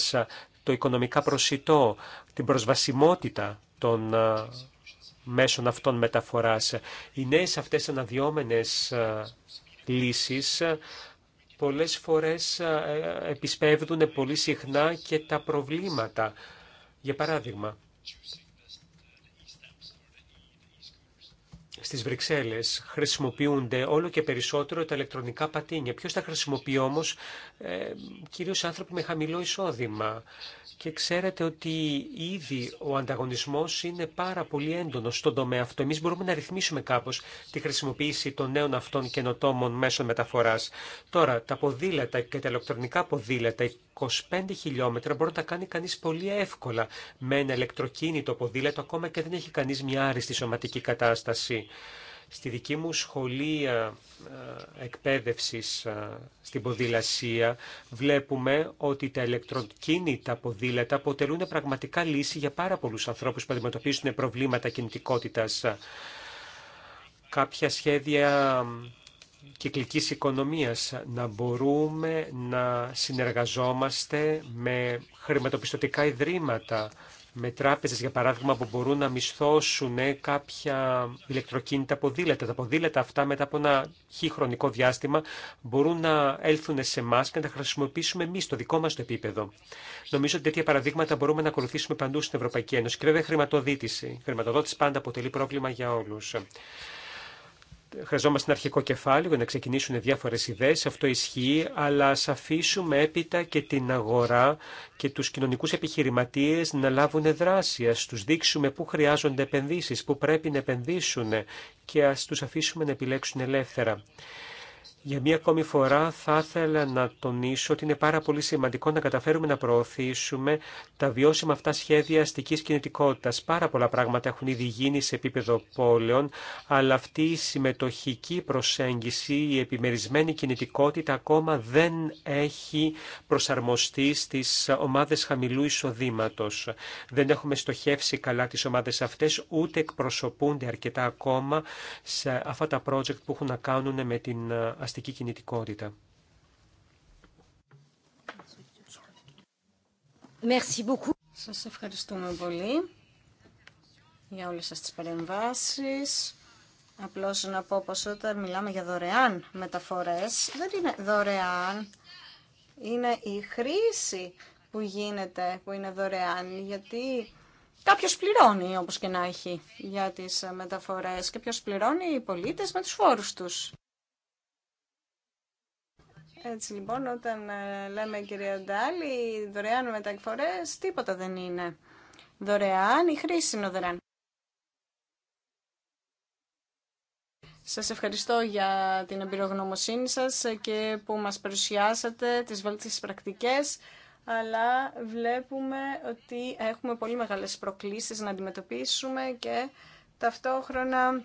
το οικονομικά προσιτό, την προσβασιμότητα των ε, μέσων αυτών μεταφοράς. Οι νέες αυτές αναδυόμενες ε, λύσεις ε, πολλές φορές επισπεύδουν πολύ συχνά και τα προβλήματα. Για παράδειγμα, στις Βρυξέλλες χρησιμοποιούνται όλο και περισσότερο τα ηλεκτρονικά πατίνια. Ποιος τα χρησιμοποιεί όμως, ε, κυρίως άνθρωποι με χαμηλό εισόδημα και ξέρετε ότι ήδη ο ανταγωνισμός είναι πάρα πολύ έντονος στον τομέα αυτό. Εμείς μπορούμε να ρυθμίσουμε κάπως τη χρησιμοποίηση των νέων αυτών καινοτόμων μέσων μεταφοράς. Τώρα, τα ποδήλατα και τα ηλεκτρονικά ποδήλατα, 25 χιλιόμετρα μπορεί να τα κάνει κανείς πολύ εύκολα με ένα ηλεκτροκίνητο ποδήλατο, ακόμα και δεν έχει κανείς μια άριστη σωματική κατάσταση. Στη δική μου σχολεία ε, εκπαίδευσης ε, στην ποδηλασία βλέπουμε ότι τα ηλεκτροκίνητα ποδήλατα αποτελούν πραγματικά λύση για πάρα πολλούς ανθρώπους που αντιμετωπίζουν προβλήματα κινητικότητας. Κάποια σχέδια κυκλικής οικονομίας, να μπορούμε να συνεργαζόμαστε με χρηματοπιστωτικά ιδρύματα, με τράπεζες για παράδειγμα που μπορούν να μισθώσουν κάποια ηλεκτροκίνητα ποδήλατα. Τα ποδήλατα αυτά μετά από ένα χι χρονικό διάστημα μπορούν να έλθουν σε εμά και να τα χρησιμοποιήσουμε εμεί στο δικό μα το επίπεδο. Νομίζω ότι τέτοια παραδείγματα μπορούμε να ακολουθήσουμε παντού στην Ευρωπαϊκή Ένωση. Και βέβαια χρηματοδότηση. Χρηματοδότηση πάντα αποτελεί πρόβλημα για όλου. Χρειαζόμαστε ένα αρχικό κεφάλαιο για να ξεκινήσουν διάφορε ιδέε, αυτό ισχύει, αλλά α αφήσουμε έπειτα και την αγορά και τους κοινωνικού επιχειρηματίες να λάβουν δράση, Α τους δείξουμε πού χρειάζονται επενδύσεις, πού πρέπει να επενδύσουν και α τους αφήσουμε να επιλέξουν ελεύθερα. Για μία ακόμη φορά θα ήθελα να τονίσω ότι είναι πάρα πολύ σημαντικό να καταφέρουμε να προωθήσουμε τα βιώσιμα αυτά σχέδια αστική κινητικότητα. Πάρα πολλά πράγματα έχουν ήδη γίνει σε επίπεδο πόλεων, αλλά αυτή η συμμετοχική προσέγγιση, η επιμερισμένη κινητικότητα ακόμα δεν έχει προσαρμοστεί στις ομάδε χαμηλού εισοδήματο. Δεν έχουμε στοχεύσει καλά τι ομάδε αυτέ, ούτε εκπροσωπούνται αρκετά ακόμα σε αυτά τα project που έχουν να κάνουν με την αστική κινητικότητα. Σας ευχαριστούμε πολύ για όλες σας τις παρεμβάσεις. Απλώς να πω πως όταν μιλάμε για δωρεάν μεταφορές, δεν είναι δωρεάν, είναι η χρήση που γίνεται, που είναι δωρεάν, γιατί κάποιος πληρώνει όπως και να έχει για τις μεταφορές και ποιος πληρώνει οι πολίτες με τους φόρους τους. Έτσι λοιπόν όταν ε, λέμε κυρία Ντάλη, δωρεάν μεταφορέ τίποτα δεν είναι δωρεάν, η χρήση είναι δωρεάν. Σας ευχαριστώ για την εμπειρογνωμοσύνη σας και που μας παρουσιάσατε τις βέλτιστες πρακτικές, αλλά βλέπουμε ότι έχουμε πολύ μεγάλες προκλήσεις να αντιμετωπίσουμε και ταυτόχρονα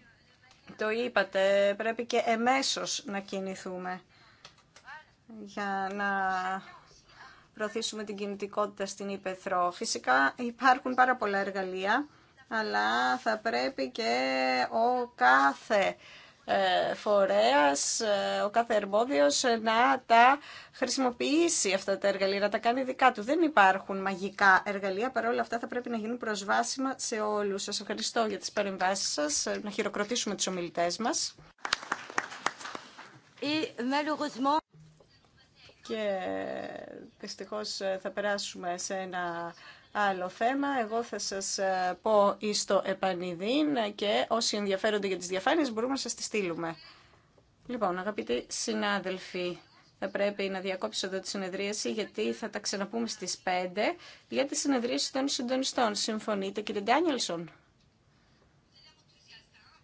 το είπατε, πρέπει και εμέσως να κινηθούμε για να προωθήσουμε την κινητικότητα στην Ήπεθρο. Φυσικά υπάρχουν πάρα πολλά εργαλεία, αλλά θα πρέπει και ο κάθε ε, φορέας, ε, ο κάθε ερμόδιος να τα χρησιμοποιήσει αυτά τα εργαλεία, να τα κάνει δικά του. Δεν υπάρχουν μαγικά εργαλεία, παρόλα αυτά θα πρέπει να γίνουν προσβάσιμα σε όλους. Σας ευχαριστώ για τις παρεμβάσεις σας, να χειροκροτήσουμε τους ομιλητές μας. Και δυστυχώς ε, θα περάσουμε σε ένα άλλο θέμα. Εγώ θα σας ε, πω εις το επανειδήν και όσοι ενδιαφέρονται για τις διαφάνειες μπορούμε να σας τις στείλουμε. Λοιπόν, αγαπητοί συνάδελφοι, θα πρέπει να διακόψω εδώ τη συνεδρίαση γιατί θα τα ξαναπούμε στις 5 για τη συνεδρίαση των συντονιστών. Συμφωνείτε κύριε Ντάνιελσον.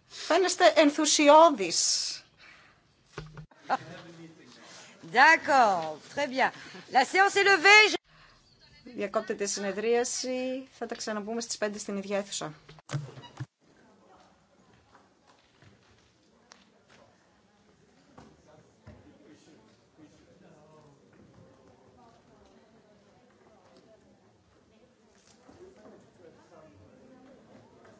Φαίνεστε ενθουσιώδης. D'accord, très bien. La séance est levée. Διακόπτεται η συνεδρίαση. Θα τα ξαναπούμε στις 5 στην ίδια αίθουσα.